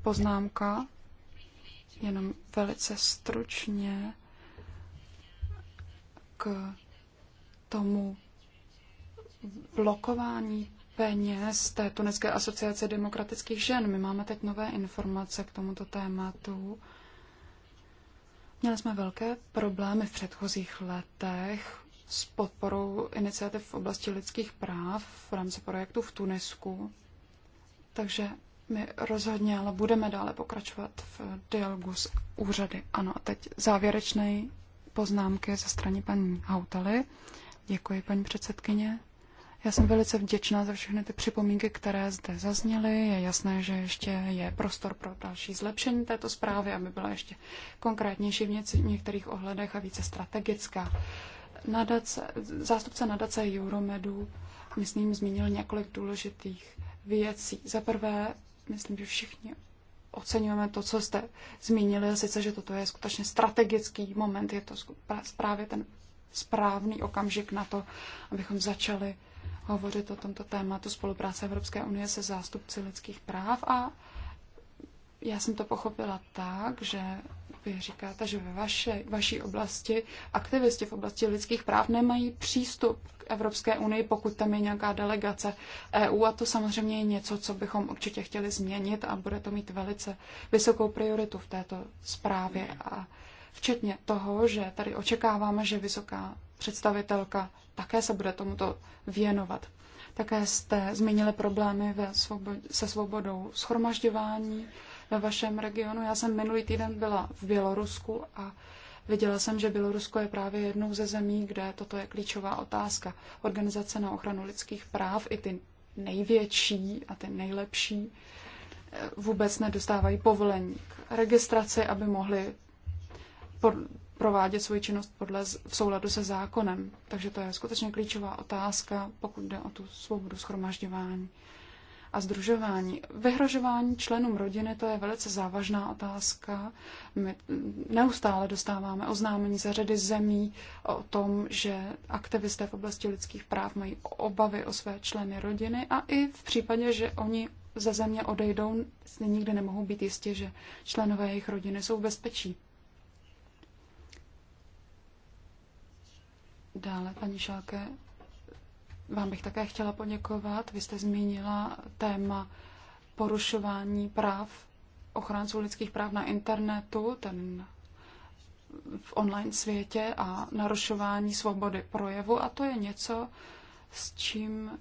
[SPEAKER 1] poznámka, jenom velice stručně k tomu blokování peněz té Tunecké asociace demokratických žen. My máme teď nové informace k tomuto tématu. Měli jsme velké problémy v předchozích letech s podporou iniciativ v oblasti lidských práv v rámci projektu v Tunisku. Takže my rozhodně ale budeme dále pokračovat v dialogu s úřady. Ano, a teď závěrečné poznámky ze strany paní Hautaly. Děkuji, paní předsedkyně. Já jsem velice vděčná za všechny ty připomínky, které zde zazněly. Je jasné, že ještě je prostor pro další zlepšení této zprávy, aby byla ještě konkrétnější v některých ohledech a více strategická. Nadace, zástupce nadace Euromedu, myslím, zmínil několik důležitých věcí. Za prvé, myslím, že všichni oceňujeme to, co jste zmínili, sice, že toto je skutečně strategický moment, je to právě ten správný okamžik na to, abychom začali hovořit o tomto tématu spolupráce Evropské unie se zástupci lidských práv a já jsem to pochopila tak, že vy říkáte, že ve vaše, vaší oblasti aktivisti v oblasti lidských práv nemají přístup k Evropské unii, pokud tam je nějaká delegace EU a to samozřejmě je něco, co bychom určitě chtěli změnit a bude to mít velice vysokou prioritu v této zprávě a včetně toho, že tady očekáváme, že vysoká představitelka také se bude tomuto věnovat. Také jste zmínili problémy ve svobod- se svobodou schromažďování, ve vašem regionu. Já jsem minulý týden byla v Bělorusku a viděla jsem, že Bělorusko je právě jednou ze zemí, kde toto je klíčová otázka. Organizace na ochranu lidských práv i ty největší a ty nejlepší eh, vůbec nedostávají povolení k registraci, aby mohli provádět svoji činnost podle, v souladu se zákonem. Takže to je skutečně klíčová otázka, pokud jde o tu svobodu schromažďování a združování. Vyhrožování členům rodiny, to je velice závažná otázka. My neustále dostáváme oznámení ze řady zemí o tom, že aktivisté v oblasti lidských práv mají obavy o své členy rodiny a i v případě, že oni ze země odejdou, nikdy nemohou být jistě, že členové jejich rodiny jsou v bezpečí. Dále paní Šálke vám bych také chtěla poděkovat. Vy jste zmínila téma porušování práv ochránců lidských práv na internetu, ten v online světě a narušování svobody projevu. A to je něco, s čím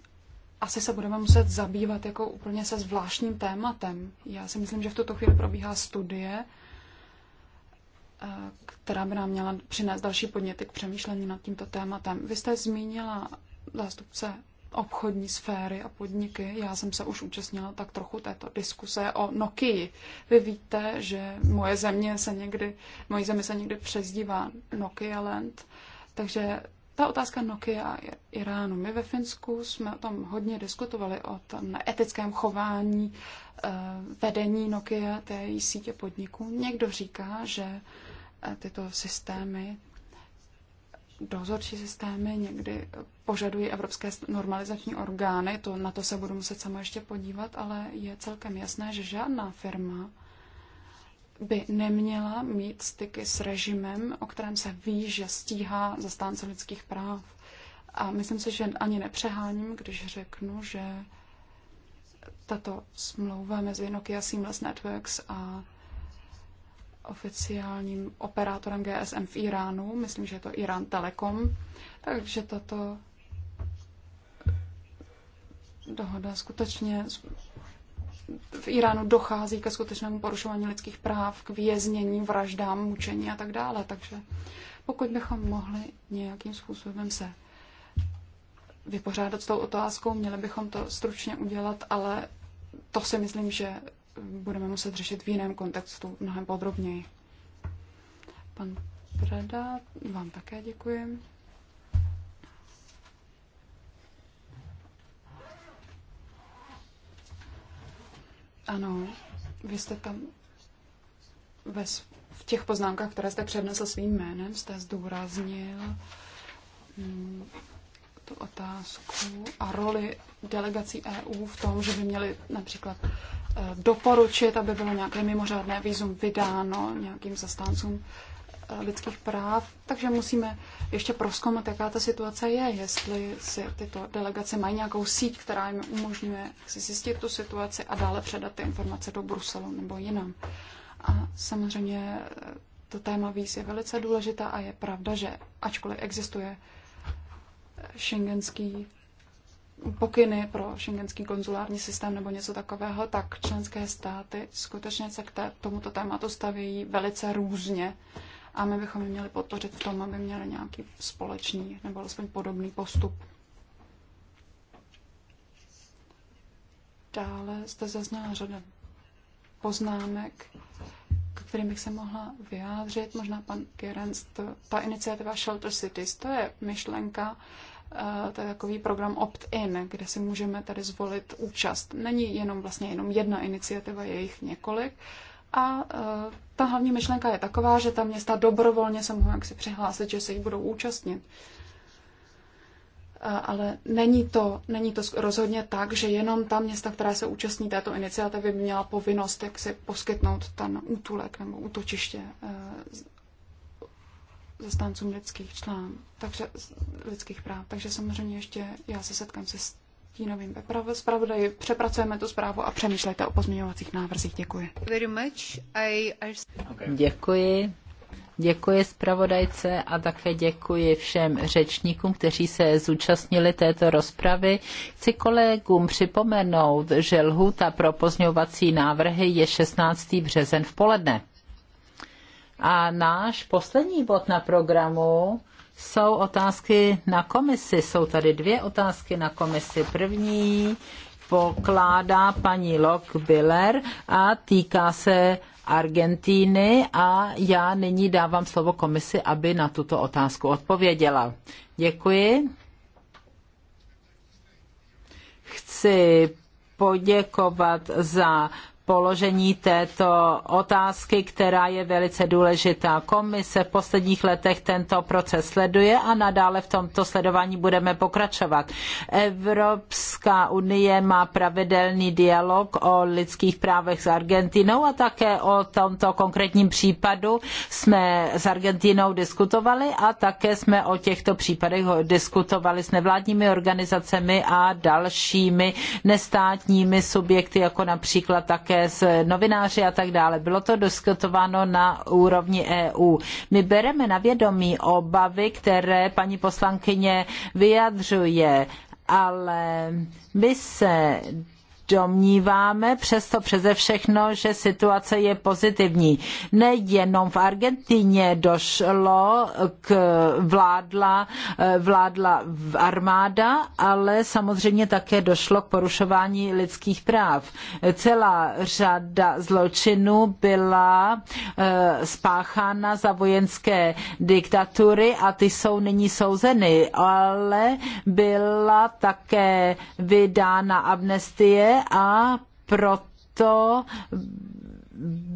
[SPEAKER 1] asi se budeme muset zabývat jako úplně se zvláštním tématem. Já si myslím, že v tuto chvíli probíhá studie, eh, která by nám měla přinést další podněty k přemýšlení nad tímto tématem. Vy jste zmínila zástupce obchodní sféry a podniky. Já jsem se už účastnila tak trochu této diskuse o Nokii. Vy víte, že moje země se někdy, moje země se někdy přezdívá Nokia Land, takže ta otázka Nokia a Iránu. My ve Finsku jsme o tom hodně diskutovali, o tom etickém chování eh, vedení Nokia, té její sítě podniků. Někdo říká, že eh, tyto systémy dozorčí systémy někdy požadují evropské normalizační orgány, to, na to se budu muset sama ještě podívat, ale je celkem jasné, že žádná firma by neměla mít styky s režimem, o kterém se ví, že stíhá zastánce lidských práv. A myslím si, že ani nepřeháním, když řeknu, že tato smlouva mezi Nokia Seamless Networks a oficiálním operátorem GSM v Iránu, myslím, že je to Irán Telekom, takže tato dohoda skutečně v Iránu dochází ke skutečnému porušování lidských práv, k věznění, vraždám, mučení a tak dále. Takže pokud bychom mohli nějakým způsobem se vypořádat s tou otázkou, měli bychom to stručně udělat, ale to si myslím, že budeme muset řešit v jiném kontextu mnohem podrobněji. Pan Prada, vám také děkuji. Ano, vy jste tam ve, v těch poznámkách, které jste přednesl svým jménem, jste zdůraznil mm, tu otázku a roli delegací EU v tom, že by měli například eh, doporučit, aby bylo nějaké mimořádné výzum vydáno nějakým zastáncům eh, lidských práv, takže musíme ještě proskoumat, jaká ta situace je, jestli si tyto delegace mají nějakou síť, která jim umožňuje si zjistit tu situaci a dále předat ty informace do Bruselu nebo jinam. A samozřejmě eh, to téma víz je velice důležitá a je pravda, že ačkoliv existuje šengenský pokyny pro šengenský konzulární systém nebo něco takového, tak členské státy skutečně se k té, tomuto tématu stavějí velice různě. A my bychom měli podpořit v tom, aby měli nějaký společný nebo alespoň podobný postup. Dále zde zazněla řada poznámek, k kterým bych se mohla vyjádřit. Možná pan Gerenc, ta iniciativa Shelter Cities, to je myšlenka, Eh, to je takový program opt-in, kde si můžeme tady zvolit účast. Není jenom vlastně jenom jedna iniciativa, je jich několik. A eh, ta hlavní myšlenka je taková, že ta města dobrovolně se mohou jaksi přihlásit, že se jich budou účastnit eh, ale není to, není to rozhodně tak, že jenom ta města, která se účastní této iniciativy, by měla povinnost jak si poskytnout ten útulek nebo útočiště zastáncům lidských člán, takže, lidských práv. Takže samozřejmě ještě já se setkám se stínovým zpravodaji. Přepracujeme tu zprávu a
[SPEAKER 3] přemýšlejte o pozměňovacích návrzích. Děkuji.
[SPEAKER 1] Very much. I... Děkuji.
[SPEAKER 3] Děkuji zpravodajce a také děkuji všem řečníkům, kteří se zúčastnili této rozpravy. Chci kolegům připomenout, že lhůta pro pozňovací návrhy je 16. březen v poledne. A náš poslední bod na programu jsou otázky na komisi. Jsou tady dvě otázky na komisi. První pokládá paní Lok Biller a týká se Argentíny a já nyní dávám slovo komisi, aby na tuto otázku odpověděla. Děkuji. Chci poděkovat za položení této otázky, která je velice důležitá. Komise v posledních letech tento proces sleduje a nadále v tomto sledování budeme pokračovat. Evropská unie má pravidelný dialog o lidských právech s Argentinou a také o tomto konkrétním případu jsme s Argentinou diskutovali a také jsme o těchto případech diskutovali s nevládními organizacemi a dalšími nestátními subjekty, jako například také také s novináři a tak dále. Bylo to diskutováno na úrovni EU. My bereme na vědomí obavy, které paní poslankyně vyjadřuje, ale my se domníváme přesto přeze všechno, že situace je pozitivní. Nejenom v Argentině došlo k vládla, eh, vládla armáda, ale samozřejmě také došlo k porušování lidských práv. Celá řada zločinů byla eh, spáchána za vojenské diktatury a ty jsou nyní souzeny, ale byla také vydána amnestie a proto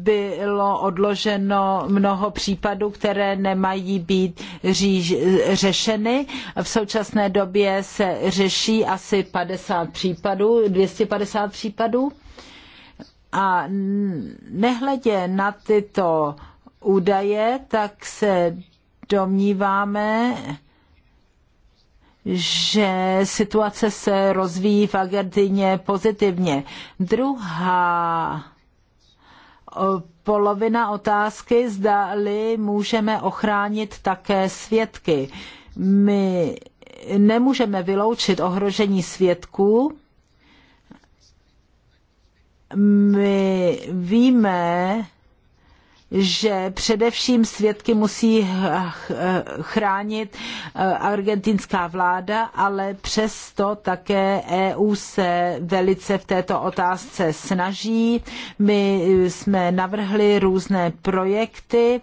[SPEAKER 3] bylo odloženo mnoho případů, které nemají být říž, řešeny. V současné době se řeší asi 50 případů, 250 případů. A nehledě na tyto údaje, tak se domníváme, že situace se rozvíjí v Argentině pozitivně. Druhá polovina otázky, zdali můžeme ochránit také svědky. My nemůžeme vyloučit ohrožení svědků. My víme, že především svědky musí chránit eh, argentinská vláda, ale přesto také EU se velice v této otázce snaží. My jsme navrhli různé projekty,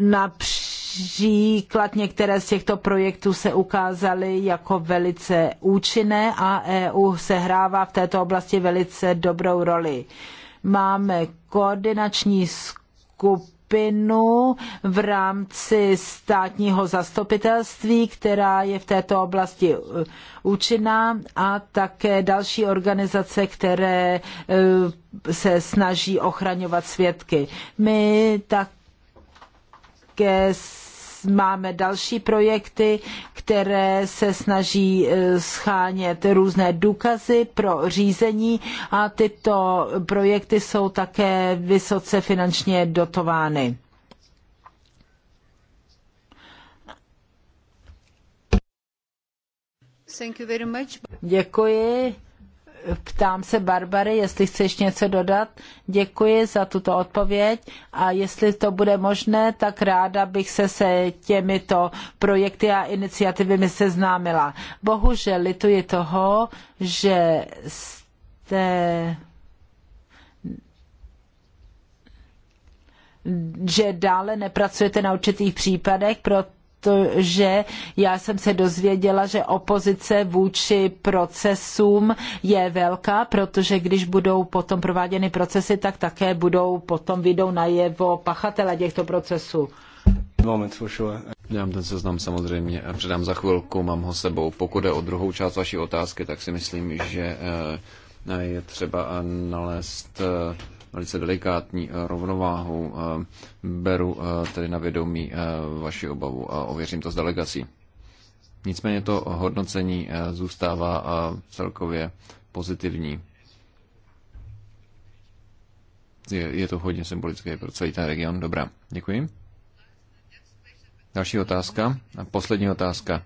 [SPEAKER 3] například některé z těchto projektů se ukázaly jako velice účinné a EU sehrává v této oblasti velice dobrou roli. Máme koordinační skupinu skupinu v rámci státního zastupitelství, která je v této oblasti uh, účinná a také další organizace, které uh, se snaží ochraňovat svědky. My také máme další projekty, které se snaží eh, schánět různé důkazy pro řízení a tyto projekty jsou také vysoce finančně dotovány. Děkuji. Ptám se Barbary, jestli chceš něco dodat. Děkuji za tuto odpověď a jestli to bude možné, tak ráda bych se se těmito projekty a iniciativami seznámila. Bohužel lituji toho, že jste že dále nepracujete na určitých případech, proto protože já jsem se dozvěděla, že opozice vůči procesům je velká, protože když budou potom prováděny procesy, tak také budou potom vydou najevo pachatele těchto procesů. Moment,
[SPEAKER 2] Já vám ten seznam samozřejmě předám za chvilku, mám ho sebou. Pokud je o druhou část vaší otázky, tak si myslím, že eh, je třeba eh, nalézt eh, velice delikátní eh, rovnováhu. Eh, beru eh, tedy na vědomí vaši obavu a ověřím to s delegací. Nicméně to hodnocení zůstává celkově pozitivní. Je, je to hodně symbolické pro celý ten region. Dobrá, děkuji. Další otázka. poslední otázka.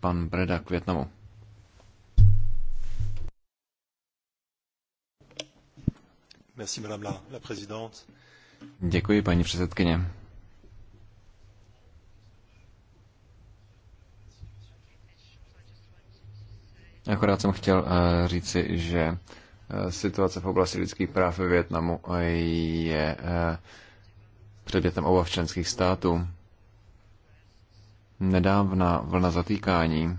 [SPEAKER 2] pan Breda k Větnamu. Děkuji, paní předsedkyně. Akorát jsem chtěl eh, říci, že eh, situace v oblasti lidských práv ve Větnamu eh, je předmětem obav členských států. Nedávna vlna zatýkání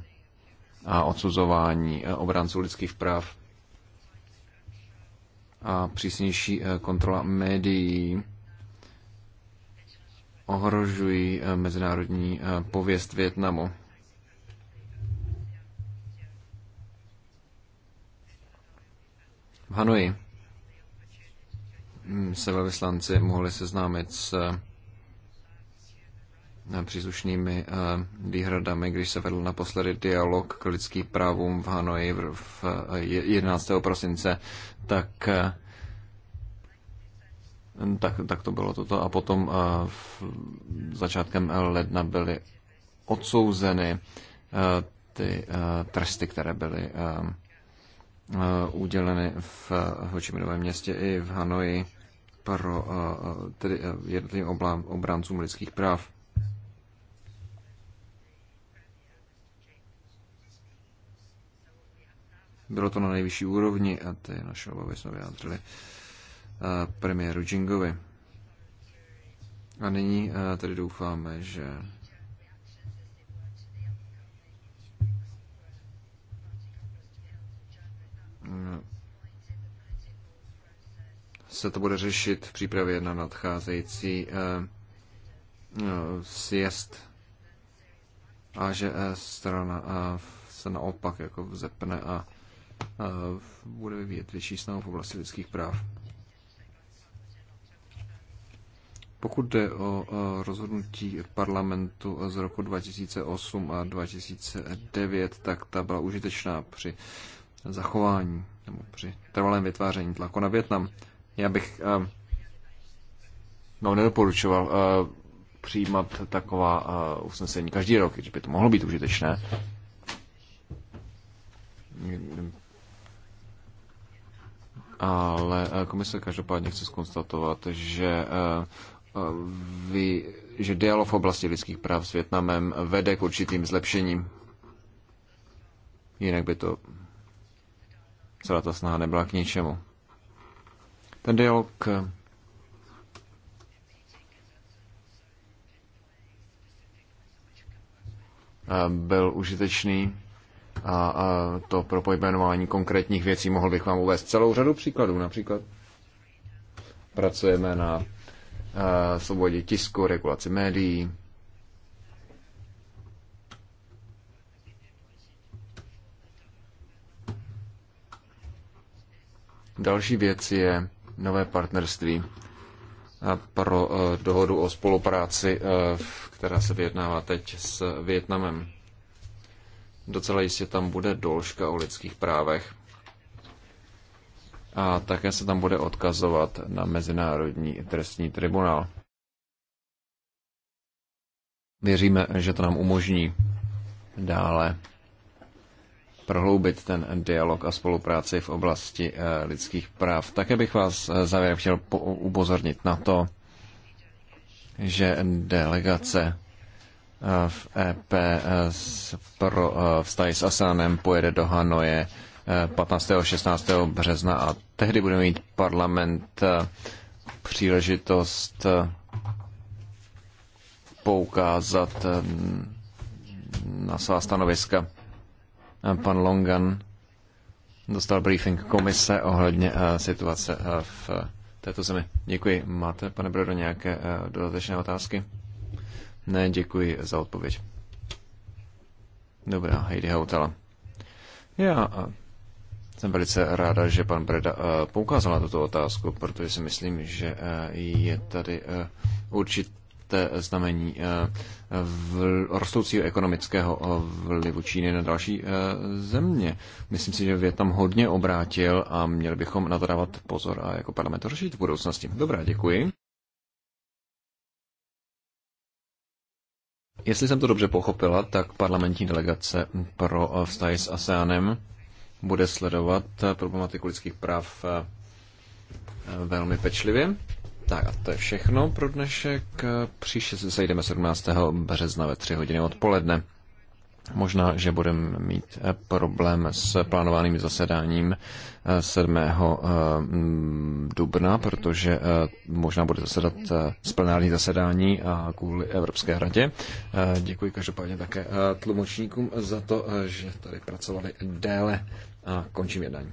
[SPEAKER 2] a odsuzování obranců lidských práv a přísnější eh, kontrola médií ohrožují eh, mezinárodní eh, pověst Větnamu. V Hanoji mm, se velvyslanci mohli seznámit s příslušnými eh, výhradami, když se vedl naposledy dialog k lidským právům v Hanoji v 11. Eh, prosince, tak, eh, tak, tak to bylo toto. A potom v začátkem ledna byly odsouzeny ty tresty, které byly uděleny v Hočiminovém městě i v Hanoji pro tedy jednotlivým obráncům lidských práv. Bylo to na nejvyšší úrovni a ty naše obavy jsme vyjádřili eh, premiéru Jingovi. A nyní eh, tedy doufáme, že se to bude řešit v přípravě na nadcházející eh, sjezd a že strana se naopak jako vzepne a bude vyvíjet větší snahu v oblasti lidských práv. Pokud jde o rozhodnutí parlamentu z roku 2008 a 2009, tak ta byla užitečná při zachování nebo při trvalém vytváření tlaku na Větnam. Já bych no, nedoporučoval přijímat taková usnesení každý rok, když by to mohlo být užitečné ale eh, komise každopádně chce skonstatovat, že eh, vy, že dialog v oblasti lidských práv s Větnamem vede k určitým zlepšením. Jinak by to celá ta snaha nebyla k ničemu. Ten dialog eh, byl užitečný a, a to pro pojmenování konkrétních věcí. Mohl bych vám uvést celou řadu příkladů. Například pracujeme na a, svobodě tisku, regulaci médií, Další věc je nové partnerství pro dohodu o spolupráci, která se vyjednává teď s Větnamem. Docela jistě tam bude doložka o lidských právech. A také se tam bude odkazovat na Mezinárodní trestní tribunál. Věříme, že to nám umožní dále prohloubit ten dialog a spolupráci v oblasti eh, lidských práv. Také bych vás eh, závěrem chtěl upozornit na to, že delegace v EP eh, pro eh, vztahy s Asánem pojede do Hanoje 15. Eh, a 16. března a tehdy bude mít parlament příležitost poukázat na svá stanoviska. Pan Longan dostal briefing komise ohledně situace v této zemi. Děkuji. Máte, pane Brodo, nějaké dodatečné otázky? Ne, děkuji za odpověď. Dobrá, Heidi Hautala. Já jsem velice ráda, že pan Breda eh, poukázal na tuto otázku, protože si myslím, že eh, je tady eh, určité znamení v rostoucího ekonomického vlivu Číny na další země. Myslím si, že Větnam hodně obrátil a měli bychom na to dávat pozor a jako parlament to řešit v budoucnosti. Dobrá, děkuji. Jestli jsem to dobře pochopila, tak parlamentní delegace pro eh, vztahy s ASEANem bude sledovat eh, problematiku lidských práv eh, velmi pečlivě. Tak a to je všechno pro dnešek. Příště se sejdeme 17. března ve 3 hodiny odpoledne. Možná, že budeme mít eh, problém s plánovaným zasedáním 7. Eh, eh, dubna, protože možná bude zasedat splnární zasedání a kvůli Evropské radě. Děkuji každopádně také tlumočníkům za to, že tady pracovali déle a končím jednání.